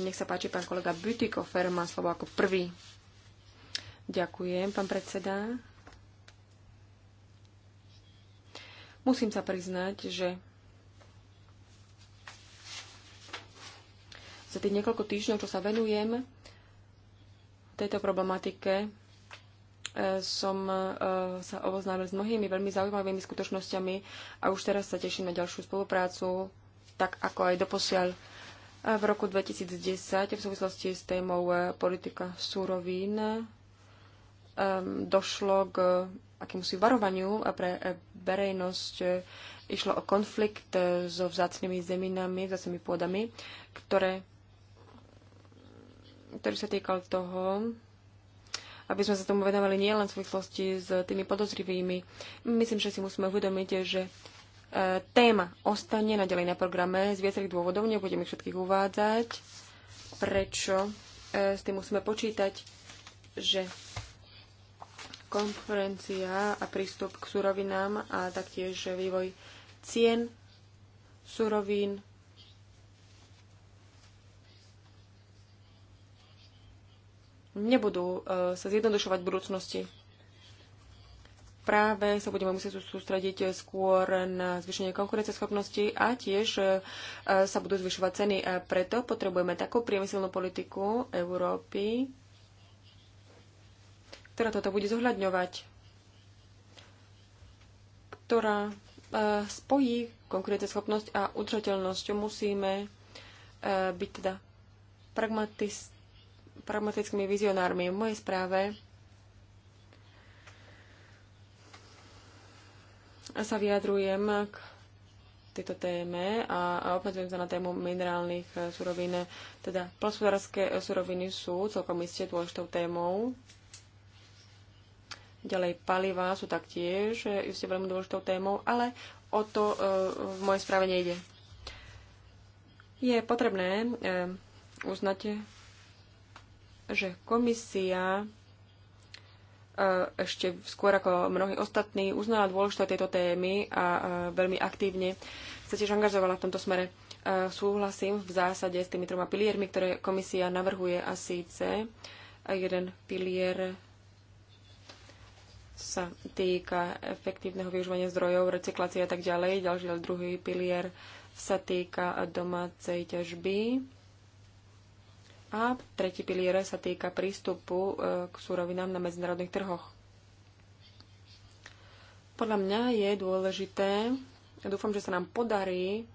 nech sa páči, pán kolega Butikofer má slovo ako prvý. Ďakujem, pán predseda. Musím sa priznať, že za tých niekoľko týždňov, čo sa venujem tejto problematike, som e, sa oboznámil s mnohými veľmi zaujímavými skutočnosťami a už teraz sa teším na ďalšiu spoluprácu, tak ako aj doposiaľ. V roku 2010 v súvislosti s témou e, politika súrovín e, došlo k akémusi varovaniu a pre verejnosť išlo o konflikt so vzácnými zeminami, vzácnými pôdami, ktoré, ktorý sa týkal toho, aby sme sa tomu venovali nielen v súvislosti s tými podozrivými. Myslím, že si musíme uvedomiť, že e, téma ostane naďalej na programe z viacerých dôvodov, nebudem ich všetkých uvádzať, prečo e, s tým musíme počítať, že konferencia a prístup k surovinám a taktiež vývoj cien surovín nebudú e, sa zjednodušovať v budúcnosti. Práve sa budeme musieť sústrediť e, skôr na zvýšenie konkurenceschopnosti a tiež e, sa budú zvyšovať ceny. A preto potrebujeme takú priemyselnú politiku Európy, ktorá toto bude zohľadňovať, ktorá spojí konkurenceschopnosť a udržateľnosť. Musíme byť teda pragmatisti pragmatickými vizionármi. V mojej správe sa vyjadrujem k tejto téme a opäťujem sa na tému minerálnych surovín. Teda plnospodárske suroviny sú celkom iste dôležitou témou. Ďalej paliva sú taktiež iste veľmi dôležitou témou, ale o to e, v mojej správe nejde. Je potrebné e, uznať že komisia e, ešte skôr ako mnohí ostatní uznala dôležité tejto témy a e, veľmi aktívne sa tiež angažovala v tomto smere. E, súhlasím v zásade s tými troma piliermi, ktoré komisia navrhuje a síce jeden pilier sa týka efektívneho využívania zdrojov, recyklácie a tak ďalej. Ďalší druhý pilier sa týka domácej ťažby a tretí pilier sa týka prístupu e, k súrovinám na medzinárodných trhoch. Podľa mňa je dôležité, ja dúfam, že sa nám podarí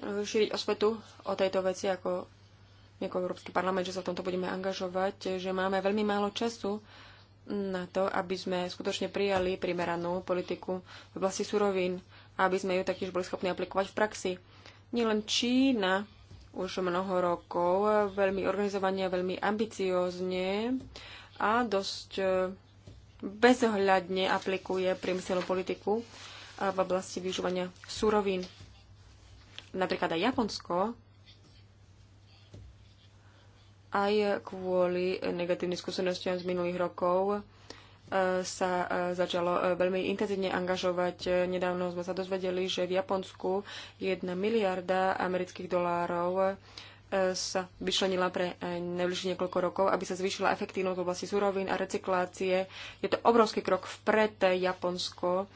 šíriť osvetu o tejto veci ako ako Európsky parlament, že sa v tomto budeme angažovať, že máme veľmi málo času na to, aby sme skutočne prijali primeranú politiku v oblasti surovín, aby sme ju taktiež boli schopní aplikovať v praxi. Nielen Čína už mnoho rokov, veľmi organizovane a veľmi ambiciózne a dosť e, bezohľadne aplikuje priemyselnú politiku e, v oblasti využívania súrovín. Napríklad aj Japonsko aj kvôli negatívnym skúsenostiam z minulých rokov sa e, začalo e, veľmi intenzívne angažovať. E, nedávno sme sa dozvedeli, že v Japonsku jedna miliarda amerických dolárov sa vyčlenila pre najbližšie niekoľko rokov, aby sa zvýšila efektívnosť v oblasti surovín a recyklácie. Je to obrovský krok vpred. Japonsko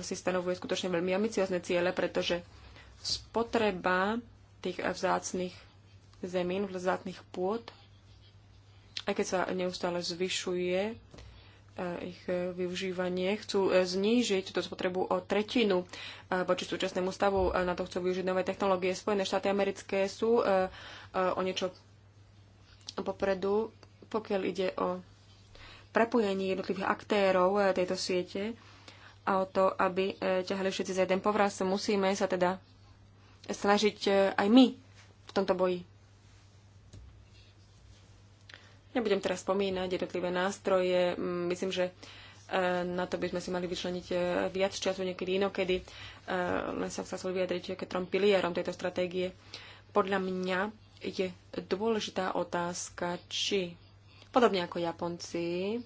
si stanovuje skutočne veľmi ambiciozne ciele, pretože spotreba tých vzácných zemín, vzácných pôd, aj keď sa neustále zvyšuje, E, ich e, využívanie. Chcú e, znížiť túto spotrebu o tretinu voči súčasnému stavu. Na to chcú využiť nové technológie. Spojené štáty americké sú o niečo popredu, pokiaľ ide o prepojenie jednotlivých aktérov tejto siete a o to, aby ťahali všetci za jeden povraz. Musíme sa teda snažiť aj my v tomto boji. Nebudem teraz spomínať jednotlivé nástroje. Mm, Myslím, že e, na to by sme si mali vyčleniť e, viac času niekedy inokedy. E, len sa chcel vyjadriť ke trom pilierom tejto stratégie. Podľa mňa je dôležitá otázka, či podobne ako Japonci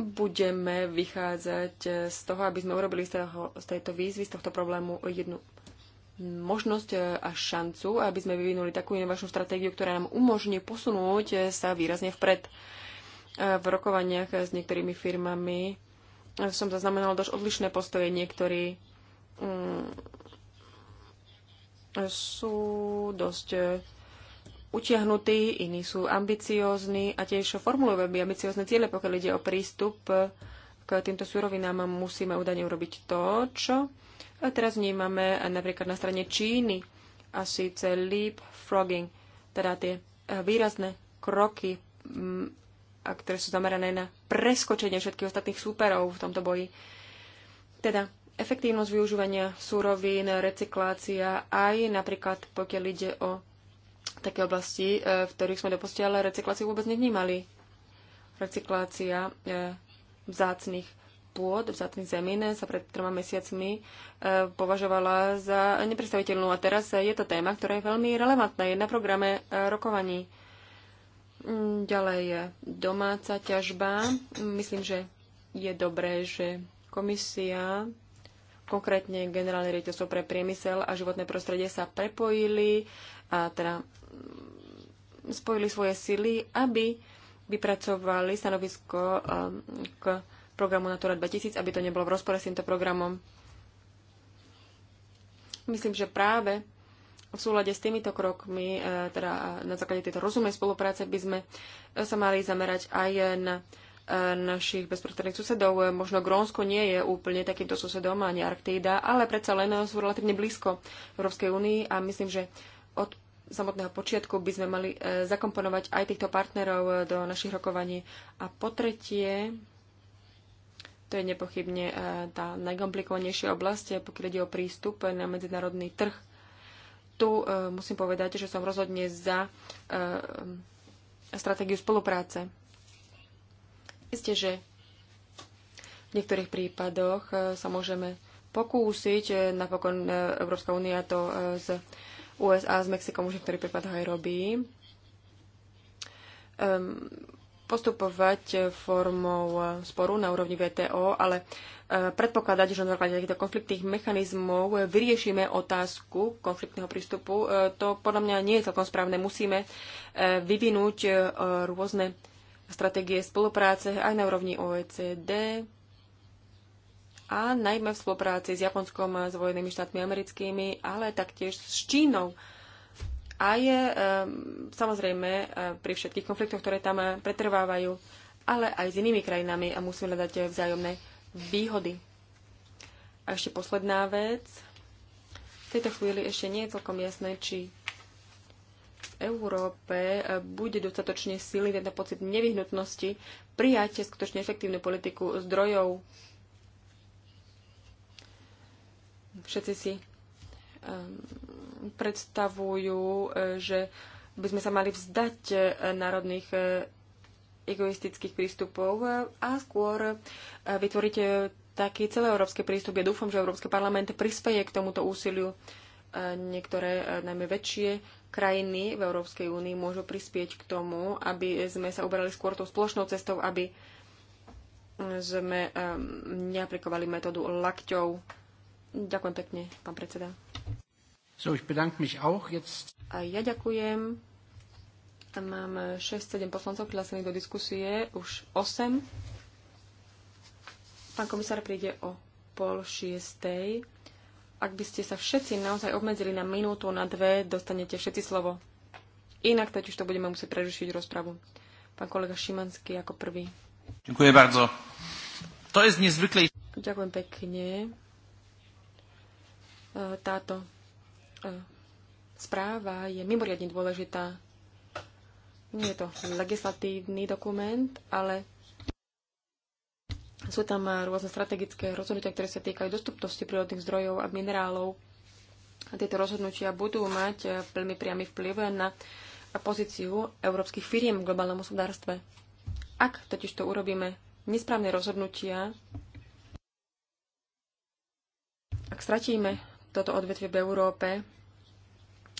budeme vychádzať z toho, aby sme urobili z, toho, z tejto výzvy, z tohto problému jednu možnosť e, a šancu, aby sme vyvinuli takú inovačnú stratégiu, ktorá nám umožní posunúť e, sa výrazne vpred. E, v rokovaniach s niektorými firmami som zaznamenala dosť odlišné postoje. Niektorí mm, sú dosť utiahnutí, iní sú ambiciózni a tiež formulujú veľmi ambiciózne ciele, pokiaľ ide o prístup k týmto surovinám musíme údajne urobiť to, čo teraz vnímame napríklad na strane Číny a síce leapfrogging, teda tie e, výrazné kroky, ktoré sú zamerané na preskočenie všetkých ostatných súperov v tomto boji. Teda efektívnosť využívania súrovín, recyklácia, aj napríklad pokiaľ ide o také oblasti, e, v ktorých sme doposiaľ recykláciu vôbec nevnímali. Recyklácia e, vzácných pôd, vzácných zemín sa pred troma mesiacmi e, považovala za nepredstaviteľnú. A teraz je to téma, ktorá je veľmi relevantná. Je na programe e, rokovaní. Mm, ďalej je domáca ťažba. Myslím, že je dobré, že komisia, konkrétne generálne riaditeľstvo pre priemysel a životné prostredie sa prepojili a teda mm, spojili svoje sily, aby vypracovali stanovisko um, k programu Natura 2000, aby to nebolo v rozpore s týmto programom. Myslím, že práve v súlade s týmito krokmi, e, teda e, na základe tejto rozumnej spolupráce, by sme e, sa mali zamerať aj na našich bezprostredných susedov. Možno Grónsko nie je úplne takýmto susedom, ani Arktída, ale predsa len sú relatívne blízko Európskej únii a myslím, že od samotného počiatku by sme mali e, zakomponovať aj týchto partnerov e, do našich rokovaní. A po tretie, to je nepochybne e, tá najkomplikovanejšia oblasť, pokiaľ ide o prístup na medzinárodný trh. Tu musím povedať, že som rozhodne za stratégiu spolupráce. Isté, že v niektorých prípadoch sa môžeme pokúsiť, napokon Európska únia to z USA s Mexikom už niektorý prípad aj robí. Um, postupovať formou sporu na úrovni VTO, ale e, predpokladať, že na základe takýchto konfliktných mechanizmov vyriešime otázku konfliktného prístupu, e, to podľa mňa nie je celkom správne. Musíme e, vyvinúť rôzne stratégie spolupráce aj na úrovni OECD, a najmä v spolupráci s Japonskom, s Vojenými štátmi americkými, ale taktiež s Čínou. A je samozrejme pri všetkých konfliktoch, ktoré tam pretrvávajú, ale aj s inými krajinami a musíme hľadať vzájomné výhody. A ešte posledná vec. V tejto chvíli ešte nie je celkom jasné, či v Európe bude dostatočne silný tento pocit nevyhnutnosti prijať skutočne efektívnu politiku zdrojov Všetci si ehm, predstavujú, e, že by sme sa mali vzdať e, národných e, egoistických prístupov a skôr vytvoriť taký celoeurópsky prístup. Ja dúfam, že Európsky parlament prispieje k tomuto úsiliu. Niektoré, najmä väčšie krajiny v Európskej únii môžu prispieť k tomu, aby sme sa uberali skôr tou spoločnou cestou, aby sme ehm, neaplikovali metódu lakťov Ďakujem pekne, pán predseda. So, ich bedank mich auch jetzt. A ja ďakujem. Tam mám 6-7 poslancov prihlásených do diskusie, už 8. Pán komisár príde o pol šiestej. Ak by ste sa všetci naozaj obmedzili na minútu, na dve, dostanete všetci slovo. Inak totiž to budeme musieť prerušiť rozpravu. Pán kolega Šimanský ako prvý. Ďakujem bardzo. To je nezvyklý. Ďakujem pekne. Táto e, správa je mimoriadne dôležitá. Nie je to legislatívny dokument, ale sú tam rôzne strategické rozhodnutia, ktoré sa týkajú dostupnosti prírodných zdrojov a minerálov. A tieto rozhodnutia budú mať e, veľmi priamy vplyv na pozíciu európskych firiem v globálnom hospodárstve. Ak totiž to urobíme nesprávne rozhodnutia, ak stratíme toto odvetvie v Európe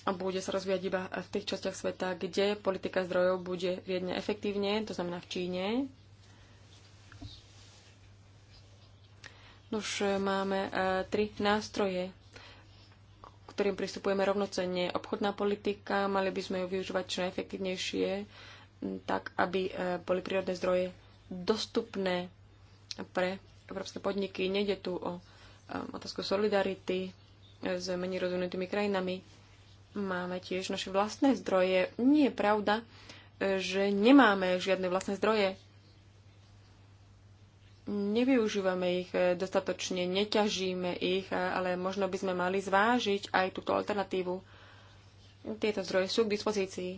a bude sa rozvíjať iba v tých častiach sveta, kde politika zdrojov bude viedne efektívne, to znamená v Číne. Už máme e, tri nástroje, ktorým pristupujeme rovnocenne. Obchodná politika, mali by sme ju využívať čo najefektívnejšie, tak aby e, boli prírodné zdroje dostupné pre európske podniky. Nejde tu o e, otázku solidarity, s menej rozvinutými krajinami. Máme tiež naše vlastné zdroje. Nie je pravda, že nemáme žiadne vlastné zdroje. Nevyužívame ich dostatočne, neťažíme ich, ale možno by sme mali zvážiť aj túto alternatívu. Tieto zdroje sú k dispozícii.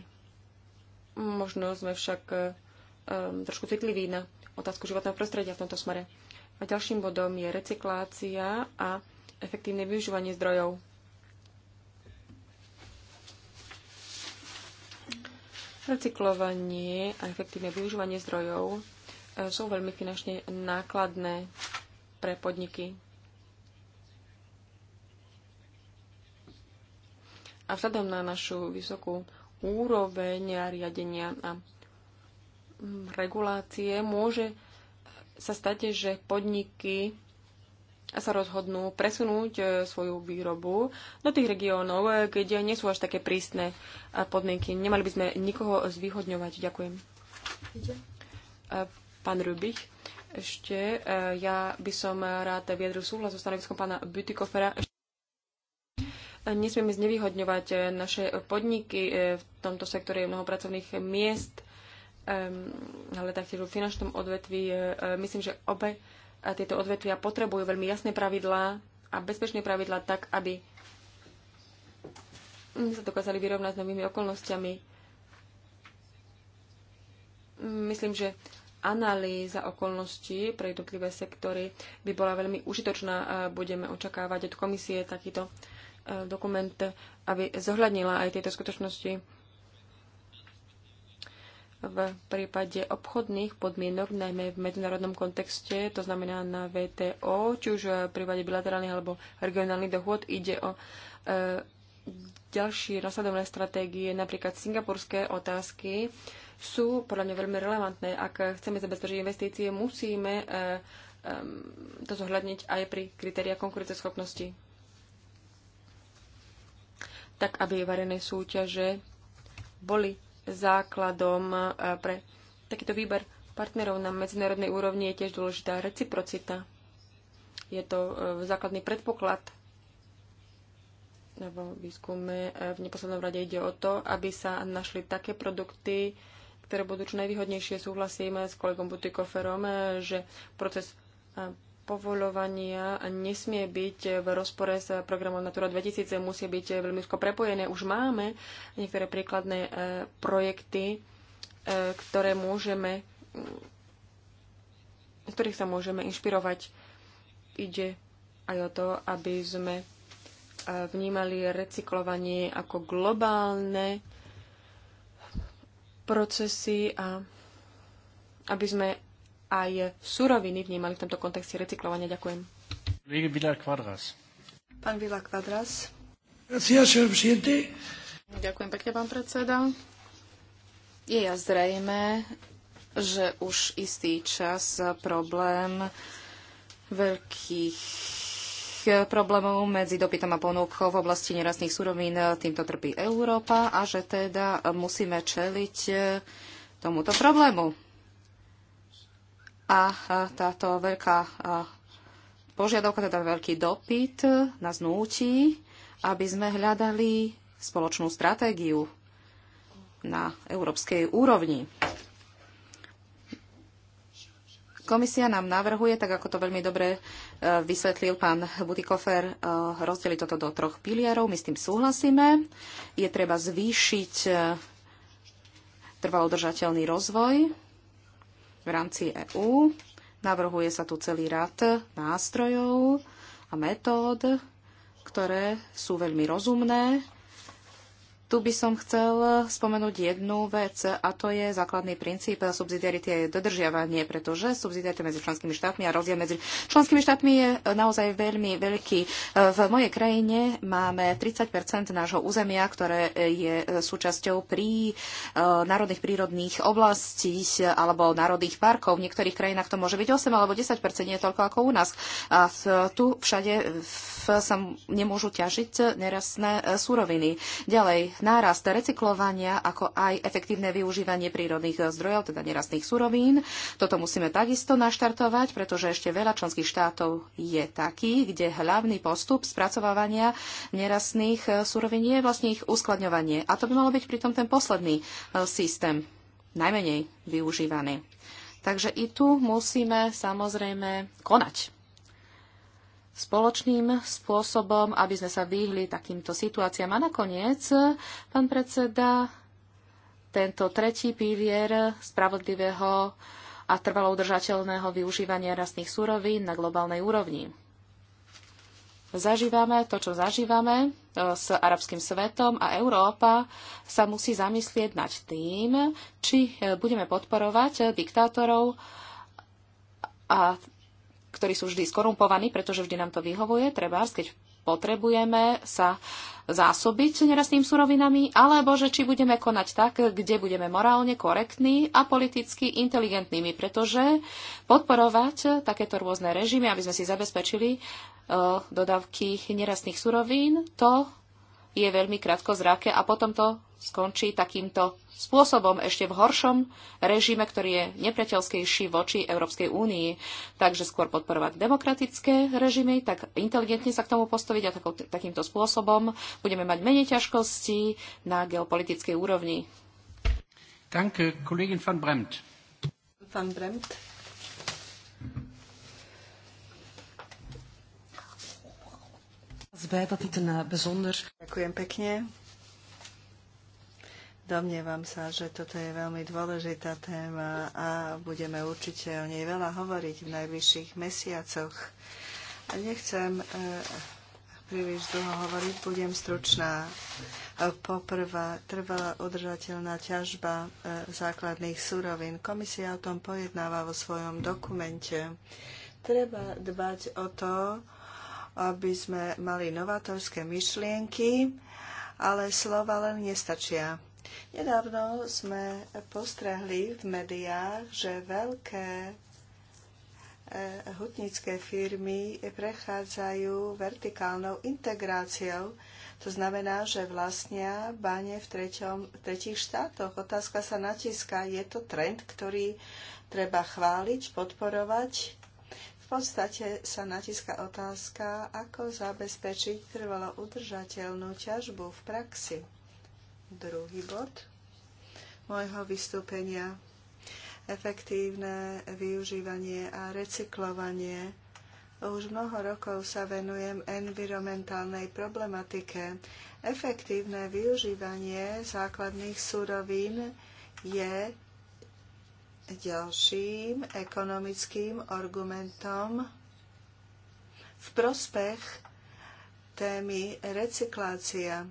Možno sme však um, trošku citliví na otázku životného prostredia v tomto smere. A ďalším bodom je recyklácia a efektívne využívanie zdrojov. Recyklovanie a efektívne využívanie zdrojov e, sú veľmi finančne nákladné pre podniky. A vzhľadom na našu vysokú úroveň a riadenia a mm, regulácie môže sa stať, že podniky sa rozhodnú presunúť e, svoju výrobu do tých regiónov, kde nie sú až také prísne podmienky. Nemali by sme nikoho zvýhodňovať. Ďakujem. E, pán Rubich, ešte e, ja by som rád vyjadril súhlas so stanoviskom pána Butikofera. Nesmieme znevýhodňovať naše podniky. V tomto sektore je mnoho pracovných miest, ale taktiež v finančnom odvetví. Myslím, že obe a tieto odvetvia potrebujú veľmi jasné pravidlá a bezpečné pravidlá tak, aby sa dokázali vyrovnať s novými okolnostiami. Myslím, že analýza okolností pre jednotlivé sektory by bola veľmi užitočná a budeme očakávať od komisie takýto e, dokument, aby zohľadnila aj tieto skutočnosti v prípade obchodných podmienok, najmä v medzinárodnom kontexte, to znamená na VTO, či už v prípade bilaterálnych alebo regionálnych dohôd, ide o e, ďalšie nasledovné stratégie, napríklad singapurské otázky, sú podľa mňa veľmi relevantné. Ak chceme zabezpečiť investície, musíme e, e, to zohľadniť aj pri kritériách konkurenceschopnosti. Tak, aby verejné súťaže boli základom e, pre takýto výber partnerov na medzinárodnej úrovni je tiež dôležitá reciprocita. Je to e, základný predpoklad vo výskume. E, v neposlednom rade ide o to, aby sa našli také produkty, ktoré budú čo najvýhodnejšie. Súhlasím s kolegom Butikoferom, že proces povolovania nesmie byť v rozpore s programom Natura 2000, musí byť veľmi úzko prepojené. Už máme niektoré príkladné e, projekty, e, ktoré môžeme, z ktorých sa môžeme inšpirovať. Ide aj o to, aby sme e, vnímali recyklovanie ako globálne procesy a aby sme aj suroviny vnímali v tomto kontexte recyklovania. Ďakujem. Pán Vila Kvadras. Ďakujem pekne, pán predseda. Je ja zrejme, že už istý čas problém veľkých problémov medzi dopytom a ponúkou v oblasti nerastných surovín týmto trpí Európa a že teda musíme čeliť tomuto problému. A táto veľká požiadavka, teda veľký dopyt nás núti, aby sme hľadali spoločnú stratégiu na európskej úrovni. Komisia nám navrhuje, tak ako to veľmi dobre e, vysvetlil pán Butikofer, e, rozdeliť toto do troch pilierov. My s tým súhlasíme. Je treba zvýšiť e, trvalodržateľný rozvoj v rámci EÚ. Navrhuje sa tu celý rad nástrojov a metód, ktoré sú veľmi rozumné tu by som chcel spomenúť jednu vec a to je základný princíp subsidiarity a dodržiavanie, pretože subsidiarita medzi členskými štátmi a rozdiel medzi členskými štátmi je naozaj veľmi veľký. V mojej krajine máme 30 nášho územia, ktoré je súčasťou prí e, národných prírodných oblastí alebo národných parkov. V niektorých krajinách to môže byť 8 alebo 10 nie je toľko ako u nás. A tu všade sa nemôžu ťažiť nerastné e, súroviny. Ďalej, nárast recyklovania, ako aj efektívne využívanie prírodných eh, zdrojov, teda nerastných surovín. Toto musíme takisto naštartovať, pretože ešte veľa členských štátov je taký, kde hlavný postup spracovávania nerastných eh, surovín je vlastne ich uskladňovanie. A to by malo byť pritom ten posledný eh, systém, najmenej využívaný. Takže i tu musíme samozrejme konať spoločným spôsobom, aby sme sa vyhli takýmto situáciám. A nakoniec, pán predseda, tento tretí pilier spravodlivého a trvalo udržateľného využívania rastných súrovín na globálnej úrovni. Zažívame to, čo zažívame e, s arabským svetom a Európa sa musí zamyslieť nad tým, či e, budeme podporovať diktátorov a ktorí sú vždy skorumpovaní, pretože vždy nám to vyhovuje, treba, keď potrebujeme sa zásobiť nerastným surovinami, alebo že či budeme konať tak, kde budeme morálne korektní a politicky inteligentnými, pretože podporovať takéto rôzne režimy, aby sme si zabezpečili uh, dodávky nerastných surovín, to je veľmi krátko zrake a potom to skončí takýmto spôsobom ešte v horšom režime, ktorý je nepriateľskejší voči Európskej únii. Takže skôr podporovať demokratické režimy, tak inteligentne sa k tomu postaviť a takýmto spôsobom budeme mať menej ťažkostí na geopolitickej úrovni. Danke, kolegin van Bremt. Van Bremt. Eh, Ďakujem pekne. Domnievam sa, že toto je veľmi dôležitá téma a budeme určite o nej veľa hovoriť v najbližších mesiacoch. Nechcem e, príliš dlho hovoriť, budem stručná. E, poprvá, trvalá udržateľná ťažba e, základných surovín. Komisia o tom pojednáva vo svojom dokumente. Treba dbať o to, aby sme mali novatorské myšlienky, ale slova len nestačia Nedávno sme postrehli v médiách, že veľké e, hutnické firmy prechádzajú vertikálnou integráciou. To znamená, že vlastnia bane v, treťom, v tretich štátoch. Otázka sa natiska. Je to trend, ktorý treba chváliť, podporovať? V podstate sa natiska otázka, ako zabezpečiť trvalo udržateľnú ťažbu v praxi druhý bod môjho vystúpenia. Efektívne využívanie a recyklovanie. Už mnoho rokov sa venujem environmentálnej problematike. Efektívne využívanie základných surovín je ďalším ekonomickým argumentom v prospech témy recyklácia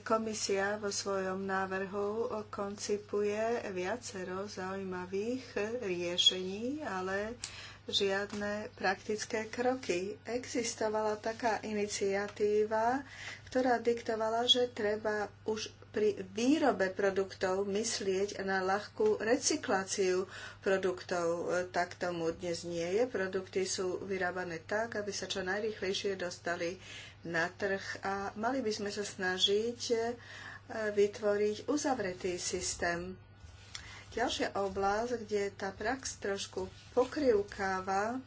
Komisia vo svojom návrhu koncipuje viacero zaujímavých riešení, ale žiadne praktické kroky. Existovala taká iniciatíva, ktorá diktovala, že treba už pri výrobe produktov myslieť na ľahkú recykláciu produktov. Tak tomu dnes nie je. Produkty sú vyrábané tak, aby sa čo najrychlejšie dostali na trh a mali by sme sa snažiť e, vytvoriť uzavretý systém. Ďalšia oblasť, kde tá prax trošku pokrivkáva,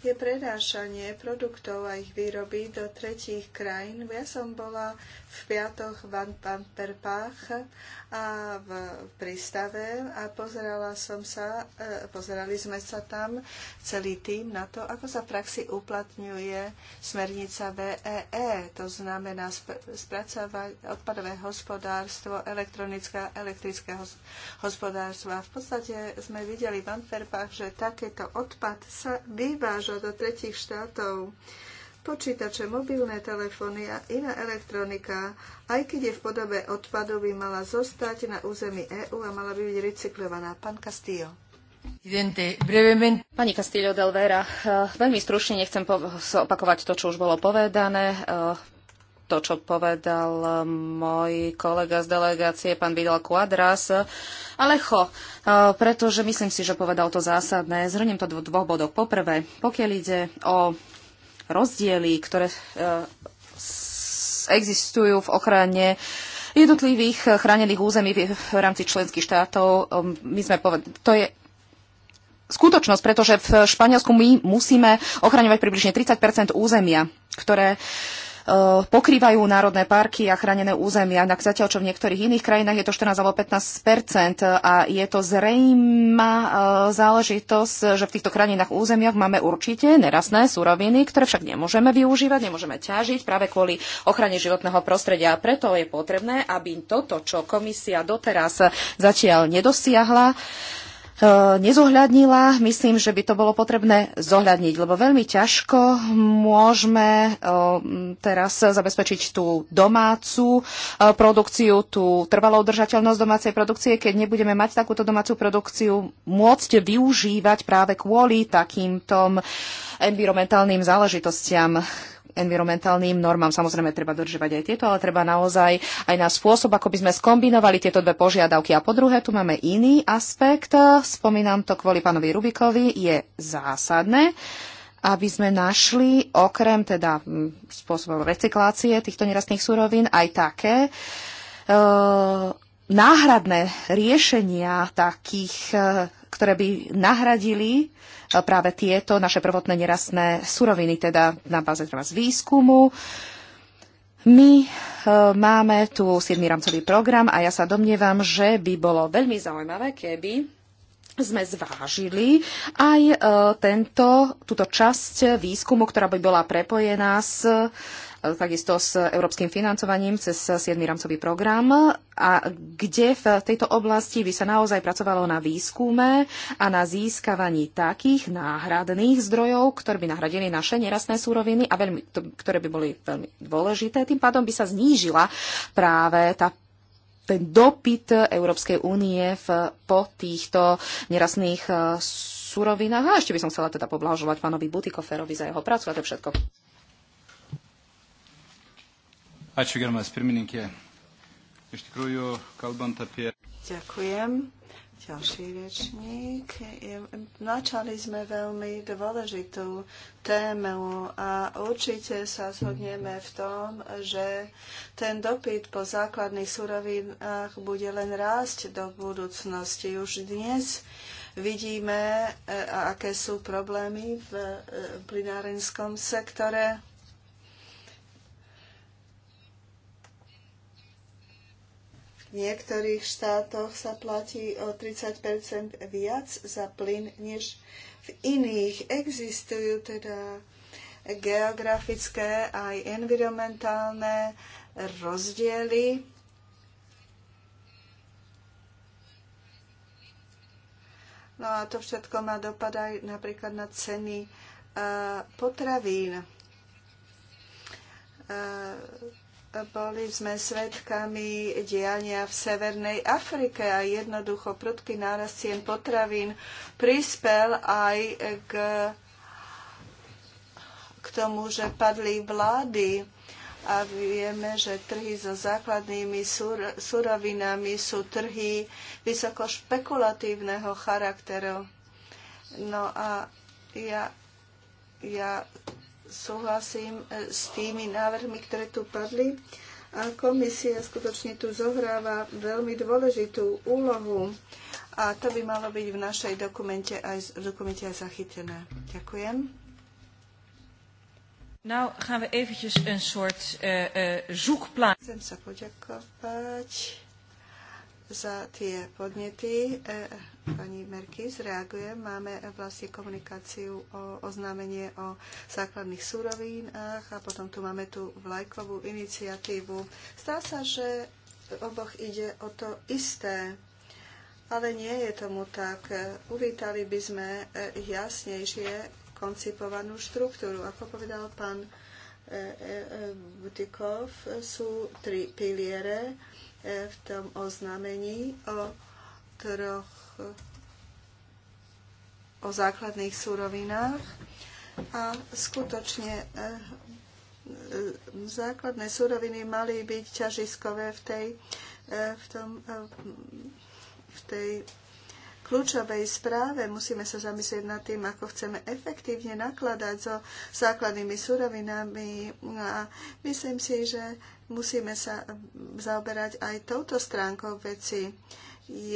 je prenášanie produktov a ich výroby do tretích krajín. Ja som bola v piatoch v Antwerpách a v prístave a pozerala som sa, e, pozerali sme sa tam celý tým na to, ako sa v praxi uplatňuje smernica VEE, e. to znamená spracovať odpadové hospodárstvo, elektronická, elektrické hospodárstvo. A v podstate sme videli v Antwerpách, že takéto odpad sa vyváža do tretich štátov. Počítače, mobilné telefóny a iná elektronika, aj keď je v podobe odpadu, by mala zostať na území EÚ a mala by byť recyklovaná. Pán Castillo. Pani Castillo del Vera, eh, veľmi stručne nechcem opakovať to, čo už bolo povedané eh, to, čo povedal eh, môj kolega z delegácie, pán Vidal Quadras. Ale cho, pretože myslím si, že povedal to zásadné. Zhrniem to do dvoch bodov. Poprvé, pokiaľ ide o rozdiely, ktoré eh, existujú v ochrane jednotlivých eh, chránených území v rámci členských štátov. Ehm, my sme povedali, to je skutočnosť, pretože v Španielsku my musíme ochraňovať približne 30 územia, ktoré uh, Eh, pokrývajú národné parky a chránené územia, tak zatiaľ čo v niektorých iných krajinách je to 14 alebo 15 a je to zrejma eh, záležitosť, že v týchto chránených územiach máme určite nerastné suroviny, ktoré však nemôžeme využívať, nemôžeme ťažiť práve kvôli ochrane životného prostredia. A preto je potrebné, aby toto, čo komisia doteraz zatiaľ nedosiahla, E, nezohľadnila. Myslím, že by to bolo potrebné zohľadniť, lebo veľmi ťažko môžeme e, teraz zabezpečiť tú domácu e, produkciu, tú trvalú udržateľnosť domácej produkcie, keď nebudeme mať takúto domácu produkciu môcť využívať práve kvôli takýmto environmentálnym záležitostiam environmentálnym normám. Samozrejme, treba dodržovať aj tieto, ale treba naozaj aj na spôsob, ako by sme skombinovali tieto dve požiadavky. A po druhé, tu máme iný aspekt, spomínam to kvôli pánovi Rubikovi, je zásadné, aby sme našli okrem teda spôsobov recyklácie týchto nerastných surovín aj také, náhradné riešenia takých, e, ktoré by nahradili e, práve tieto naše prvotné nerastné suroviny, teda na báze z výskumu. My e, máme tu 7. rámcový program a ja sa domnievam, že by bolo veľmi zaujímavé, keby sme zvážili aj tento, túto časť výskumu, ktorá by bola prepojená s takisto s európskym financovaním cez 7. rámcový program, a kde v tejto oblasti by sa naozaj pracovalo na výskume a na získavaní takých náhradných zdrojov, ktoré by nahradili naše nerastné súroviny a veľmi, ktoré by boli veľmi dôležité. Tým pádom by sa znížila práve tá ten dopyt Európskej únie v, po týchto nerastných e, surovinách. A ešte by som chcela teda poblahožovať pánovi Butikoferovi za jeho prácu a to všetko. Ačiū, gerbiamas pirmininkė. Iš tikrųjų, kalbant apie. Ďakujem. Ďalší rečník. Načali sme veľmi dôležitú tému a určite sa zhodneme v tom, že ten dopyt po základných surovinách bude len rásť do budúcnosti. Už dnes vidíme, e, aké sú problémy v e, plinárenskom sektore niektorých štátoch sa platí o 30 viac za plyn než v iných. Existujú teda geografické aj environmentálne rozdiely. No a to všetko má dopad aj napríklad na ceny eh, potravín eh, boli sme svetkami diania v Severnej Afrike a jednoducho prudký nárast cien potravín prispel aj k, k tomu, že padli vlády a vieme, že trhy so základnými sur, surovinami sú trhy vysoko špekulatívneho charakteru. No a ja, ja súhlasím e, s tými návrhmi, ktoré tu padli. A komisia skutočne tu zohráva veľmi dôležitú úlohu a to by malo byť v našej dokumente aj, v dokumente aj zachytené. Ďakujem. Nou gaan we eventjes een soort uh, eh, uh, eh, zoekplaats. Chcem sa poďakovať za tie podnety. Uh, pani Merkis, reagujem. Máme vlastne komunikáciu o oznámenie o základných súrovinách a potom tu máme tú vlajkovú iniciatívu. Zdá sa, že oboch ide o to isté, ale nie je tomu tak. Uvítali by sme jasnejšie koncipovanú štruktúru. Ako povedal pán e, e, Butikov, sú tri piliere e, v tom oznámení o troch o základných súrovinách a skutočne e, e, základné súroviny mali byť ťažiskové v tej, e, v tom, v tej kľúčovej správe. Musíme sa zamyslieť nad tým, ako chceme efektívne nakladať so základnými surovinami a myslím si, že musíme sa zaoberať aj touto stránkou veci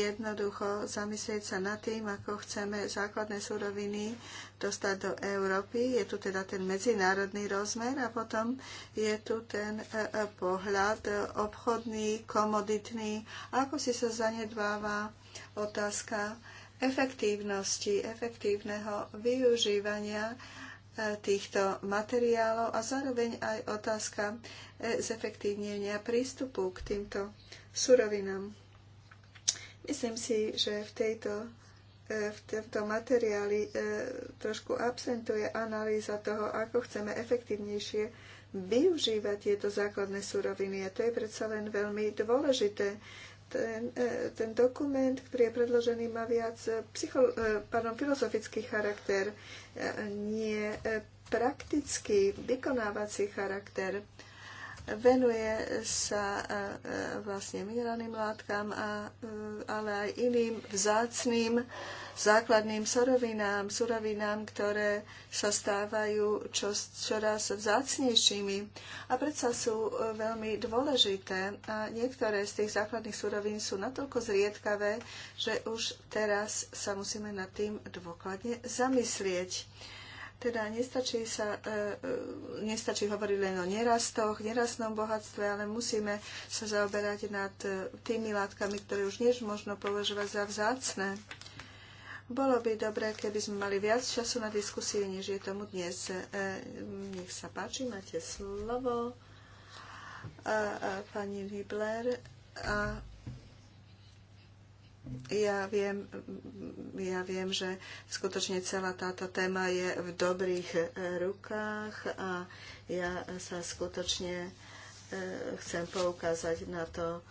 jednoducho zamyslieť sa nad tým, ako chceme základné suroviny dostať do Európy. Je tu teda ten medzinárodný rozmer a potom je tu ten e, e, pohľad e, obchodný, komoditný, ako si sa zanedbáva otázka efektívnosti, efektívneho využívania týchto materiálov a zároveň aj otázka zefektívnenia prístupu k týmto surovinám. Myslím si, že v, tejto, e, v tomto materiáli e, trošku absentuje analýza toho, ako chceme efektívnejšie využívať tieto základné suroviny. A to je predsa len veľmi dôležité. Ten, e, ten dokument, ktorý je predložený, má viac pardon, filozofický charakter, nie praktický, vykonávací charakter venuje sa e, e, vlastne minerálnym látkam, a, e, ale aj iným vzácným základným surovinám, surovinám, ktoré sa stávajú čo, čoraz vzácnejšími a predsa sú veľmi dôležité. A niektoré z tých základných surovín sú natoľko zriedkavé, že už teraz sa musíme nad tým dôkladne zamyslieť. Teda nestačí, sa, e, e, nestačí hovoriť len o nerastoch, nerastnom bohatstve, ale musíme sa zaoberať nad e, tými látkami, ktoré už než možno považovať za vzácne. Bolo by dobré, keby sme mali viac času na diskusie, než je tomu dnes. Nech sa páči, máte slovo. Pani Libler a ja viem, ja viem, že skutočne celá táto téma je v dobrých eh, rukách a ja sa skutočne eh, chcem poukázať na to,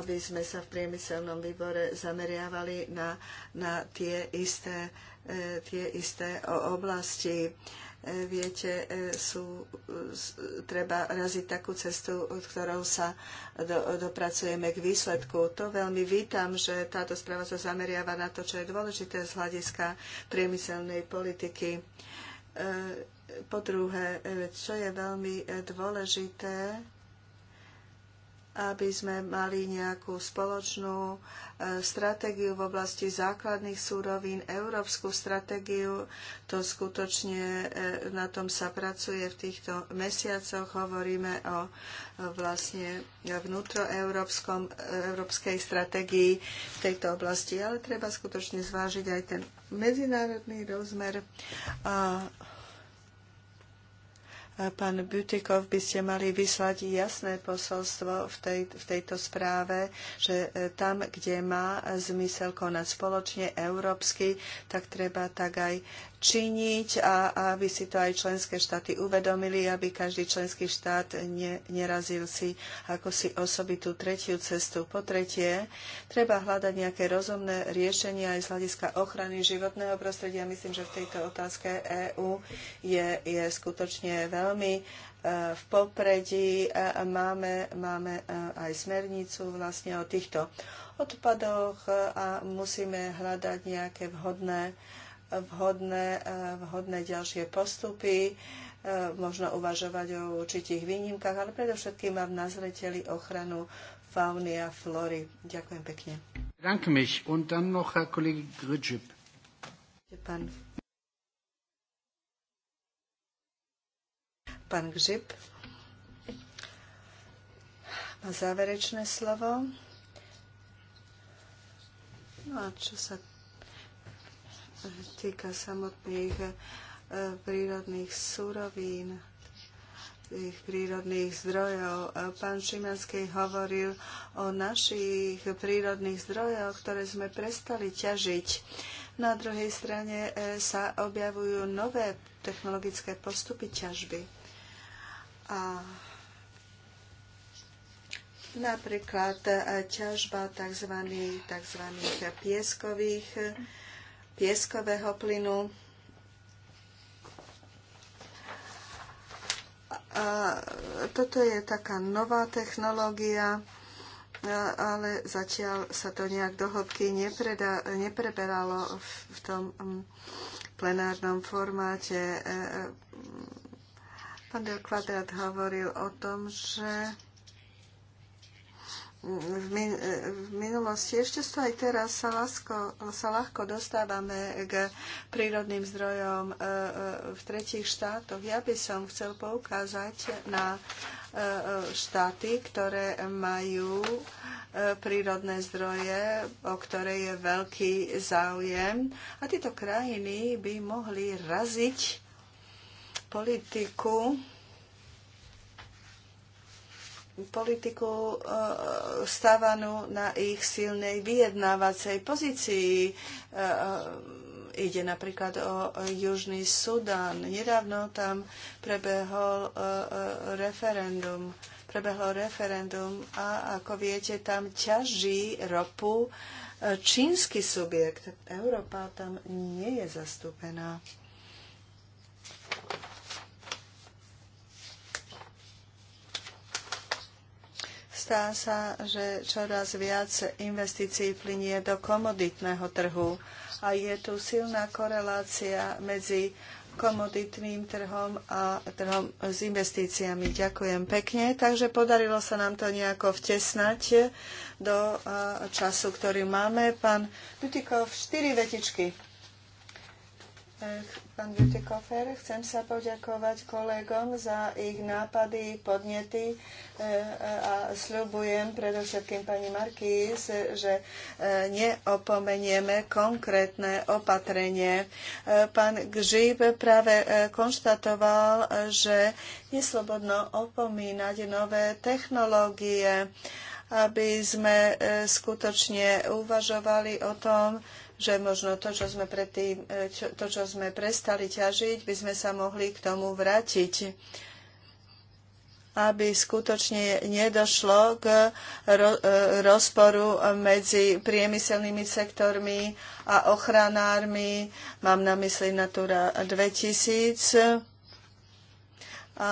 aby sme sa v priemyselnom výbore zameriavali na, na tie, isté, eh, tie isté oblasti viete, e, sú, e, treba raziť takú cestu, ktorou sa do, dopracujeme k výsledku. To veľmi vítam, že táto správa sa zameriava na to, čo je dôležité z hľadiska priemyselnej politiky. E, po druhé, čo je veľmi dôležité, aby sme mali nejakú spoločnú e, stratégiu v oblasti základných súrovín, európsku stratégiu. To skutočne e, na tom sa pracuje v týchto mesiacoch. Hovoríme o e, vlastne vnútroeurópskom, európskej stratégii v tejto oblasti, ale treba skutočne zvážiť aj ten medzinárodný rozmer. A Pán Butikov, by ste mali vyslať jasné posolstvo v, tej, v tejto správe, že e, tam, kde má zmysel konať spoločne európsky, tak treba tak aj činiť a aby si to aj členské štáty uvedomili, aby každý členský štát ne, nerazil si ako si osobitú tretiu cestu. Po tretie, treba hľadať nejaké rozumné riešenia aj z hľadiska ochrany životného prostredia. Myslím, že v tejto otázke EÚ je, je skutočne veľmi e, v popredí. Máme, máme e, aj smernicu vlastne o týchto odpadoch a musíme hľadať nejaké vhodné vhodné, eh, vhodné ďalšie postupy, eh, možno uvažovať o určitých výnimkách, ale predovšetkým mám na zreteli ochranu fauny a flory. Ďakujem pekne. Danke Und dann noch Herr Kollege Pán, pán má záverečné slovo. No a čo sa týka samotných eh, prírodných súrovín, tých prírodných zdrojov. Eh, pán Šimanský hovoril o našich prírodných zdrojoch, ktoré sme prestali ťažiť. Na druhej strane eh, sa objavujú nové technologické postupy ťažby. A napríklad ťažba tzv. tzv. pieskových pieskového plynu. A toto je taká nová technológia, ale zatiaľ sa to nejak do hĺbky nepreberalo v tom plenárnom formáte. E, e, pán Del Kvadrat hovoril o tom, že v, minulosti, ešte sa aj teraz, sa, lásko, sa ľahko dostávame k prírodným zdrojom e, e, v tretích štátoch. Ja by som chcel poukázať na e, štáty, ktoré majú prírodné zdroje, o ktoré je veľký záujem. A tieto krajiny by mohli raziť politiku politiku e, stávanú na ich silnej vyjednávacej pozícii. E, e, ide napríklad o Južný Sudán. Nedávno tam prebehol referendum. Prebehlo referendum a ako viete, tam ťaží ropu čínsky subjekt. Európa tam nie je zastúpená. Zdá sa, že čoraz viac investícií plinie do komoditného trhu a je tu silná korelácia medzi komoditným trhom a trhom s investíciami. Ďakujem pekne. Takže podarilo sa nám to nejako vtesnať do času, ktorý máme. Pán Dutikov, štyri vetičky pán Beautykofer. Chcem sa poďakovať kolegom za ich nápady, podnety e, a sľubujem predovšetkým pani Markýz, že e, neopomenieme konkrétne opatrenie. E, pán Gžib práve konštatoval, že neslobodno opomínať nové technológie, aby sme skutočne uvažovali o tom, že možno to, čo sme, predtým, e, čo, to, čo sme prestali ťažiť, by sme sa mohli k tomu vrátiť aby skutočne nedošlo k e, rozporu medzi priemyselnými sektormi a ochranármi. Mám na mysli Natura 2000. A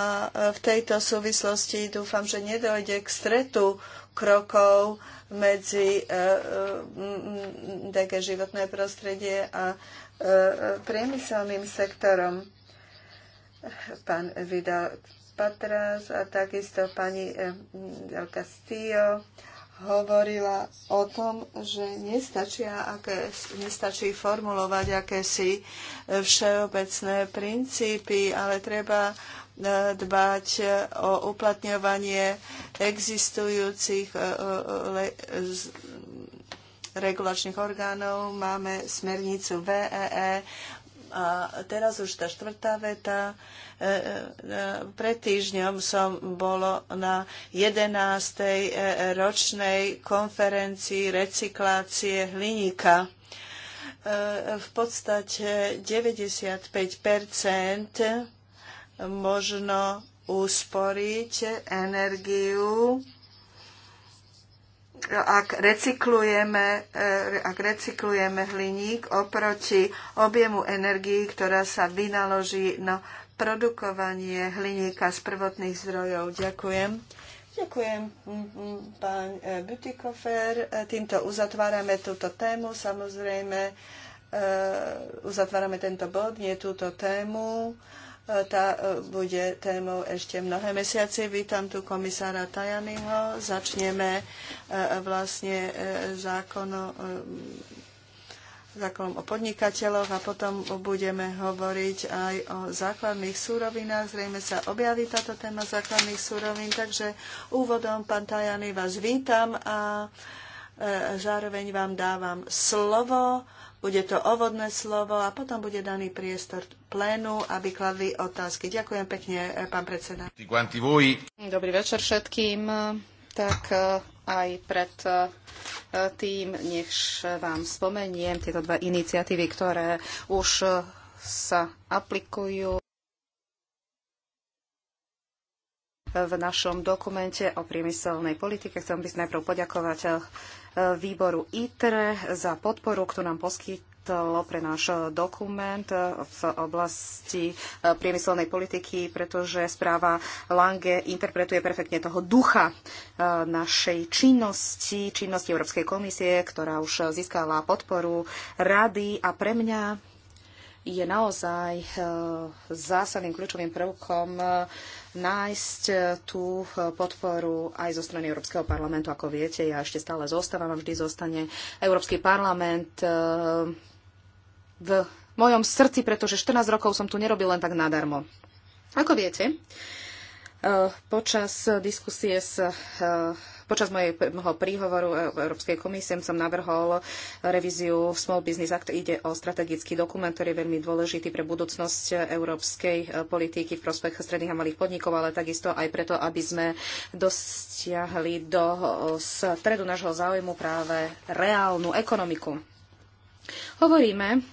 v tejto súvislosti dúfam, že nedojde k stretu krokov medzi e, e, DG životné prostredie a e, priemyselným sektorom. Pán Vidal Patras a takisto pani Del Castillo hovorila o tom, že nestačia, aké, nestačí formulovať akési všeobecné princípy, ale treba E, dbať e, o uplatňovanie existujúcich e, regulačných orgánov. Máme smernicu VEE a teraz už tá štvrtá veta. Pred týždňom som bolo na 11. ročnej konferencii recyklácie hliníka. V podstate 95 možno usporiť energiu, ak recyklujeme, eh, ak recyklujeme hliník oproti objemu energii, ktorá sa vynaloží na produkovanie hliníka z prvotných zdrojov. Ďakujem. Ďakujem, pán eh, Butikofer. Eh, týmto uzatvárame túto tému. Samozrejme, uzatvárame tento bod, nie túto tému. Tá e, bude témou ešte mnohé mesiace. Vítam tu komisára Tajanyho. Začneme e, vlastne e, zákonom o podnikateľoch a potom budeme hovoriť aj o základných súrovinách. Zrejme sa objaví táto téma základných súrovín, takže úvodom, pán Tajany, vás vítam a zároveň vám dávam slovo bude to ovodné slovo a potom bude daný priestor plénu, aby kladli otázky. Ďakujem pekne, pán predseda. Dobrý večer všetkým. Tak eh, aj pred eh, tým, nech vám spomeniem tieto dva iniciatívy, ktoré už eh, sa aplikujú v našom dokumente o priemyselnej politike. Chcem by najprv poďakovať výboru ITRE za podporu, ktorú nám poskytlo pre náš dokument v oblasti e, priemyselnej politiky, pretože správa Lange interpretuje perfektne toho ducha e, našej činnosti, činnosti Európskej komisie, ktorá už získala podporu rady a pre mňa je naozaj e, zásadným kľúčovým prvkom nájsť eh, tú eh, podporu aj zo strany Európskeho parlamentu. Ako viete, ja ešte stále zostávam a vždy zostane Európsky parlament eh, v mojom srdci, pretože 14 rokov som tu nerobil len tak nadarmo. Ako viete, počas diskusie s Počas mojho príhovoru e- Európskej komisie som navrhol revíziu Small Business Act. Ide o strategický dokument, ktorý je veľmi dôležitý pre budúcnosť e, európskej e, politiky v prospech stredných a malých podnikov, ale takisto aj preto, aby sme dostiahli do stredu nášho záujmu práve reálnu ekonomiku. Hovoríme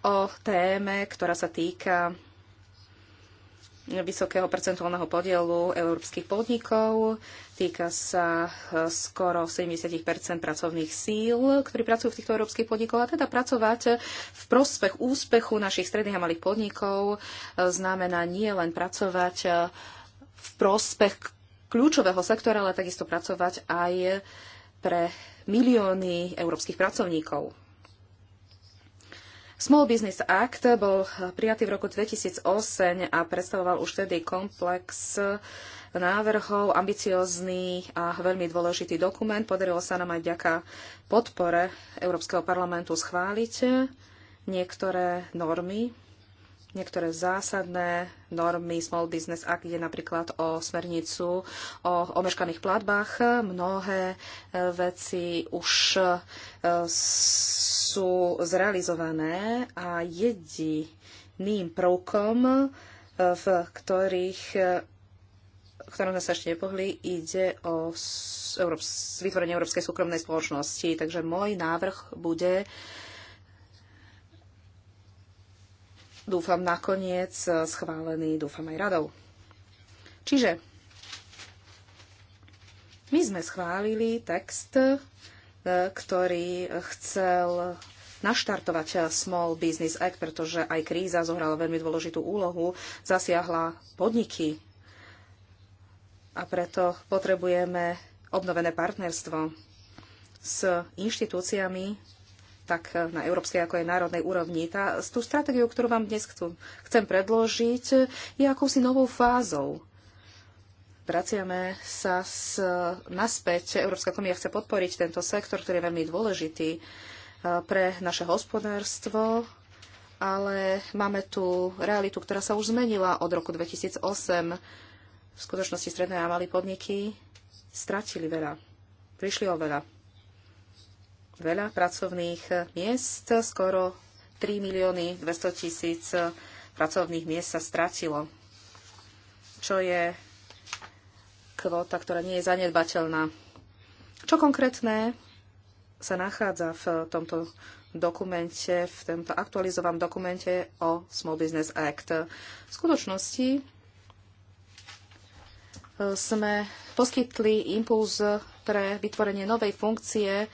o téme, ktorá sa týka vysokého percentuálneho podielu európskych podnikov. Týka sa e, skoro 70 pracovných síl, ktorí pracujú v týchto európskych podnikoch. A teda pracovať v prospech úspechu našich stredných a malých podnikov e, znamená nie len pracovať e, v prospech kľúčového sektora, ale takisto pracovať aj pre milióny európskych pracovníkov. Small Business Act bol prijatý v roku 2008 a predstavoval už vtedy komplex návrhov, ambiciózny a veľmi dôležitý dokument. Podarilo sa nám aj vďaka podpore Európskeho parlamentu schváliť niektoré normy niektoré zásadné normy Small Business Act, ide napríklad o smernicu o omeškaných platbách. Mnohé e, veci už e, sú zrealizované a jediným prvkom, e, v ktorých ktorom sme sa ešte nepohli, ide o vytvorenie Európskej súkromnej spoločnosti. Takže môj návrh bude dúfam nakoniec e, schválený, dúfam aj radou. Čiže my sme schválili text, e, ktorý chcel naštartovať e, Small Business Act, pretože aj kríza zohrala veľmi dôležitú úlohu, zasiahla podniky a preto potrebujeme obnovené partnerstvo s inštitúciami, tak na európskej ako aj národnej úrovni. Tá, tú stratégiu, ktorú vám dnes chcú, chcem predložiť, je akousi novou fázou vraciame sa s, naspäť. Európska komia chce podporiť tento sektor, ktorý je veľmi dôležitý eh, pre naše hospodárstvo, ale máme tu realitu, ktorá sa už zmenila od roku 2008. V skutočnosti stredné a malé podniky stratili veľa, prišli o veľa veľa pracovných miest, skoro 3 milióny 200 tisíc pracovných miest sa stratilo, čo je kvota, ktorá nie je zanedbateľná. Čo konkrétne sa nachádza v tomto dokumente, v tomto aktualizovanom dokumente o Small Business Act? V skutočnosti e, sme poskytli impuls pre vytvorenie novej funkcie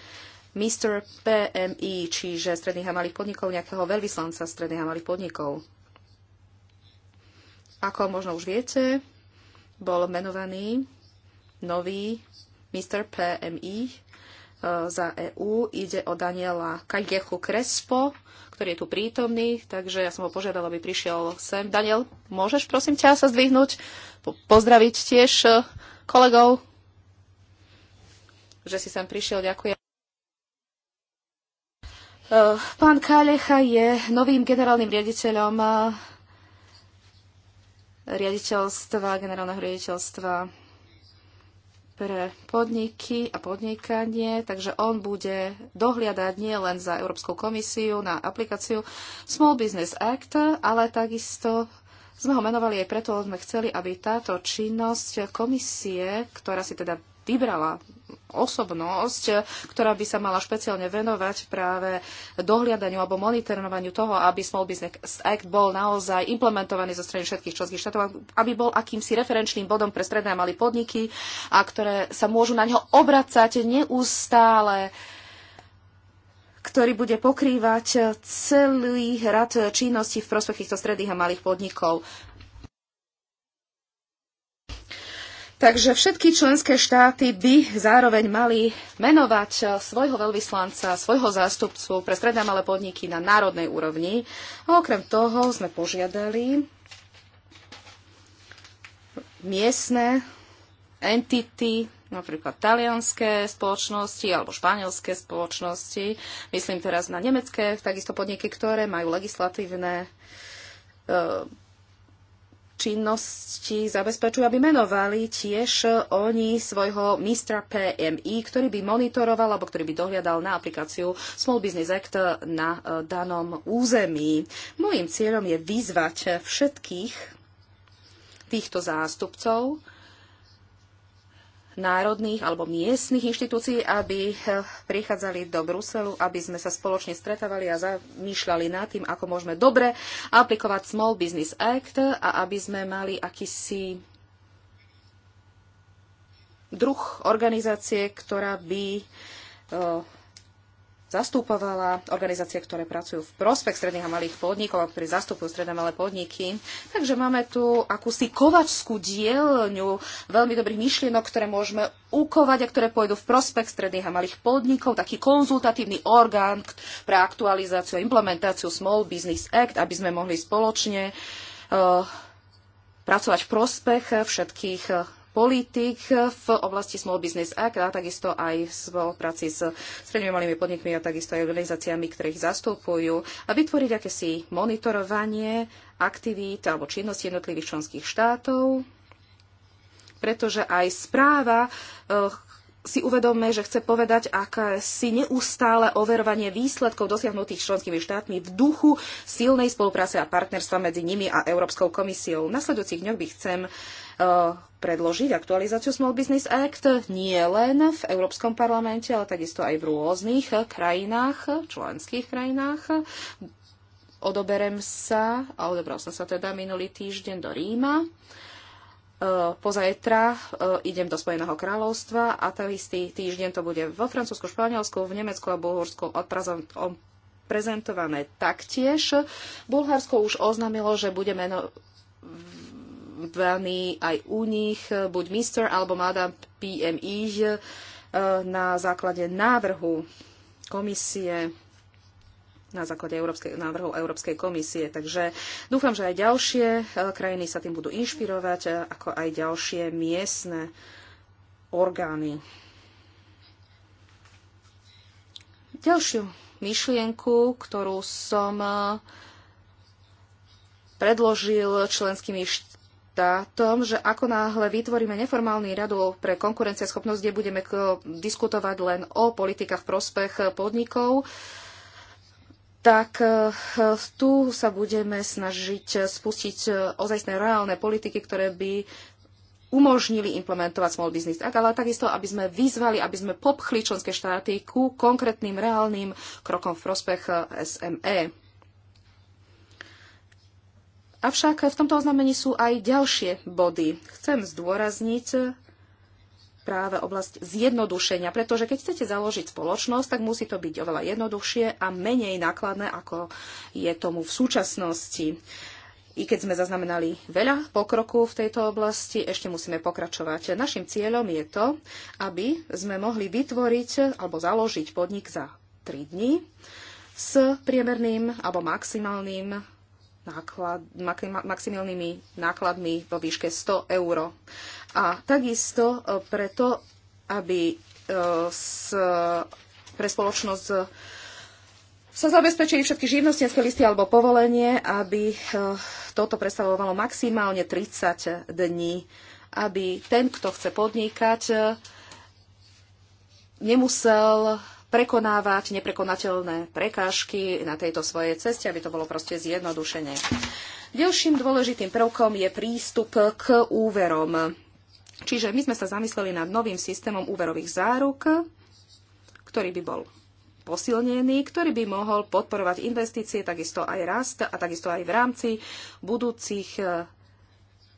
Mr. PMI, čiže stredných a malých podnikov, nejakého veľvyslanca stredných a malých podnikov. Ako možno už viete, bol menovaný nový Mr. PMI eh, za EU, Ide o Daniela Kajechu Crespo, ktorý je tu prítomný, takže ja som ho požiadala, aby prišiel sem. Daniel, môžeš prosím ťa sa zdvihnúť, pozdraviť tiež eh, kolegov, že si sem prišiel. Ďakujem. Eh, pán Kálecha je novým generálnym riaditeľom eh, riaditeľstva, generálneho riaditeľstva pre podniky a podnikanie, takže on bude dohliadať nie len za Európskou komisiu na aplikáciu Small Business Act, ale takisto sme ho menovali aj preto, sme chceli, aby táto činnosť komisie, ktorá si teda vybrala osobnosť, ktorá by sa mala špeciálne venovať práve dohliadaniu alebo monitorovaniu toho, aby Small Business Act bol naozaj implementovaný zo strany všetkých členských štátov, aby bol akýmsi referenčným bodom pre stredné a malé podniky, a ktoré sa môžu na neho obracať neustále ktorý bude pokrývať celý rad činností v prospech týchto stredných a malých podnikov. Takže všetky členské štáty by zároveň mali menovať eh, svojho veľvyslanca, svojho zástupcu pre stredné malé podniky na národnej úrovni. A okrem toho sme požiadali miestne entity, napríklad talianské spoločnosti alebo španielské spoločnosti, myslím teraz na nemecké, takisto podniky, ktoré majú legislatívne e, činnosti zabezpečujú, aby menovali tiež eh, oni svojho mistra PMI, ktorý by monitoroval alebo ktorý by dohľadal na aplikáciu Small Business Act eh, na eh, danom území. Mojím cieľom je vyzvať všetkých týchto zástupcov, národných alebo miestnych inštitúcií, aby eh, prichádzali do Bruselu, aby sme sa spoločne stretávali a zamýšľali nad tým, ako môžeme dobre aplikovať Small Business Act a aby sme mali akýsi druh organizácie, ktorá by eh, zastupovala organizácie, ktoré pracujú v prospech stredných a malých podnikov a ktorí zastupujú stredné a malé podniky. Takže máme tu akúsi kovačskú dielňu veľmi dobrých myšlienok, ktoré môžeme ukovať a ktoré pôjdu v prospech stredných a malých podnikov, taký konzultatívny orgán pre aktualizáciu a implementáciu Small Business Act, aby sme mohli spoločne uh, pracovať v prospech všetkých eh, politík v oblasti Small Business Act a takisto aj v spolupráci s strednými malými podnikmi a takisto aj organizáciami, ktoré ich zastupujú a vytvoriť akési monitorovanie aktivít alebo činnosti jednotlivých členských štátov, pretože aj správa eh, si uvedomme, že chce povedať, aké si neustále overovanie výsledkov dosiahnutých členskými štátmi v duchu silnej spolupráce a partnerstva medzi nimi a Európskou komisiou. V nasledujúcich dňoch by chcem uh, Eh, predložiť aktualizáciu Small Business Act nie len v Európskom parlamente, ale takisto aj v rôznych krajinách, členských krajinách. Odoberem sa, a odobral som sa teda minulý týždeň do Ríma. Eh, pozajtra eh, idem do Spojeného kráľovstva a ten istý týždeň to bude vo Francúzsku, Španielsku, v Nemecku a Bulhorsku prezentované taktiež. Bulharsko už oznámilo, že bude meno vymenovaní aj u nich buď Mr. alebo Madame PMI eh, na základe návrhu komisie na základe Európskej, návrhov Európskej komisie. Takže dúfam, že aj ďalšie eh, krajiny sa tým budú inšpirovať, eh, ako aj ďalšie miestne orgány. Ďalšiu myšlienku, ktorú som predložil členským, na tom, že ako náhle vytvoríme neformálny radu pre konkurencieschopnosť, kde budeme diskutovať len o politikách prospech podnikov, tak e, tu sa budeme snažiť spustiť e, ozajstné reálne politiky, ktoré by umožnili implementovať Small Business tak, ale takisto, aby sme vyzvali, aby sme popchli členské štáty ku konkrétnym reálnym krokom v prospech SME. Avšak v tomto oznámení sú aj ďalšie body. Chcem zdôrazniť práve oblasť zjednodušenia, pretože keď chcete založiť spoločnosť, tak musí to byť oveľa jednoduchšie a menej nákladné, ako je tomu v súčasnosti. I keď sme zaznamenali veľa pokroku v tejto oblasti, ešte musíme pokračovať. Našim cieľom je to, aby sme mohli vytvoriť alebo založiť podnik za 3 dní s priemerným alebo maximálnym náklad, maximálnymi nákladmi vo výške 100 eur. A takisto e, preto, aby e, s, pre spoločnosť e, sa zabezpečili všetky živnostenské listy alebo povolenie, aby toto predstavovalo maximálne 30 dní, aby ten, kto chce podnikať, nemusel prekonávať neprekonateľné prekážky na tejto svojej ceste, aby to bolo proste zjednodušenie. Ďalším dôležitým prvkom je prístup k úverom. Čiže my sme sa zamysleli nad novým systémom úverových záruk, ktorý by bol posilnený, ktorý by mohol podporovať investície, takisto aj rast a takisto aj v rámci budúcich,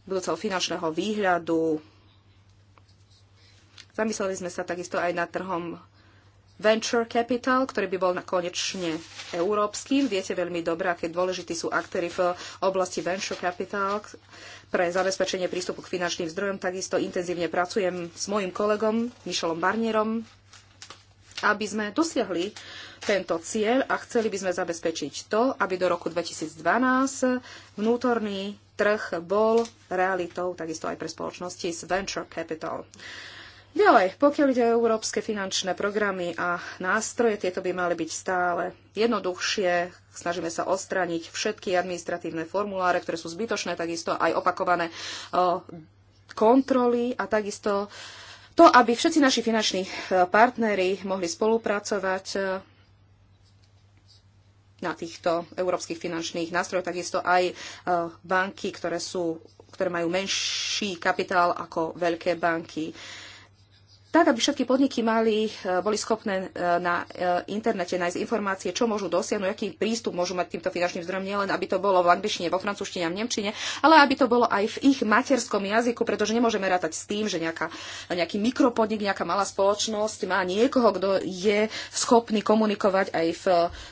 budúceho finančného výhľadu. Zamysleli sme sa takisto aj nad trhom venture capital, ktorý by bol konečne európskym. Viete veľmi dobre, aké dôležití sú aktéry v oblasti venture capital pre zabezpečenie prístupu k finančným zdrojom. Takisto intenzívne pracujem s mojim kolegom Michelom Barnierom, aby sme dosiahli tento cieľ a chceli by sme zabezpečiť to, aby do roku 2012 vnútorný trh bol realitou takisto aj pre spoločnosti s venture capital. Uh, Ďalej, pokiaľ ide o európske finančné programy a nástroje, tieto by mali byť stále jednoduchšie. Snažíme sa odstrániť všetky administratívne formuláre, ktoré sú zbytočné, takisto aj opakované e, kontroly a takisto to, aby všetci naši finanční e, partnery mohli spolupracovať e, na týchto európskych finančných nástrojoch, takisto aj banky, ktoré, sú, ktoré majú menší kapitál ako veľké banky tak, aby všetky podniky mali, eh, boli schopné eh, na eh, internete nájsť informácie, čo môžu dosiahnuť, aký prístup môžu mať týmto finančným zdrojom, nielen aby to bolo v angličtine, vo francúzštine a v nemčine, ale aby to bolo aj v ich materskom jazyku, pretože nemôžeme rátať s tým, že nejaká, nejaký mikropodnik, nejaká malá spoločnosť má niekoho, kto je schopný komunikovať aj v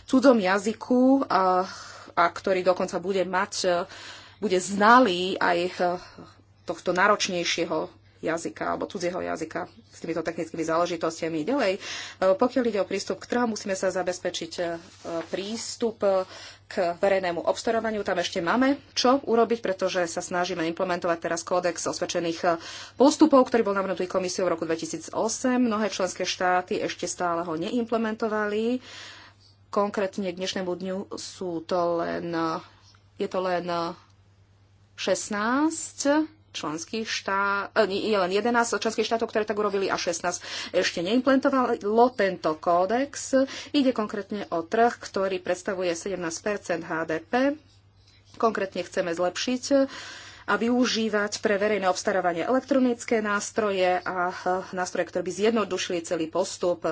cudzom jazyku a, a ktorý dokonca bude mať, bude znalý aj tohto náročnejšieho jazyka alebo cudzieho jazyka s týmito technickými záležitostiami. Ďalej, e, pokiaľ ide o prístup k trhu, musíme sa zabezpečiť e, prístup e, k verejnému obstarovaniu. Tam ešte máme čo urobiť, pretože sa snažíme implementovať teraz kódex osvedčených postupov, ktorý bol navrhnutý komisiou v roku 2008. Mnohé členské štáty ešte stále ho neimplementovali. Konkrétne k dnešnému dňu sú to len, je to len 16 členských štát, e, je len 11 členských štátov, ktoré tak urobili a 16 ešte neimplementovalo tento kódex. Ide konkrétne o trh, ktorý predstavuje 17 HDP. Konkrétne chceme zlepšiť a využívať pre verejné obstarávanie elektronické nástroje a nástroje, ktoré by zjednodušili celý postup.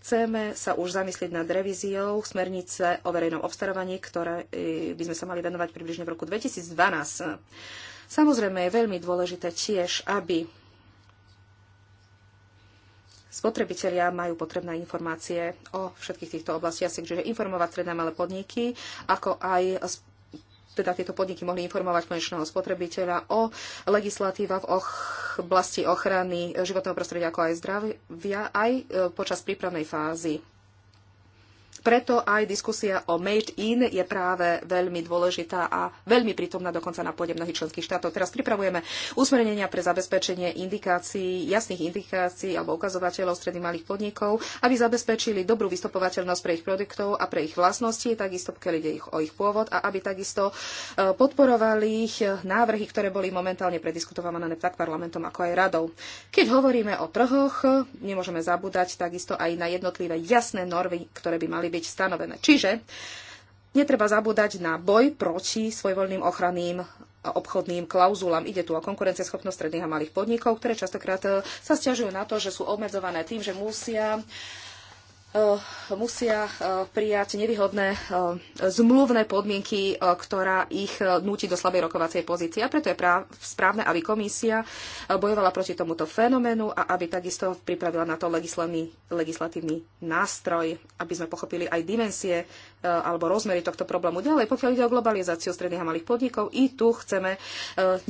Chceme sa už zamyslieť nad revíziou smernice o verejnom obstarávaní, ktoré e, by sme sa mali venovať približne v roku 2012. Samozrejme je veľmi dôležité tiež, aby spotrebitelia majú potrebné informácie o všetkých týchto oblastiach, čiže informovať stredné malé podniky, ako aj teda tieto podniky mohli informovať konečného spotrebiteľa o legislatíva v oblasti ochrany životného prostredia ako aj zdravia aj e, počas prípravnej fázy preto aj diskusia o Made in je práve veľmi dôležitá a veľmi prítomná dokonca na pôde mnohých členských štátov. Teraz pripravujeme usmernenia pre zabezpečenie indikácií, jasných indikácií alebo ukazovateľov stredných malých podnikov, aby zabezpečili dobrú vystupovateľnosť pre ich produktov a pre ich vlastnosti, takisto pokiaľ ide ich o ich pôvod a aby takisto e, podporovali ich návrhy, ktoré boli momentálne prediskutované tak parlamentom ako aj radou. Keď hovoríme o trhoch, nemôžeme zabúdať takisto aj na jednotlivé jasné normy, ktoré by mali mali byť stanovené. Čiže netreba zabúdať na boj proti svojvoľným ochranným obchodným klauzulám. Ide tu o konkurencieschopnosť stredných a malých podnikov, ktoré častokrát e, sa stiažujú na to, že sú obmedzované tým, že musia Eh, musia eh, prijať nevyhodné eh, zmluvné podmienky, ktorá ich núti do slabej rokovacej pozície. A preto je správne, aby komisia bojovala proti tomuto fenoménu a aby takisto pripravila na to legislatívny nástroj, aby sme pochopili aj dimenzie alebo rozmery tohto problému. Ďalej, pokiaľ ide o globalizáciu stredných a malých podnikov, i tu chceme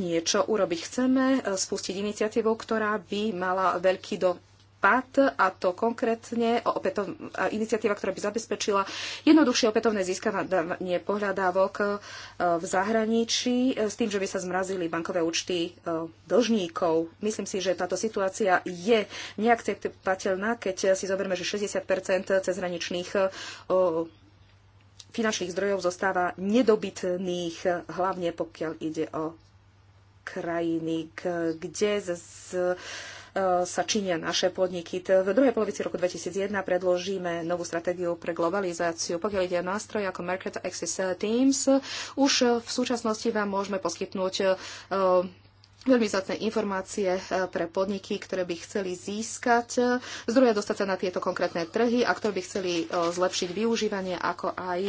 niečo urobiť. Chceme spustiť iniciatívu, ktorá by mala veľký do PAT a to konkrétne opätov, iniciatíva, ktorá by zabezpečila jednoduchšie opätovné získavanie pohľadávok e, v zahraničí e, s tým, že by sa zmrazili bankové účty e, dlžníkov. Myslím si, že táto situácia je neakceptovateľná, keď si zoberme, že 60 cezhraničných finančných zdrojov zostáva nedobytných, hlavne pokiaľ ide o krajiny, kde z, z sa činia naše podniky. V druhej polovici roku 2001 predložíme novú stratégiu pre globalizáciu. Pokiaľ ide o nástroj ako Market Access Teams, už v súčasnosti vám môžeme poskytnúť e, veľmi zácne informácie e, pre podniky, ktoré by chceli získať e, zdroje, dostať sa na tieto konkrétne trhy a ktoré by chceli zlepšiť využívanie, ako aj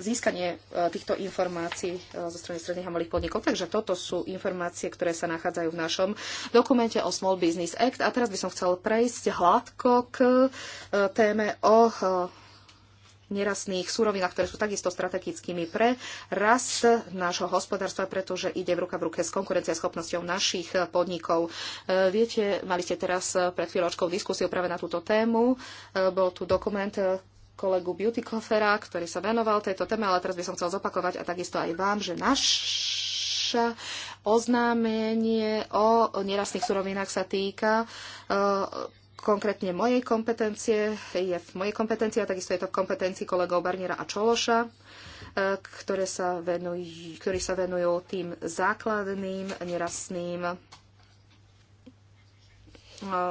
získanie e, týchto informácií e, zo strany stredných a malých podnikov. Takže toto sú informácie, ktoré sa nachádzajú v našom dokumente o Small Business Act. A teraz by som chcel prejsť hladko k e, téme o nerastných súrovinách, ktoré sú takisto strategickými pre rast nášho hospodárstva, pretože ide v ruka v ruke s schopnosťou našich podnikov. Viete, mali ste teraz pred chvíľočkou diskusiu práve na túto tému. Bol tu dokument kolegu Beauty Coffera, ktorý sa venoval tejto téme, ale teraz by som chcel zopakovať a takisto aj vám, že naš oznámenie o nerastných surovinách sa týka eh, konkrétne mojej kompetencie, je v mojej kompetencii a takisto je to v kompetencii kolegov Barniera a Čološa, eh, ktoré sa venujú, ktorí sa venujú tým základným nerastným eh,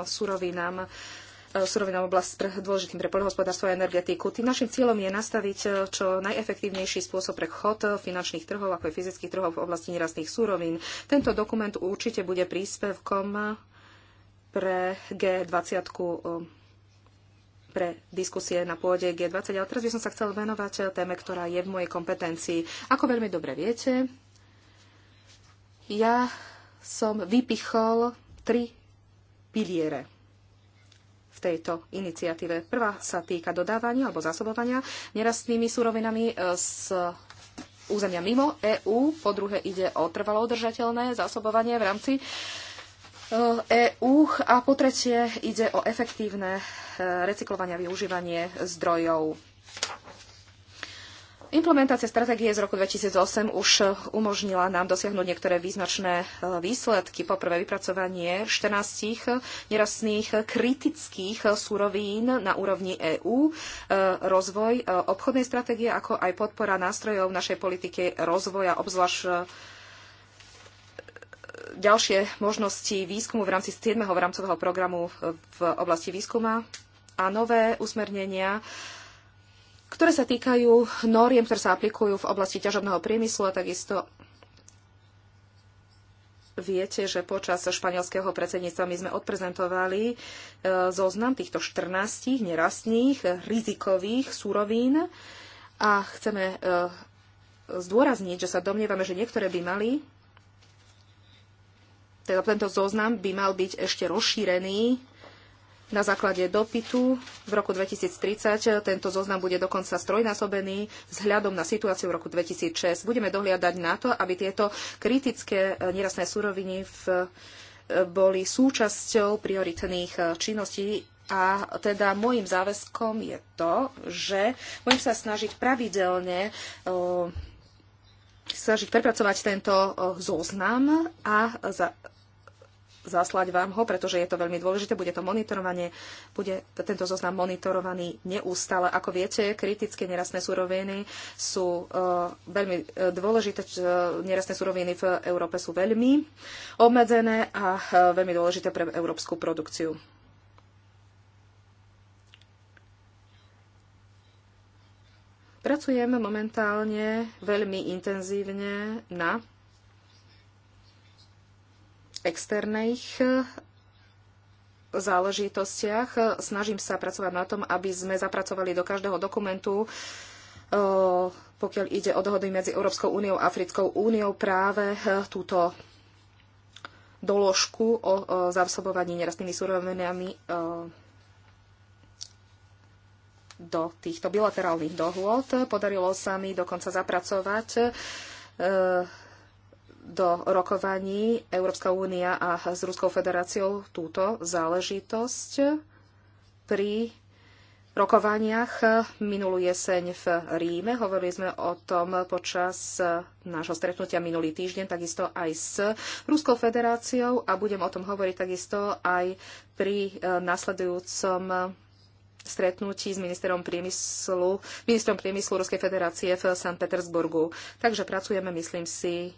surovinám surovinovú oblasť dôležitým pre poľnohospodárstvo a energetiku. Tým našim cieľom je nastaviť e, čo najefektívnejší spôsob pre chod finančných trhov, ako aj fyzických trhov v oblasti nerastných surovín. Tento dokument určite bude príspevkom e, pre G20 e, pre diskusie na pôde G20, ale teraz by som sa chcel venovať téme, ktorá je v mojej kompetencii. Ako veľmi dobre viete, ja som vypichol tri piliere tejto iniciatíve. Prvá sa týka dodávania alebo zásobovania nerastnými surovinami z e, územia mimo EÚ, po druhé ide o trvalo udržateľné zásobovanie v rámci EÚ e a po tretie ide o efektívne e, recyklovanie a využívanie zdrojov. Implementácia stratégie z roku 2008 už eh, umožnila nám dosiahnuť niektoré význačné eh, výsledky. Poprvé vypracovanie 14 eh, nerastných kritických súrovín na úrovni EÚ, rozvoj obchodnej stratégie, ako aj podpora nástrojov našej politiky rozvoja, obzvlášť ďalšie možnosti výskumu v rámci 7. rámcového programu v oblasti výskuma a nové usmernenia ktoré sa týkajú noriem, ktoré sa aplikujú v oblasti ťažobného priemyslu a takisto viete, že počas španielského predsedníctva my sme odprezentovali e, zoznam týchto 14 nerastných rizikových súrovín a chceme e, zdôrazniť, že sa domnievame, že niektoré by mali teda tento zoznam by mal byť ešte rozšírený na základe dopytu v roku 2030 tento zoznam bude dokonca strojnásobený vzhľadom na situáciu v roku 2006. Budeme dohliadať na to, aby tieto kritické e, nerastné suroviny v, e, boli súčasťou prioritných e, činností a teda môjim záväzkom je to, že budem sa snažiť pravidelne snažiť prepracovať tento zoznam a za, zaslať vám ho, pretože je to veľmi dôležité, bude to monitorovanie, bude tento zoznam monitorovaný neustále. Ako viete, kritické nerastné suroviny sú uh, veľmi e, dôležité, e, nerastné suroviny v Európe sú veľmi obmedzené a uh, veľmi dôležité pre európsku produkciu. Pracujem momentálne veľmi intenzívne na externých e, záležitostiach. Snažím sa pracovať na tom, aby sme zapracovali do každého dokumentu e, pokiaľ ide o dohody medzi Európskou úniou a Africkou úniou práve e, túto doložku o zásobovaní nerastnými surovinami do týchto bilaterálnych dohôd. Podarilo sa mi dokonca zapracovať do rokovaní Európska únia a s Ruskou federáciou túto záležitosť pri rokovaniach minulú jeseň v Ríme. Hovorili sme o tom počas nášho stretnutia minulý týždeň, takisto aj s Ruskou federáciou a budem o tom hovoriť takisto aj pri e, nasledujúcom stretnutí s ministerom priemyslu, ministrom priemyslu Ruskej federácie v Sankt Petersburgu. Takže pracujeme, myslím si,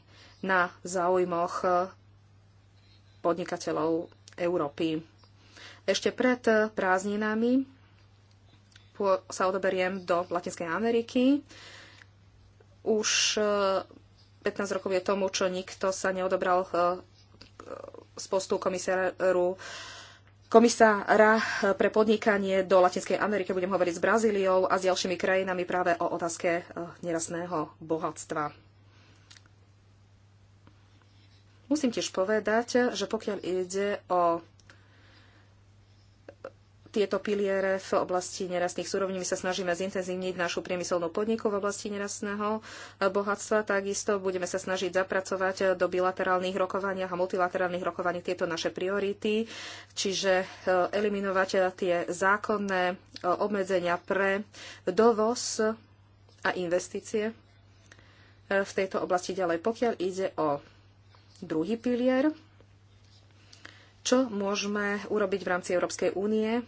na záujmoch e, podnikateľov Európy. Ešte pred prázdninami sa odoberiem do Latinskej Ameriky. Už 15 e, rokov je tomu, čo nikto sa neodobral e, z postu komisáru komisára pre podnikanie do Latinskej Ameriky. Budem hovoriť s Brazíliou a s ďalšími krajinami práve o otázke nerastného bohatstva. Musím tiež povedať, že pokiaľ ide o tieto piliere v oblasti nerastných súrovní. My sa snažíme zintenzívniť našu priemyselnú podniku v oblasti nerastného bohatstva. Takisto budeme sa snažiť zapracovať do bilaterálnych rokovaniach a multilaterálnych rokovaní tieto naše priority, čiže e, eliminovať e, tie zákonné e, obmedzenia pre dovoz a investície v tejto oblasti ďalej. Pokiaľ ide o druhý pilier, čo môžeme urobiť v rámci Európskej únie,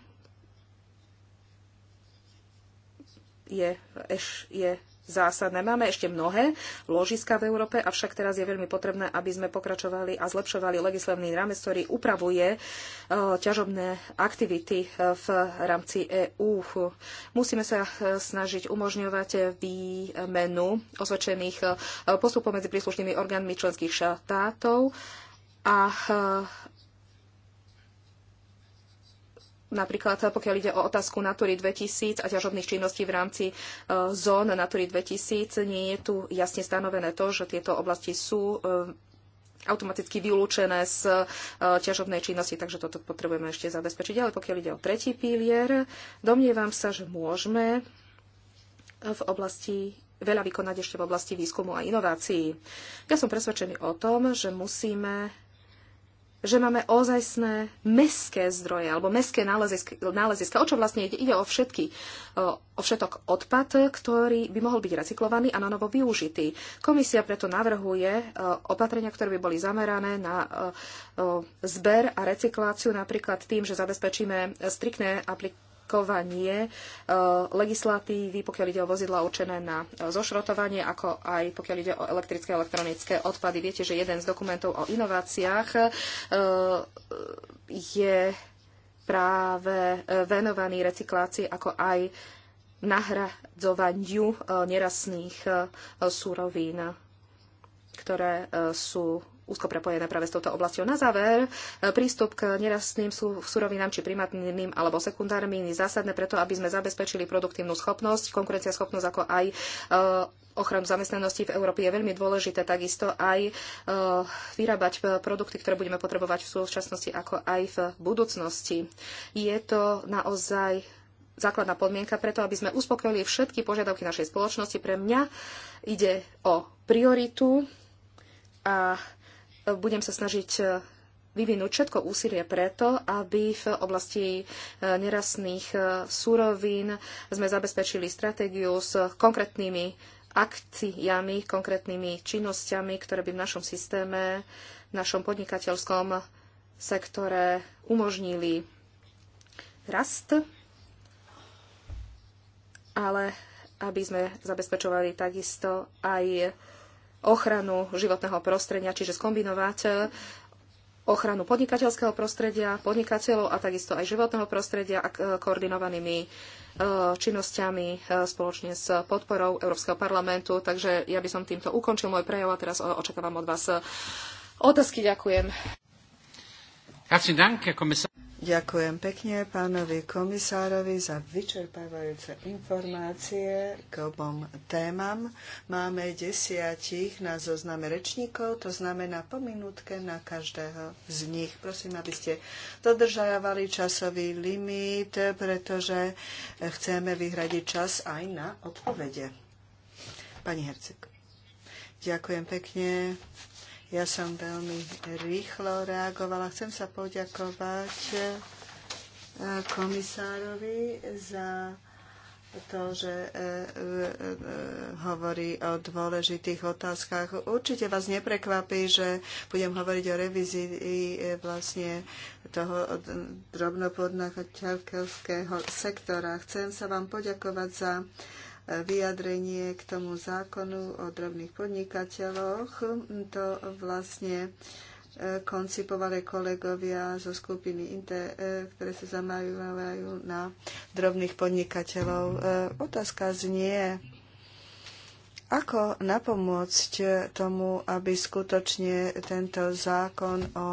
je, je zásadné. Máme ešte mnohé ložiska v Európe, avšak teraz je veľmi potrebné, aby sme pokračovali a zlepšovali legislatívny rámec, ktorý upravuje e, ťažobné aktivity e, v rámci EÚ. Musíme sa e, snažiť umožňovať výmenu osvedčených postupov medzi príslušnými orgánmi členských štátov a Napríklad eh, pokiaľ ide o otázku Natúry 2000 a ťažobných činností v rámci eh, zón Natury 2000, nie je tu jasne stanovené to, že tieto oblasti sú eh, automaticky vylúčené z ťažobnej činnosti, takže toto potrebujeme ešte zabezpečiť. Ale pokiaľ ide o tretí pilier, domnievam sa, že môžeme v oblasti veľa vykonať ešte v oblasti výskumu a inovácií. Ja som presvedčený o tom, že musíme že máme ozajstné meské zdroje alebo meské náleziska, náleziska. O čo vlastne ide? Ide o, všetky, o všetok odpad, ktorý by mohol byť recyklovaný a na novo využitý. Komisia preto navrhuje e, opatrenia, ktoré by boli zamerané na e, e, zber a recykláciu napríklad tým, že zabezpečíme striktné aplikácie aplikovanie eh, legislatívy, pokiaľ ide o vozidla určené na eh, zošrotovanie, ako aj pokiaľ ide o elektrické a elektronické odpady. Viete, že jeden z dokumentov o inováciách eh, je práve venovaný recyklácii, ako aj nahradzovaniu nerastných surovín, ktoré sú úzko prepojené práve s touto oblasťou. Na záver, e, prístup k nerastným surovinám či primárnym alebo sekundárnym je zásadné preto, aby sme zabezpečili produktívnu schopnosť, konkurenciaschopnosť ako aj e, ochranu zamestnanosti v Európe je veľmi dôležité takisto aj e, vyrábať produkty, ktoré budeme potrebovať v súčasnosti ako aj v budúcnosti. Je to naozaj základná podmienka preto, aby sme uspokojili všetky požiadavky našej spoločnosti. Pre mňa ide o prioritu a budem sa snažiť e, vyvinúť všetko úsilie preto, aby v oblasti e, nerastných e, súrovín sme zabezpečili stratégiu s konkrétnymi akciami, konkrétnymi činnosťami, ktoré by v našom systéme, v našom podnikateľskom sektore umožnili rast, ale aby sme zabezpečovali takisto aj ochranu životného prostredia, čiže skombinovať eh, ochranu podnikateľského prostredia, podnikateľov a takisto aj životného prostredia a eh, koordinovanými eh, činnosťami spoločne s podporou Európskeho parlamentu. Takže ja by som týmto ukončil môj prejav a teraz očakávam od vás otázky. Ďakujem. Ďakujem pekne pánovi komisárovi za vyčerpávajúce informácie k obom témam. Máme desiatich na zozname rečníkov, to znamená po minútke na každého z nich. Prosím, aby ste dodržávali časový limit, pretože chceme vyhradiť čas aj na odpovede. Pani Hercik. Ďakujem pekne. Ja som veľmi rýchlo reagovala. Chcem sa poďakovať e, komisárovi za to, že e, e, hovorí o dôležitých otázkach. Určite vás neprekvapí, že budem hovoriť o revizii vlastne toho drobnopodnakateľského sektora. Chcem sa vám poďakovať za vyjadrenie k tomu zákonu o drobných podnikateľoch. To vlastne e, koncipovali kolegovia zo skupiny INTE, e, ktoré sa zamajú na drobných podnikateľov. E, otázka znie, ako napomôcť tomu, aby skutočne tento zákon o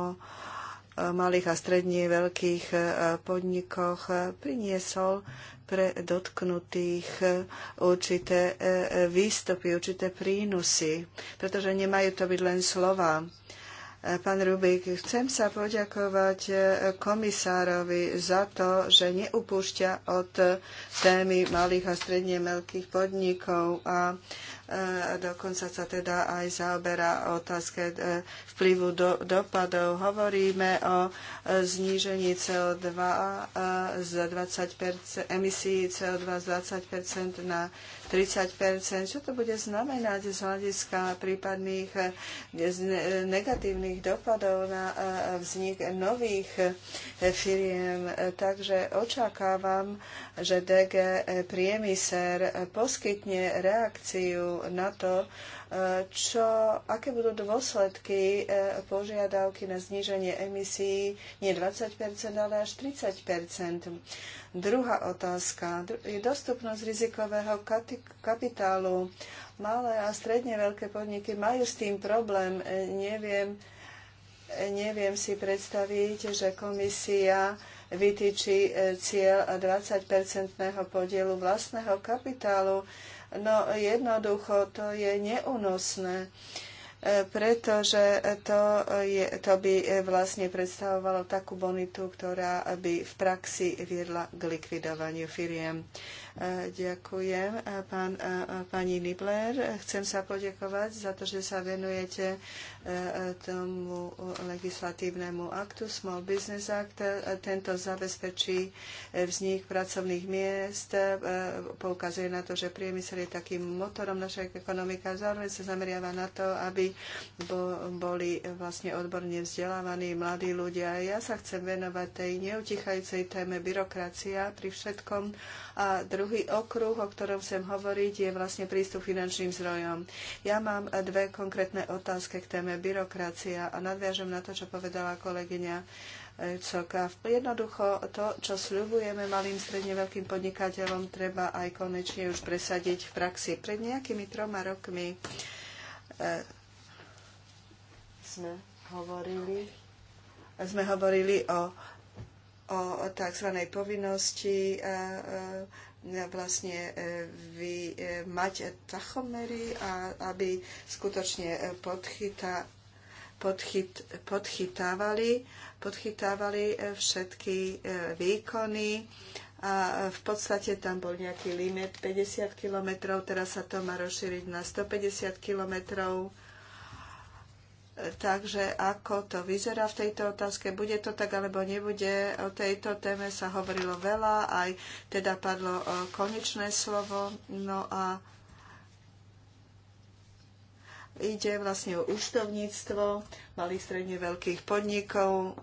malých a stredne veľkých e, podnikoch e, priniesol pre dotknutých e, určité výstupy, určité prínosy, pretože nemajú to byť len slova. Pán Rubik, chcem sa poďakovať komisárovi za to, že neupúšťa od témy malých a stredne veľkých podnikov a E, dokonca sa teda aj zaoberá otázke e, vplyvu do, dopadov. Hovoríme o e, znížení CO2 z 20%, emisí CO2 z 20% na 30 Čo to bude znamenať z hľadiska prípadných eh, negatívnych dopadov na eh, vznik nových eh, firiem? Takže očakávam, že DG priemyser poskytne reakciu na to, čo, aké budú dôsledky e, požiadavky na zníženie emisí nie 20%, ale až 30%. Druhá otázka je dostupnosť rizikového kapitálu. Malé a stredne veľké podniky majú s tým problém. E, neviem, e, neviem si predstaviť, že komisia vytýči cieľ 20-percentného podielu vlastného kapitálu No jednoducho to je neúnosné e, pretože to, je, to by e, vlastne predstavovalo takú bonitu, ktorá by v praxi viedla k likvidovaniu firiem. Ďakujem, pán, pani Nibler. Chcem sa poďakovať za to, že sa venujete e, tomu legislatívnemu aktu Small Business Act. Tento zabezpečí vznik pracovných miest, e, poukazuje na to, že priemysel je takým motorom našej ekonomiky a zároveň sa zameriava na to, aby boli vlastne odborne vzdelávaní mladí ľudia. Ja sa chcem venovať tej neutichajúcej téme byrokracia pri všetkom, a druhý okruh, o ktorom chcem hovoriť, je vlastne prístup finančným zdrojom. Ja mám dve konkrétne otázky k téme byrokracia a nadviažem na to, čo povedala kolegyňa. Coka. Jednoducho to, čo sľubujeme malým, stredne veľkým podnikateľom, treba aj konečne už presadiť v praxi. Pred nejakými troma rokmi e, sme hovorili sme hovorili o o tzv. povinnosti vlastne e, vy, e, mať tachomery, a aby skutočne e, podchyta, podchyt, podchytávali, podchytávali všetky výkony a v podstate tam bol nejaký limit 50 km, teraz sa to má rozšíriť na 150 kilometrov Takže ako to vyzerá v tejto otázke, bude to tak alebo nebude, o tejto téme sa hovorilo veľa, aj teda padlo konečné slovo. No a ide vlastne o účtovníctvo malých stredne veľkých podnikov,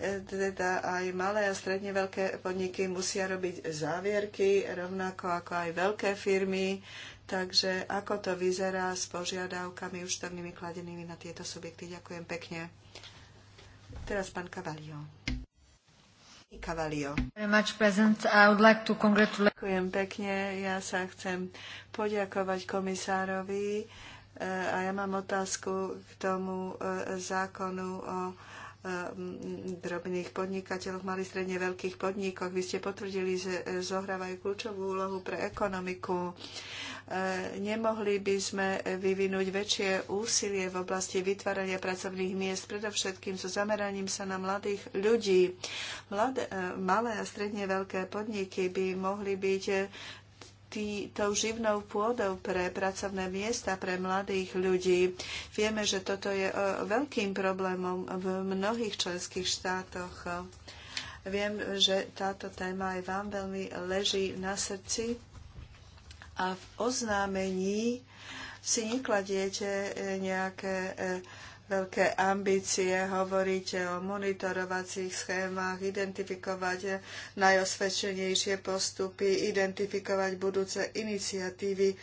e, teda aj malé a stredne veľké podniky musia robiť závierky, rovnako ako aj veľké firmy. Takže ako to vyzerá s požiadavkami účtovnými kladenými na tieto subjekty? Ďakujem pekne. Teraz pán Cavalio. Cavalio. Ďakujem pekne. Ja sa chcem poďakovať komisárovi eh, a ja mám otázku k tomu eh, zákonu o eh, drobných podnikateľoch, mali stredne veľkých podnikoch. Vy ste potvrdili, že zohrávajú kľúčovú úlohu pre ekonomiku nemohli by sme vyvinúť väčšie úsilie v oblasti vytvárania pracovných miest, predovšetkým so zameraním sa na mladých ľudí. Mladé, e, malé a stredne veľké podniky by mohli byť tý, tou živnou pôdou pre pracovné miesta pre mladých ľudí. Vieme, že toto je e, veľkým problémom v mnohých členských štátoch. Viem, že táto téma aj vám veľmi leží na srdci a v oznámení si nekladiete e, nejaké e, veľké ambície, hovoríte o monitorovacích schémach, identifikovať najosvedčenejšie postupy, identifikovať budúce iniciatívy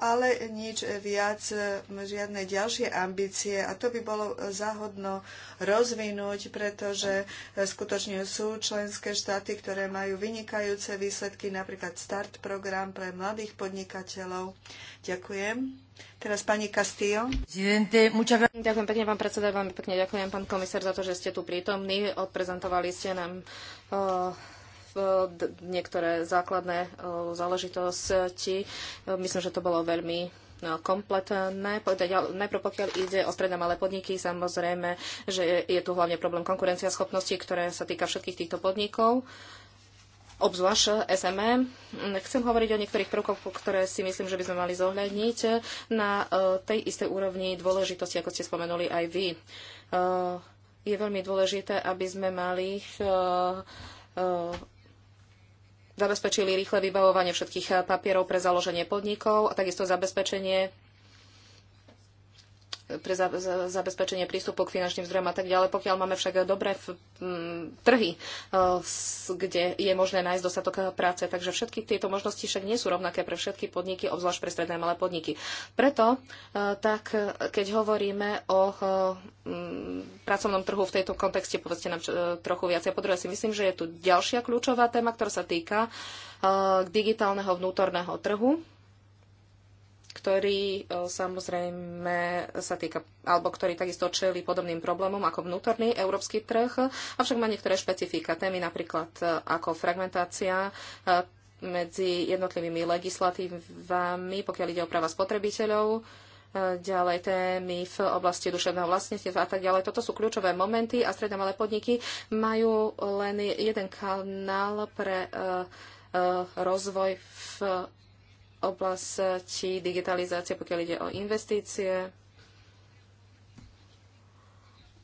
ale nič viac, žiadne ďalšie ambície. A to by bolo záhodno rozvinúť, pretože skutočne sú členské štáty, ktoré majú vynikajúce výsledky, napríklad START program pre mladých podnikateľov. Ďakujem. Teraz pani Castillo. Ďakujem pekne, pán predseda, veľmi pekne ďakujem, pán komisár, za to, že ste tu prítomní. Odprezentovali ste nám uh, niektoré základné e, záležitosti. E, myslím, že to bolo veľmi e, kompletné. Najprv pokiaľ ide o stredné malé podniky, samozrejme, že je tu hlavne problém konkurencia schopnosti, ktoré sa týka všetkých týchto podnikov obzvlášť SME. Chcem hovoriť o niektorých prvkoch, ktoré si myslím, že by sme mali zohľadniť na tej istej úrovni dôležitosti, ako ste spomenuli aj vy. Je veľmi dôležité, aby sme mali zabezpečili rýchle vybavovanie všetkých papierov pre založenie podnikov a takisto zabezpečenie pre zabezpečenie prístupu k finančným zdrojom a tak ďalej. Pokiaľ máme však dobré trhy, e, kde je možné nájsť dostatok e, práce, takže všetky tieto možnosti však nie sú rovnaké pre všetky podniky, obzvlášť pre stredné malé podniky. Preto e, tak, keď hovoríme o pracovnom trhu v tejto kontexte, povedzte nám trochu viac. Ja si myslím, že je tu ďalšia kľúčová téma, ktorá sa týka digitálneho vnútorného trhu ktorý e, samozrejme sa týka, alebo ktorý takisto čeli podobným problémom ako vnútorný európsky trh, avšak má niektoré špecifika témy, napríklad e, ako fragmentácia e, medzi jednotlivými legislatívami, pokiaľ ide o práva spotrebiteľov, ďalej témy v oblasti duševného vlastníctva a tak ďalej. Toto sú kľúčové momenty a stredné malé podniky majú len jeden kanál pre rozvoj v oblasti digitalizácie, pokiaľ ide o investície.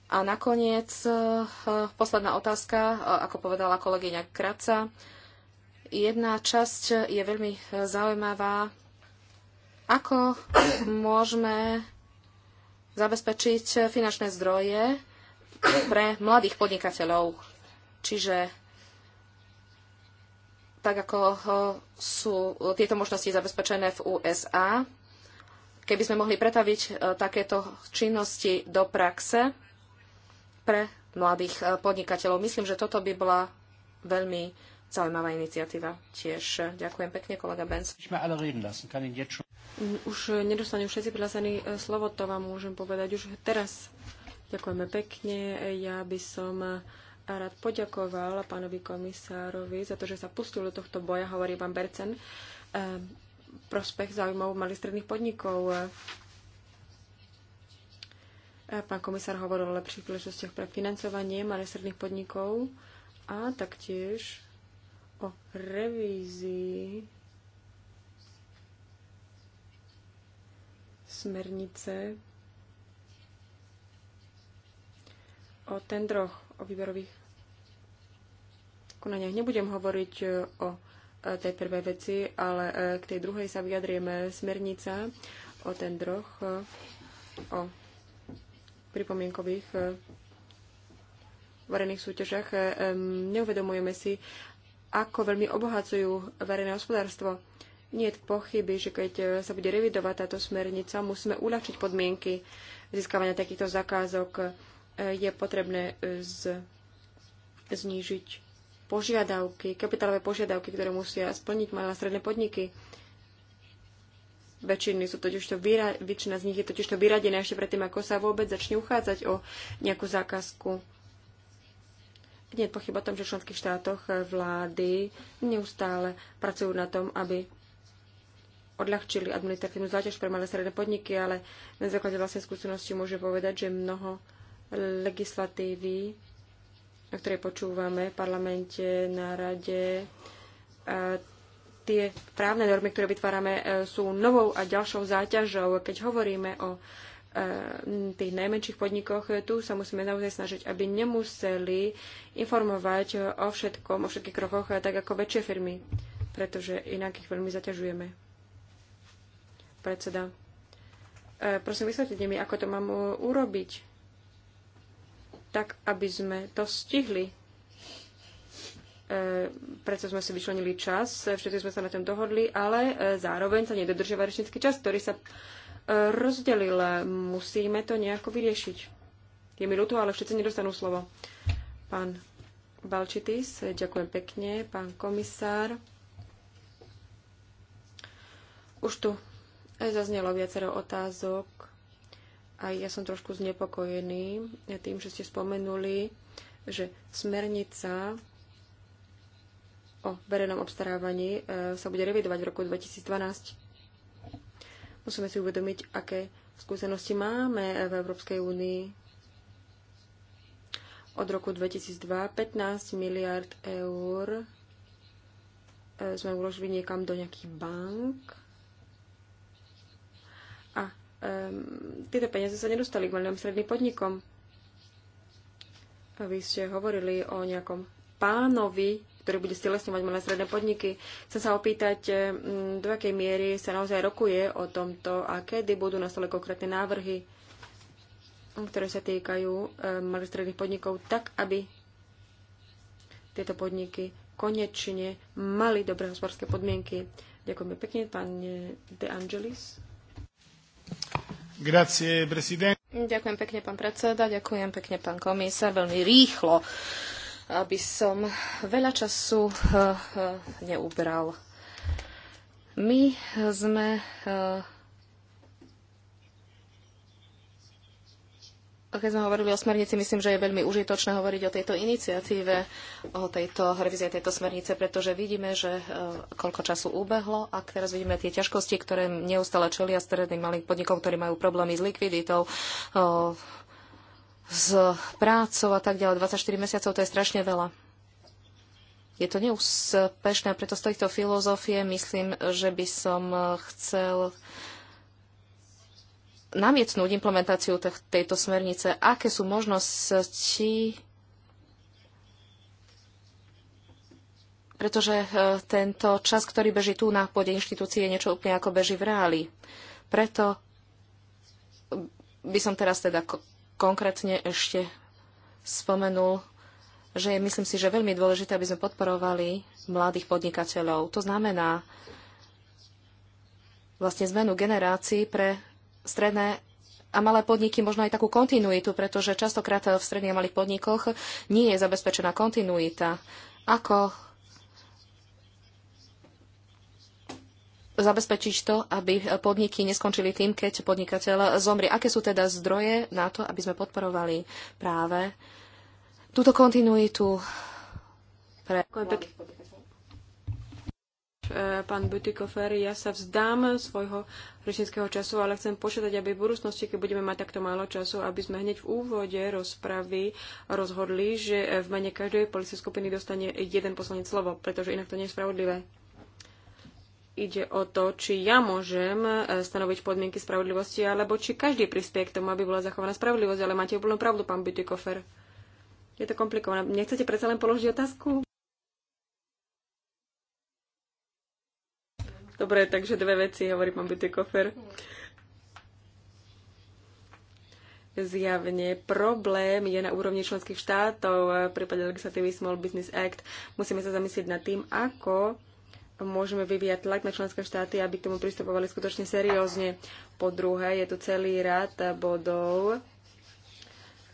A nakoniec eh, posledná otázka, eh, ako povedala kolegyňa Kraca. Jedna časť eh, je veľmi zaujímavá. Ako môžeme zabezpečiť finančné zdroje pre mladých podnikateľov? Čiže tak ako eh, sú tieto možnosti zabezpečené v USA. Keby sme mohli pretaviť eh, takéto činnosti do praxe pre mladých eh, podnikateľov, myslím, že toto by bola veľmi zaujímavá iniciatíva tiež. Ďakujem pekne, kolega Benz. Mm, už nedostanú všetci prihlásení slovo, to vám môžem povedať už teraz. Ďakujeme pekne. Ja by som a rád poďakoval pánovi komisárovi za to, že sa pustil do tohto boja, hovorí pán Bercen, e, prospech záujmov malých stredných podnikov. E, e, pán komisár hovoril o lepších príležitostiach pre financovanie malých stredných podnikov a taktiež o revízii smernice o tendroch o výberových konaniach. Nebudem hovoriť e, o e, tej prvej veci, ale e, k tej druhej sa vyjadrieme smernica o tendroch, o pripomienkových varených súťažach. Neuvedomujeme si, ako veľmi obohacujú verejné hospodárstvo. Nie je pochyby, že keď sa bude revidovať táto smernica, musíme uľahčiť podmienky získavania takýchto zakázok je potrebné e, z, znížiť požiadavky, kapitálové požiadavky, ktoré musia splniť malé a stredné podniky. Väčšiny sú totiž to vyra- väčšina z nich je totiž to vyradené ešte predtým, ako sa vôbec začne uchádzať o nejakú zákazku. Nie je o tom, že v členských štátoch vlády neustále pracujú na tom, aby odľahčili administratívnu záťaž pre malé stredné podniky, ale na základe vlastnej skúsenosti môže povedať, že mnoho legislatívy, o ktorej počúvame v parlamente, na rade. A tie právne normy, ktoré vytvárame, e, sú novou a ďalšou záťažou. Keď hovoríme o e, tých najmenších podnikoch, e, tu sa musíme naozaj snažiť, aby nemuseli informovať o všetkom, o všetkých krokoch, tak ako väčšie firmy, pretože inak ich veľmi zaťažujeme. Predseda. Prosím, vysvetlite mi, ako to mám urobiť tak aby sme to stihli. E, preto sme si vyčlenili čas, e, všetci sme sa na tom dohodli, ale e, zároveň sa nedodržiava rečnický čas, ktorý sa e, rozdelil. Musíme to nejako vyriešiť. Je mi ľúto, ale všetci nedostanú slovo. Pán Balčitis, ďakujem pekne. Pán komisár. Už tu zaznelo viacero otázok a ja som trošku znepokojený tým, že ste spomenuli, že smernica o verejnom obstarávaní e, sa bude revidovať v roku 2012. Musíme si uvedomiť, aké skúsenosti máme v Európskej únii. Od roku 2002 15 miliard eur e, sme uložili niekam do nejakých bank Ehm, tieto peniaze sa nedostali k malým stredným podnikom. A vy ste hovorili o nejakom pánovi, ktorý bude stelesňovať malé stredné podniky. Chcem sa opýtať, ehm, do akej miery sa naozaj rokuje o tomto a kedy budú na stole konkrétne návrhy, ktoré sa týkajú ehm, malých stredných podnikov, tak aby tieto podniky konečne mali dobré hospodárske podmienky. Ďakujem pekne, pán De Angelis. Ďakujem pekne, pán predseda, ďakujem pekne, pán komisár, veľmi rýchlo, aby som veľa času eh, eh, neubral. My sme eh, keď sme hovorili o smernici, myslím, že je veľmi užitočné hovoriť o tejto iniciatíve, o tejto revízie tejto smernice, pretože vidíme, že e, koľko času ubehlo a teraz vidíme tie ťažkosti, ktoré neustále čelia stredným malých podnikov, ktorí majú problémy s likviditou, e, s prácou a tak ďalej. 24 mesiacov to je strašne veľa. Je to neúspešné, preto z tejto filozofie myslím, že by som e, chcel namietnúť implementáciu tejto smernice? Aké sú možnosti? Pretože e, tento čas, ktorý beží tu na pôde inštitúcie, je niečo úplne ako beží v reáli. Preto by som teraz teda konkrétne ešte spomenul, že je, myslím si, že veľmi dôležité, aby sme podporovali mladých podnikateľov. To znamená vlastne zmenu generácií pre stredné a malé podniky možno aj takú kontinuitu, pretože častokrát v stredných a malých podnikoch nie je zabezpečená kontinuita. Ako zabezpečiť to, aby podniky neskončili tým, keď podnikateľ zomrie. Aké sú teda zdroje na to, aby sme podporovali práve túto kontinuitu pre... Ďakujem pekne. E, pán Butikofer, ja sa vzdám svojho rečnického času, ale chcem pošetať, aby v budúcnosti, keď budeme mať takto málo času, aby sme hneď v úvode rozpravy rozhodli, že v mene každej policie skupiny dostane jeden poslanec slovo, pretože inak to nie je spravodlivé. Ide o to, či ja môžem e, stanoviť podmienky spravodlivosti, alebo či každý prispie k tomu, aby bola zachovaná spravodlivosť, ale máte úplnú pravdu, pán Butikofer. Je to komplikované. Nechcete predsa len položiť otázku? Dobre, takže dve veci, hovorí pán kofer. Zjavne problém je na úrovni členských štátov v prípade legislatívy Small Business Act. Musíme sa zamyslieť nad tým, ako môžeme vyvíjať tlak na členské štáty, aby k tomu pristupovali skutočne seriózne. Po druhé, je tu celý rad bodov,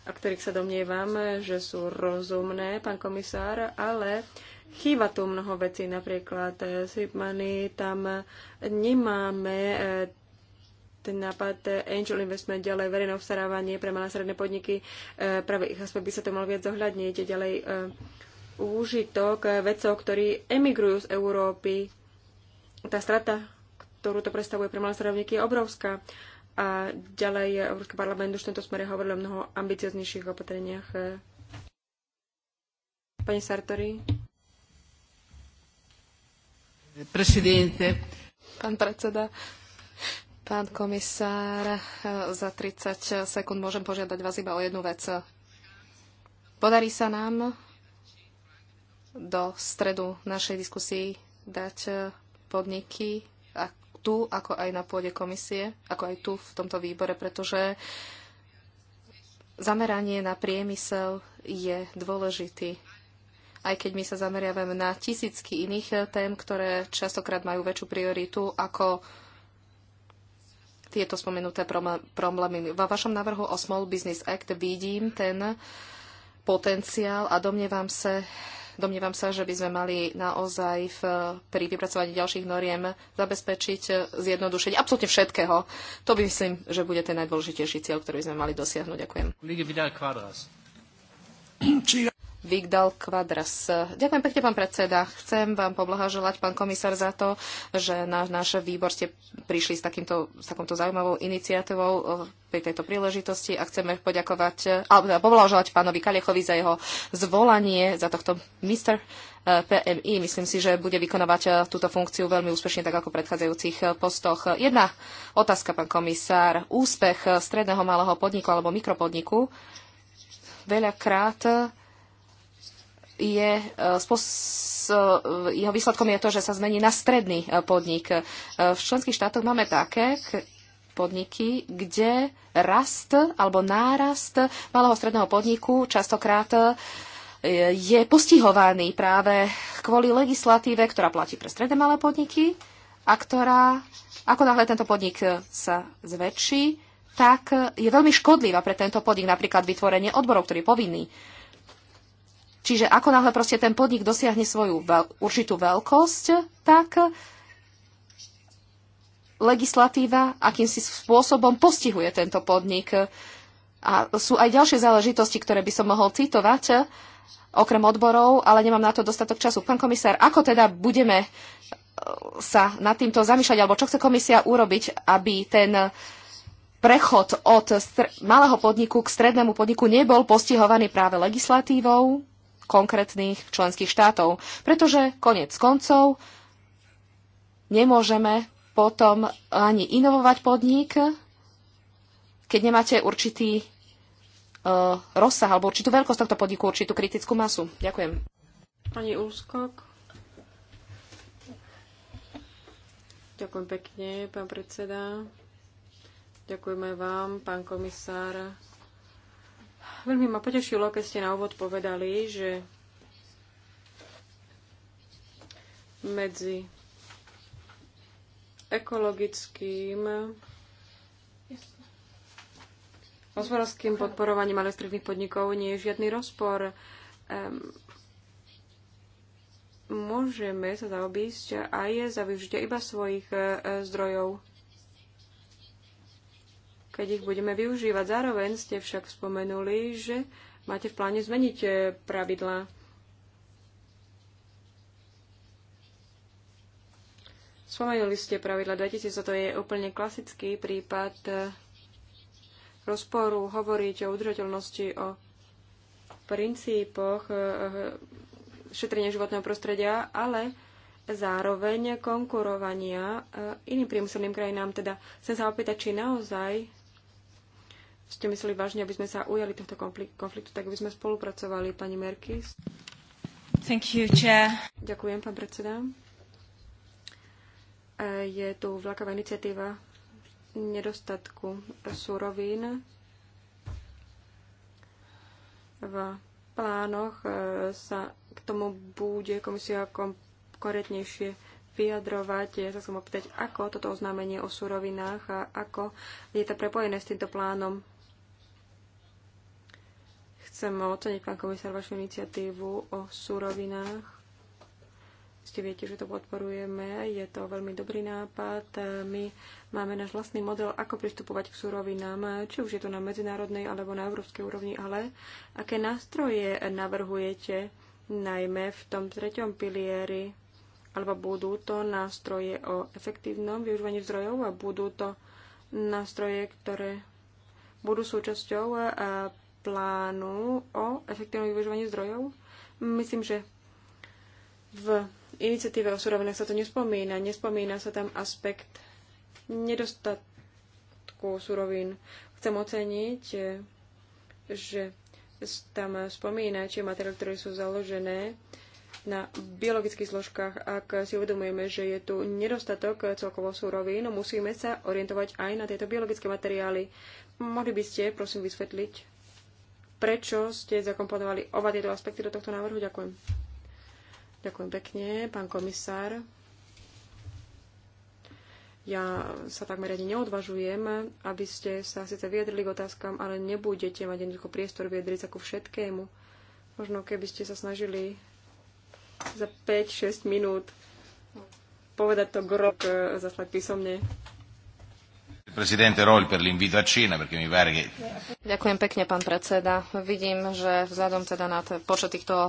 o ktorých sa domnievam, že sú rozumné, pán komisár, ale Chýba tu mnoho vecí, napríklad eh, Sweep Money, tam eh, nemáme eh, ten nápad Angel Investment, ďalej verejné obstarávanie pre malé stredné podniky, práve ich aspoň by sa to mal viac zohľadniť, ďalej úžitok vedcov, ktorí emigrujú z Európy. Tá strata, ktorú to predstavuje pre malé stredovníky, je obrovská. A ďalej Európsky parlament už v tomto smere hovoril o mnoho ambicioznejších opatreniach. Pani Sartori. Pán predseda, pán komisár, za 30 sekúnd môžem požiadať vás iba o jednu vec. Podarí sa nám do stredu našej diskusii dať podniky tu, ako aj na pôde komisie, ako aj tu v tomto výbore, pretože zameranie na priemysel je dôležitý aj keď my sa zameriavame na tisícky iných eh, tém, ktoré častokrát majú väčšiu prioritu ako tieto spomenuté problémy. Vo vašom návrhu o Small Business Act vidím ten potenciál a domnievam sa, domnievam sa, že by sme mali naozaj v, pri vypracovaní ďalších noriem zabezpečiť eh, zjednodušenie absolútne všetkého. To by myslím, že bude ten najdôležitejší cieľ, ktorý by sme mali dosiahnuť. Ďakujem. Vigdal Kvadras. Ďakujem pekne, pán predseda. Chcem vám poblahoželať, pán komisár, za to, že na náš výbor ste prišli s, takýmto, s takouto zaujímavou iniciatívou eh, pri tejto príležitosti a chceme poďakovať, eh, alebo poblahoželať pánovi Kalechovi za jeho zvolanie, za tohto Mr. Eh, PMI. Myslím si, že bude vykonávať túto funkciu veľmi úspešne, tak ako v predchádzajúcich postoch. Jedna otázka, pán komisár. Úspech stredného malého podniku alebo mikropodniku veľakrát je e, e, jeho výsledkom je to, že sa zmení na stredný e, podnik. V členských štátoch máme také podniky, kde rast alebo nárast malého stredného podniku častokrát je postihovaný práve kvôli legislatíve, ktorá platí pre stredné malé podniky a ktorá, ako náhle tento podnik sa zväčší, tak je veľmi škodlivá pre tento podnik, napríklad vytvorenie odborov, ktorý je povinný Čiže ako náhle proste ten podnik dosiahne svoju veľ- určitú veľkosť, tak legislatíva akýmsi spôsobom postihuje tento podnik. A sú aj ďalšie záležitosti, ktoré by som mohol citovať, eh, okrem odborov, ale nemám na to dostatok času. Pán komisár, ako teda budeme eh, sa nad týmto zamýšľať, alebo čo chce komisia urobiť, aby ten prechod od malého podniku k strednému podniku nebol postihovaný práve legislatívou? konkrétnych členských štátov. Pretože konec koncov nemôžeme potom ani inovovať podnik, keď nemáte určitý uh, rozsah alebo určitú veľkosť tohto podniku, určitú kritickú masu. Ďakujem. Pani Úskok. Ďakujem pekne, pán predseda. Ďakujeme vám, pán komisár, Veľmi ma potešilo, keď ste na úvod povedali, že medzi ekologickým hospodárským podporovaním malých stredných podnikov nie je žiadny rozpor. Um, môžeme sa zaobísť aj za využitia iba svojich uh, zdrojov keď ich budeme využívať. Zároveň ste však spomenuli, že máte v pláne zmeniť e, pravidlá. Spomenuli ste pravidla 2000, to je úplne klasický prípad e, rozporu. Hovoríte o udržateľnosti, o princípoch e, šetrenia životného prostredia, ale zároveň konkurovania iným priemyselným krajinám. Teda chcem sa opýtať, či naozaj ste mysleli vážne, aby sme sa ujali tohto konfliktu, tak by sme spolupracovali, pani Merkis. Thank you, chair. Ďakujem, pán predseda. E, je tu vlaková iniciatíva nedostatku surovín v plánoch e, sa k tomu bude komisia konkrétnejšie vyjadrovať. Ja sa chcem opýtať, ako toto oznámenie o surovinách a ako je to prepojené s týmto plánom Chcem oceniť, pán komisár, vašu iniciatívu o súrovinách. Ste viete, že to podporujeme. Je to veľmi dobrý nápad. My máme náš vlastný model, ako pristupovať k súrovinám, či už je to na medzinárodnej alebo na európskej úrovni, ale aké nástroje navrhujete, najmä v tom treťom pilieri, alebo budú to nástroje o efektívnom využívaní zdrojov a budú to nástroje, ktoré budú súčasťou a plánu o efektívnom využívaní zdrojov. Myslím, že v iniciatíve o surovinách sa to nespomína. Nespomína sa tam aspekt nedostatku surovín. Chcem oceniť, že tam spomína, či materiály, ktoré sú založené na biologických zložkách, ak si uvedomujeme, že je tu nedostatok celkovo súrovín, musíme sa orientovať aj na tieto biologické materiály. Mohli by ste, prosím, vysvetliť prečo ste zakomponovali oba tieto aspekty do tohto návrhu. Ďakujem. Ďakujem pekne, pán komisár. Ja sa takmer ani neodvažujem, aby ste sa síce vyjadrili k otázkam, ale nebudete mať jednoducho priestor vyjadriť sa ku všetkému. Možno keby ste sa snažili za 5-6 minút povedať to grok, zaslať písomne. Ďakujem pekne, pán predseda. Vidím, že vzhľadom teda na počet týchto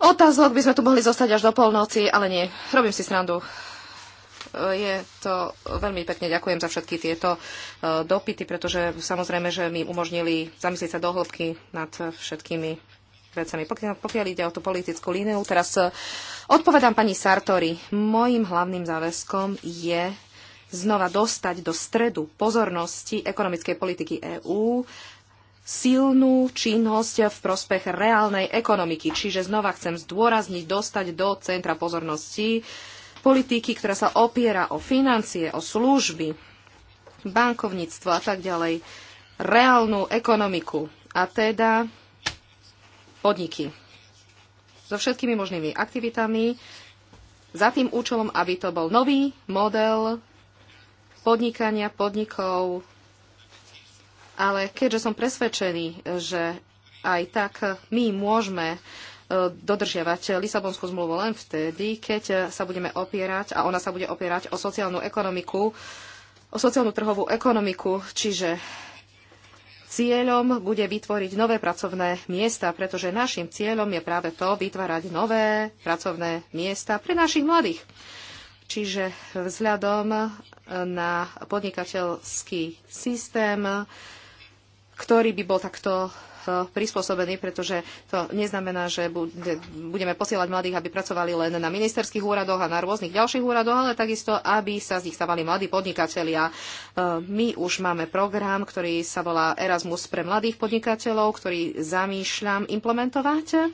otázok by sme tu mohli zostať až do polnoci, ale nie, robím si srandu. E, je to veľmi pekne ďakujem za všetky tieto e, dopity, pretože samozrejme, že mi umožnili zamyslieť sa do hĺbky nad všetkými vecami. Pokiaľ, pokiaľ ide o tú politickú líniu, teraz e, odpovedám pani Sartori. Mojím hlavným záväzkom je znova dostať do stredu pozornosti ekonomickej politiky EÚ silnú činnosť v prospech reálnej ekonomiky. Čiže znova chcem zdôrazniť, dostať do centra pozornosti politiky, ktorá sa opiera o financie, o služby, bankovníctvo a tak ďalej, reálnu ekonomiku a teda podniky so všetkými možnými aktivitami za tým účelom, aby to bol nový model podnikania podnikov. Ale keďže som presvedčený, že aj tak my môžeme e, dodržiavať Lisabonskú zmluvu len vtedy, keď sa budeme opierať, a ona sa bude opierať o sociálnu ekonomiku, o sociálnu trhovú ekonomiku, čiže cieľom bude vytvoriť nové pracovné miesta, pretože našim cieľom je práve to vytvárať nové pracovné miesta pre našich mladých. Čiže vzhľadom na podnikateľský systém, ktorý by bol takto e, prispôsobený, pretože to neznamená, že budeme posielať mladých, aby pracovali len na ministerských úradoch a na rôznych ďalších úradoch, ale takisto, aby sa z nich stávali mladí podnikatelia. E, my už máme program, ktorý sa volá Erasmus pre mladých podnikateľov, ktorý zamýšľam implementovať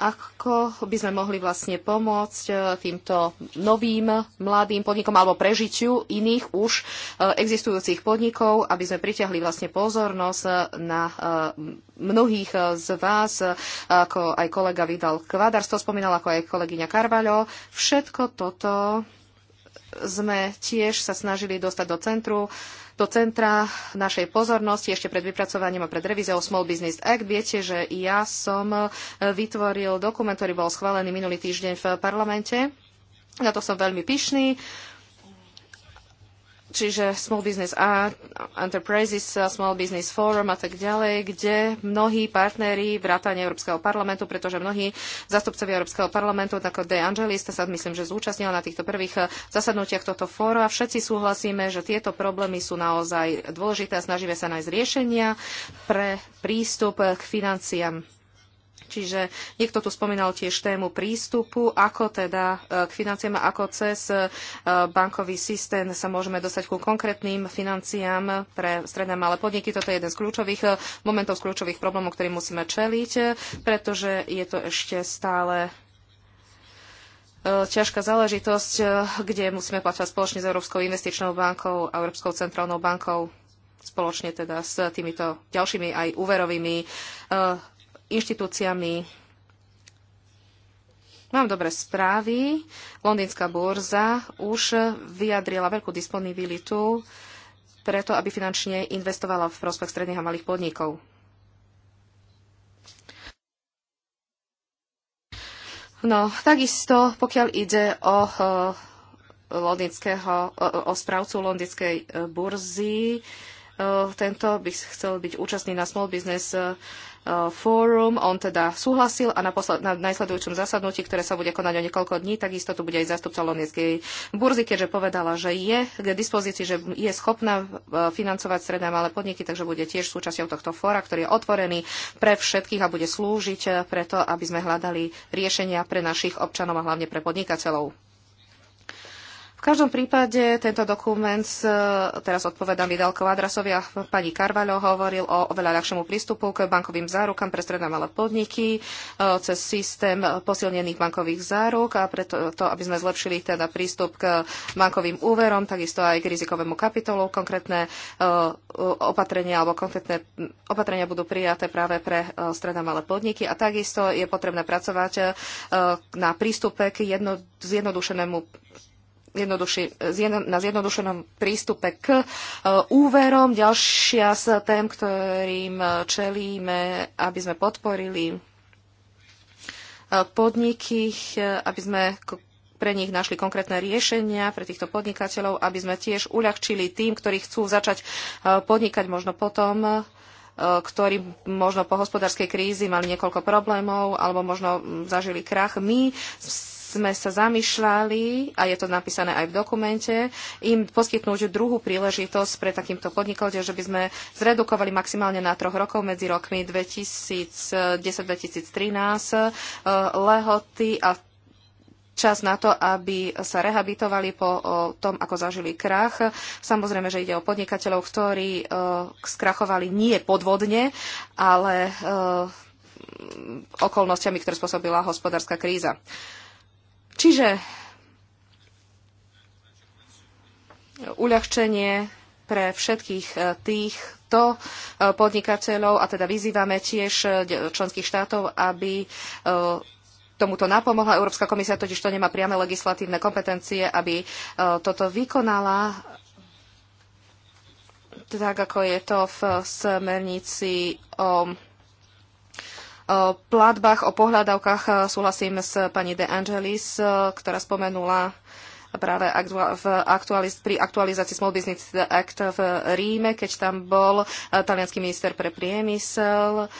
ako by sme mohli vlastne pomôcť e, týmto novým mladým podnikom alebo prežitiu iných už e, existujúcich podnikov, aby sme pritiahli vlastne pozornosť na e, mnohých z vás, ako aj kolega Vidal Kvadar, to spomínal, ako aj kolegyňa Karvaľo. Všetko toto sme tiež sa snažili dostať do centru do centra našej pozornosti ešte pred vypracovaním a pred revíziou Small Business Act. Viete, že ja som e, vytvoril dokument, ktorý bol schválený minulý týždeň v parlamente. Na to som veľmi pyšný čiže Small Business Enterprises, Small Business Forum a tak ďalej, kde mnohí partneri vrátane Európskeho parlamentu, pretože mnohí zastupcovia Európskeho parlamentu, ako De Angelis, sa myslím, že zúčastnila na týchto prvých eh, zasadnutiach tohto fóra. Všetci súhlasíme, že tieto problémy sú naozaj dôležité a snažíme sa nájsť riešenia pre prístup k financiám Čiže niekto tu spomínal tiež tému prístupu, ako teda e, k financiám ako cez e, bankový systém sa môžeme dostať ku konkrétnym financiám pre stredné malé podniky. Toto je jeden z kľúčových e, momentov, z kľúčových problémov, ktorým musíme čeliť, pretože je to ešte stále ťažká záležitosť, kde musíme platiť spoločne s Európskou investičnou bankou a Európskou centrálnou bankou spoločne teda s týmito ďalšími aj úverovými inštitúciami. Mám dobré správy. Londýnska burza už vyjadrila veľkú disponibilitu preto, aby finančne investovala v prospech stredných a malých podnikov. No, takisto, pokiaľ ide o londýnskeho, o správcu londýnskej e, burzy. Eh, tento by chcel byť účastný na Small Business eh, eh, Forum. On teda súhlasil a na, posled, na najsledujúcom zasadnutí, ktoré sa bude konať o niekoľko dní, takisto tu bude aj zástupca Londýnskej burzy, keďže povedala, že je k dispozícii, že je schopná financovať stredné a malé podniky, takže bude tiež súčasťou tohto fóra, ktorý je otvorený pre všetkých a bude slúžiť preto, aby sme hľadali riešenia pre našich občanov a hlavne pre podnikateľov. V každom prípade tento dokument, teraz odpovedám vydalkov adrosovia, pani Karvaľo hovoril o oveľa ľahšiemu prístupu k bankovým zárukám pre stredné malé podniky e, cez systém posilnených bankových záruk a preto to, aby sme zlepšili teda prístup k bankovým úverom, takisto aj k rizikovému kapitolu. Konkrétne e, opatrenia alebo konkrétne opatrenia budú prijaté práve pre e, stredné malé podniky a takisto je potrebné pracovať na prístupe k jedno, zjednodušenému na zjednodušenom prístupe k e, úverom. Ďalšia z tém, ktorým e, čelíme, aby sme podporili e, podniky, aby sme pre nich našli konkrétne riešenia, pre týchto podnikateľov, aby sme tiež uľahčili tým, ktorí chcú začať podnikať možno potom, ktorí možno po hospodárskej krízi mali niekoľko problémov alebo možno zažili krach. My sme sa zamýšľali, a je to napísané aj v dokumente, im poskytnúť druhú príležitosť pre takýmto podnikom, že by sme zredukovali maximálne na troch rokov medzi rokmi 2010-2013 eh, lehoty a čas na to, aby sa rehabilitovali po tom, ako zažili krach. Samozrejme, že ide o podnikateľov, ktorí eh, skrachovali nie podvodne, ale eh, okolnostiami, ktoré spôsobila hospodárska kríza. Čiže uľahčenie pre všetkých e, tých, to e, podnikateľov a teda vyzývame tiež e, členských štátov, aby tomuto napomohla. Európska komisia totiž to nemá priame legislatívne kompetencie, aby toto vykonala tak, ako je to v smernici o O platbách, o pohľadavkách e, súhlasím s pani De Angelis, e, ktorá spomenula práve v aktualiz- pri aktualizácii Small Business Act v Ríme, keď tam bol e, talianský minister pre priemysel,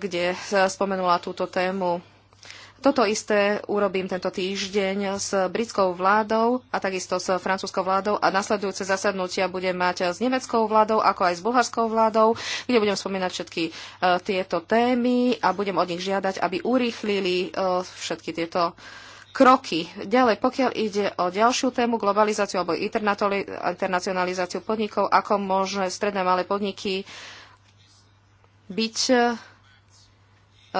kde spomenula túto tému toto isté urobím tento týždeň s britskou vládou a takisto s francúzskou vládou a nasledujúce zasadnutia budem mať s nemeckou vládou, ako aj s bulharskou vládou, kde budem spomínať všetky e, tieto témy a budem od nich žiadať, aby urýchlili e, všetky tieto kroky. Ďalej, pokiaľ ide o ďalšiu tému, globalizáciu alebo internacionalizáciu podnikov, ako môže stredné malé podniky byť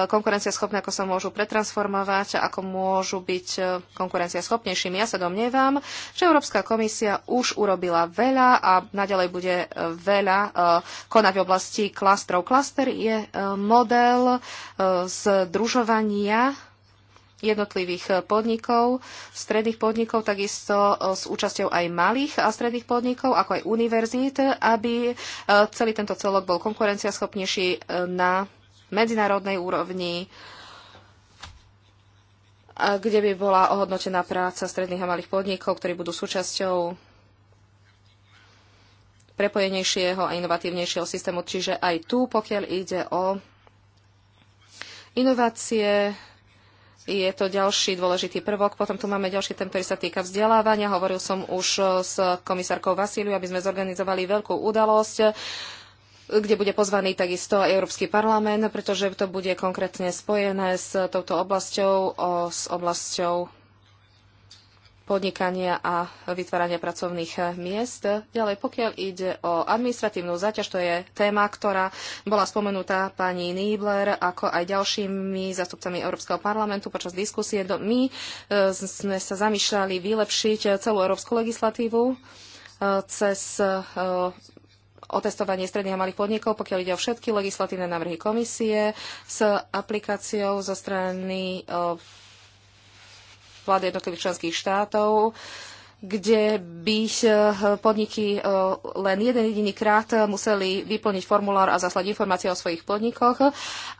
konkurencieschopné, ako sa môžu pretransformovať, ako môžu byť e, konkurencieschopnejšími. Ja sa domnievam, že Európska komisia už urobila veľa a naďalej bude e, veľa e, konať v oblasti klastrov. Klaster je model združovania jednotlivých podnikov, stredných podnikov, takisto s účasťou aj malých a stredných podnikov, ako aj univerzít, aby celý tento celok bol konkurenciaschopnejší na medzinárodnej úrovni, kde by bola ohodnotená práca stredných a malých podnikov, ktorí budú súčasťou prepojenejšieho a inovatívnejšieho systému. Čiže aj tu, pokiaľ ide o inovácie, je to ďalší dôležitý prvok. Potom tu máme ďalší ten, ktorý sa týka vzdelávania. Hovoril som už s komisárkou Vasíliu, aby sme zorganizovali veľkú udalosť kde bude pozvaný takisto Európsky parlament, pretože to bude konkrétne spojené s touto oblasťou, s oblasťou podnikania a vytvárania pracovných miest. Ďalej, pokiaľ ide o administratívnu záťaž, to je téma, ktorá bola spomenutá pani Niebler, ako aj ďalšími zastupcami Európskeho parlamentu počas diskusie. My e, sme sa zamýšľali vylepšiť celú európsku legislatívu e, cez e, otestovanie stredných a malých podnikov, pokiaľ ide o všetky legislatívne návrhy komisie s aplikáciou zo strany vlády jednotlivých členských štátov kde by e, podniky e, len jeden jediný krát museli vyplniť formulár a zaslať informácie o svojich podnikoch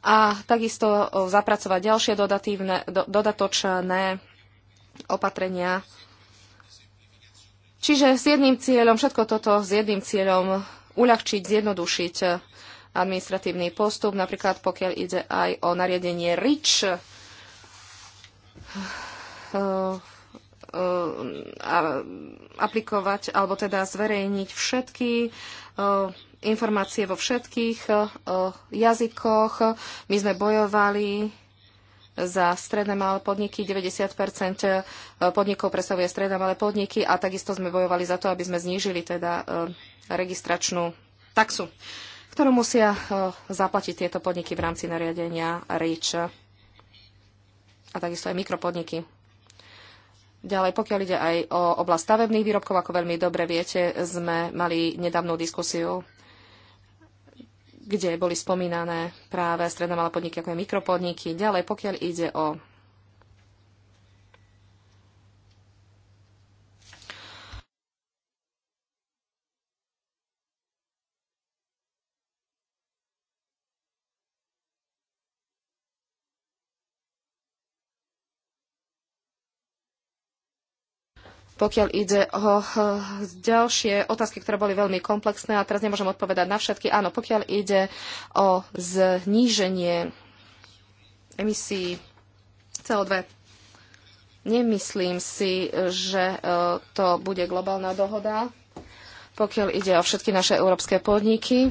a takisto e, zapracovať ďalšie dodatívne, do, dodatočné opatrenia. Čiže s jedným cieľom, všetko toto s jedným cieľom uľahčiť, zjednodušiť administratívny postup, napríklad pokiaľ ide aj o nariadenie RIČ eh, eh, aplikovať alebo teda zverejniť všetky eh, informácie vo všetkých jazykoch. My sme bojovali za stredné malé podniky, 90 e, podnikov predstavuje stredné malé podniky a takisto sme bojovali za to, aby sme znížili teda e, registračnú taxu, ktorú musia e, zaplatiť tieto podniky v rámci nariadenia REACH a takisto aj mikropodniky. Ďalej, pokiaľ ide aj o oblasť stavebných výrobkov, ako veľmi dobre viete, sme mali nedávnu diskusiu kde boli spomínané práve stredné malé podniky ako aj mikropodniky. Ďalej, pokiaľ ide o pokiaľ ide o eh, ďalšie otázky, ktoré boli veľmi komplexné a teraz nemôžem odpovedať na všetky. Áno, pokiaľ ide o zníženie emisí CO2, nemyslím si, že eh, to bude globálna dohoda pokiaľ ide o všetky naše európske podniky.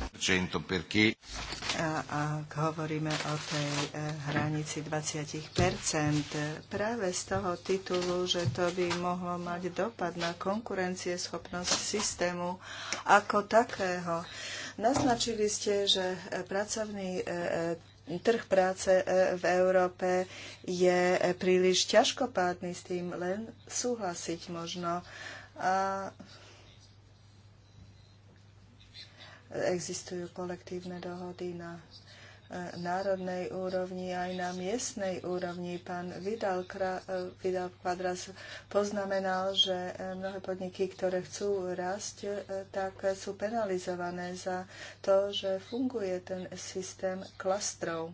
A hovoríme o tej e, hranici 20 práve z toho titulu, že to by mohlo mať dopad na konkurencieschopnosť systému ako takého. Naznačili ste, že e, pracovný e, trh práce v Európe je príliš ťažkopádny s tým, len súhlasiť možno. A Existujú kolektívne dohody na e, národnej úrovni aj na miestnej úrovni. Pán Vidal, e, Vidal Quadras poznamenal, že e, mnohé podniky, ktoré chcú rásť, tak sú penalizované za to, že funguje ten systém klastrov.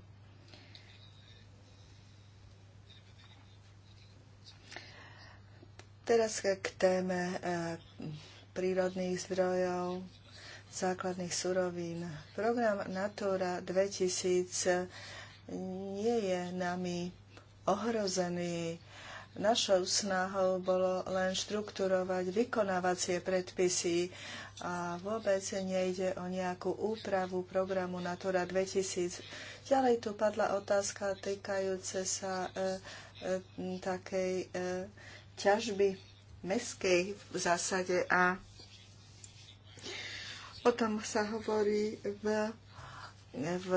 Teraz k téme prírodných zdrojov základných surovín. Program Natura 2000 nie je nami ohrozený. Našou snahou bolo len štrukturovať vykonávacie predpisy a vôbec nejde o nejakú úpravu programu Natura 2000. Ďalej tu padla otázka týkajúce sa e, e, takej e, ťažby meskej v zásade a O tom sa hovorí v v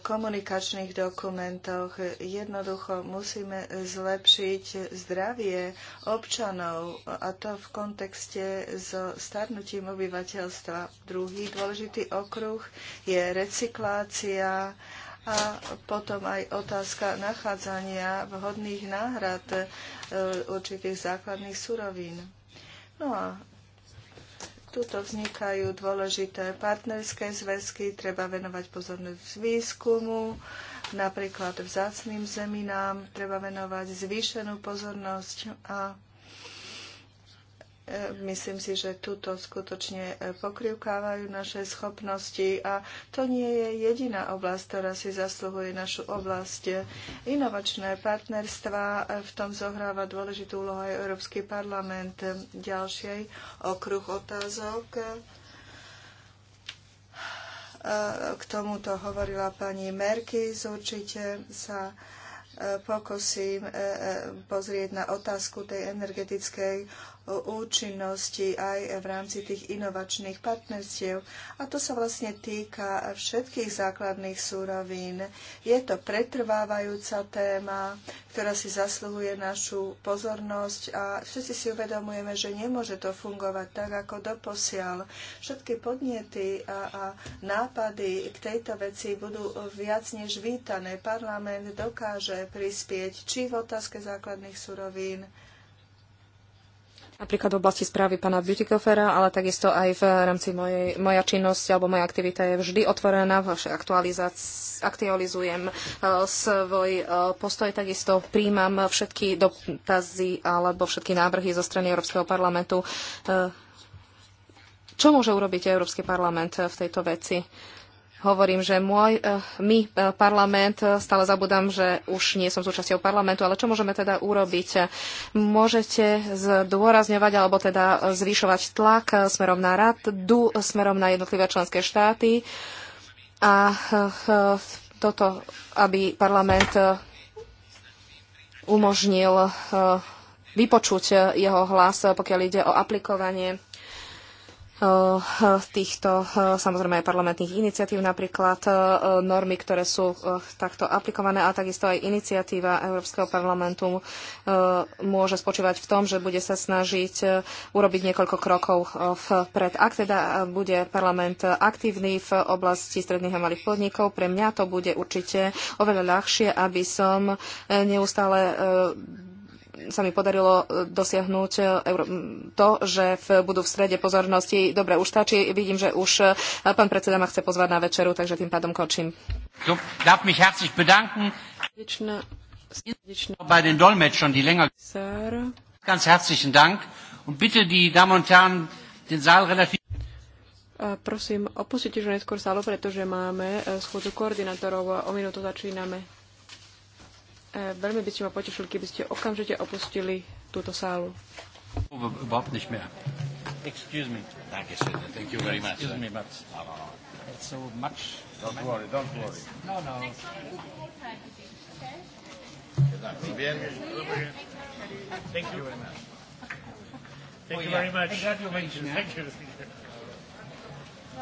komunikačných dokumentoch. Jednoducho musíme zlepšiť zdravie občanov a to v kontexte so starnutím obyvateľstva. Druhý dôležitý okruh je recyklácia a potom aj otázka nachádzania vhodných náhrad e, určitých základných surovín. No a Tuto vznikajú dôležité partnerské zväzky, treba venovať pozornosť výskumu, napríklad vzácným zeminám, treba venovať zvýšenú pozornosť a Myslím si, že tuto skutočne e, pokrivkávajú naše schopnosti a to nie je jediná oblasť, ktorá si zasluhuje našu oblasť. Inovačné partnerstva e, v tom zohráva dôležitú úlohu aj Európsky parlament. Ďalší okruh otázok. E, k tomuto hovorila pani Merky, Určite sa pokosím pozrieť na otázku tej energetickej účinnosti aj v rámci tých inovačných partnerstiev. A to sa vlastne týka všetkých základných súrovín. Je to pretrvávajúca téma, ktorá si zasluhuje našu pozornosť a všetci si uvedomujeme, že nemôže to fungovať tak, ako doposiaľ. Všetky podnety a, a nápady k tejto veci budú viac než vítané. Parlament dokáže prispieť či v otázke základných surovín, napríklad v oblasti správy pána Beautycofera, ale takisto aj v rámci mojej, moja činnosť alebo moja aktivita je vždy otvorená, vaše aktualizujem e, svoj e, postoj, takisto príjmam všetky dotazy alebo všetky návrhy zo strany Európskeho parlamentu. E, čo môže urobiť Európsky parlament v tejto veci? hovorím, že môj, eh, my, eh, parlament, eh, stále zabudám, že už nie som súčasťou parlamentu, ale čo môžeme teda urobiť? Môžete zdôrazňovať alebo teda zvyšovať tlak smerom na radu, smerom na jednotlivé členské štáty a toto, aby parlament umožnil vypočuť jeho hlas, pokiaľ ide o aplikovanie Eh, týchto eh, samozrejme aj parlamentných iniciatív, napríklad eh, normy, ktoré sú takto aplikované a takisto aj iniciatíva Európskeho parlamentu môže spočívať v tom, že bude sa snažiť urobiť niekoľko krokov vpred. Ak teda bude parlament aktívny v oblasti stredných a malých podnikov, pre mňa to bude určite oveľa ľahšie, aby som neustále sa mi podarilo e, dosiahnuť e, to, že v, budú v strede pozornosti. Dobre, už stačí. Vidím, že už e, pán predseda ma chce pozvať na večeru, takže tým pádom končím. So, darf mich herzlich bedanken. Bei den Dolmetschern, die länger... Sir. Ganz herzlichen Dank. Und bitte die Damen und Herren, den Saal relativ... prosím, opustite už neskôr sálo, pretože máme schôdzu koordinátorov. O minútu začíname. Eh, veľmi by ste ma potešili, keby ste okamžite opustili túto sálu. Excuse me. Danke schön. Thank you very much. Excuse me, but it's so much. Don't worry, don't worry. No, no. Thank you very much. Thank oh, you very much. Thank you.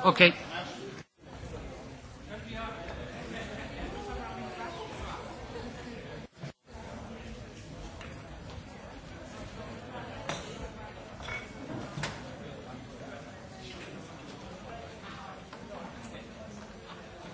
Okay.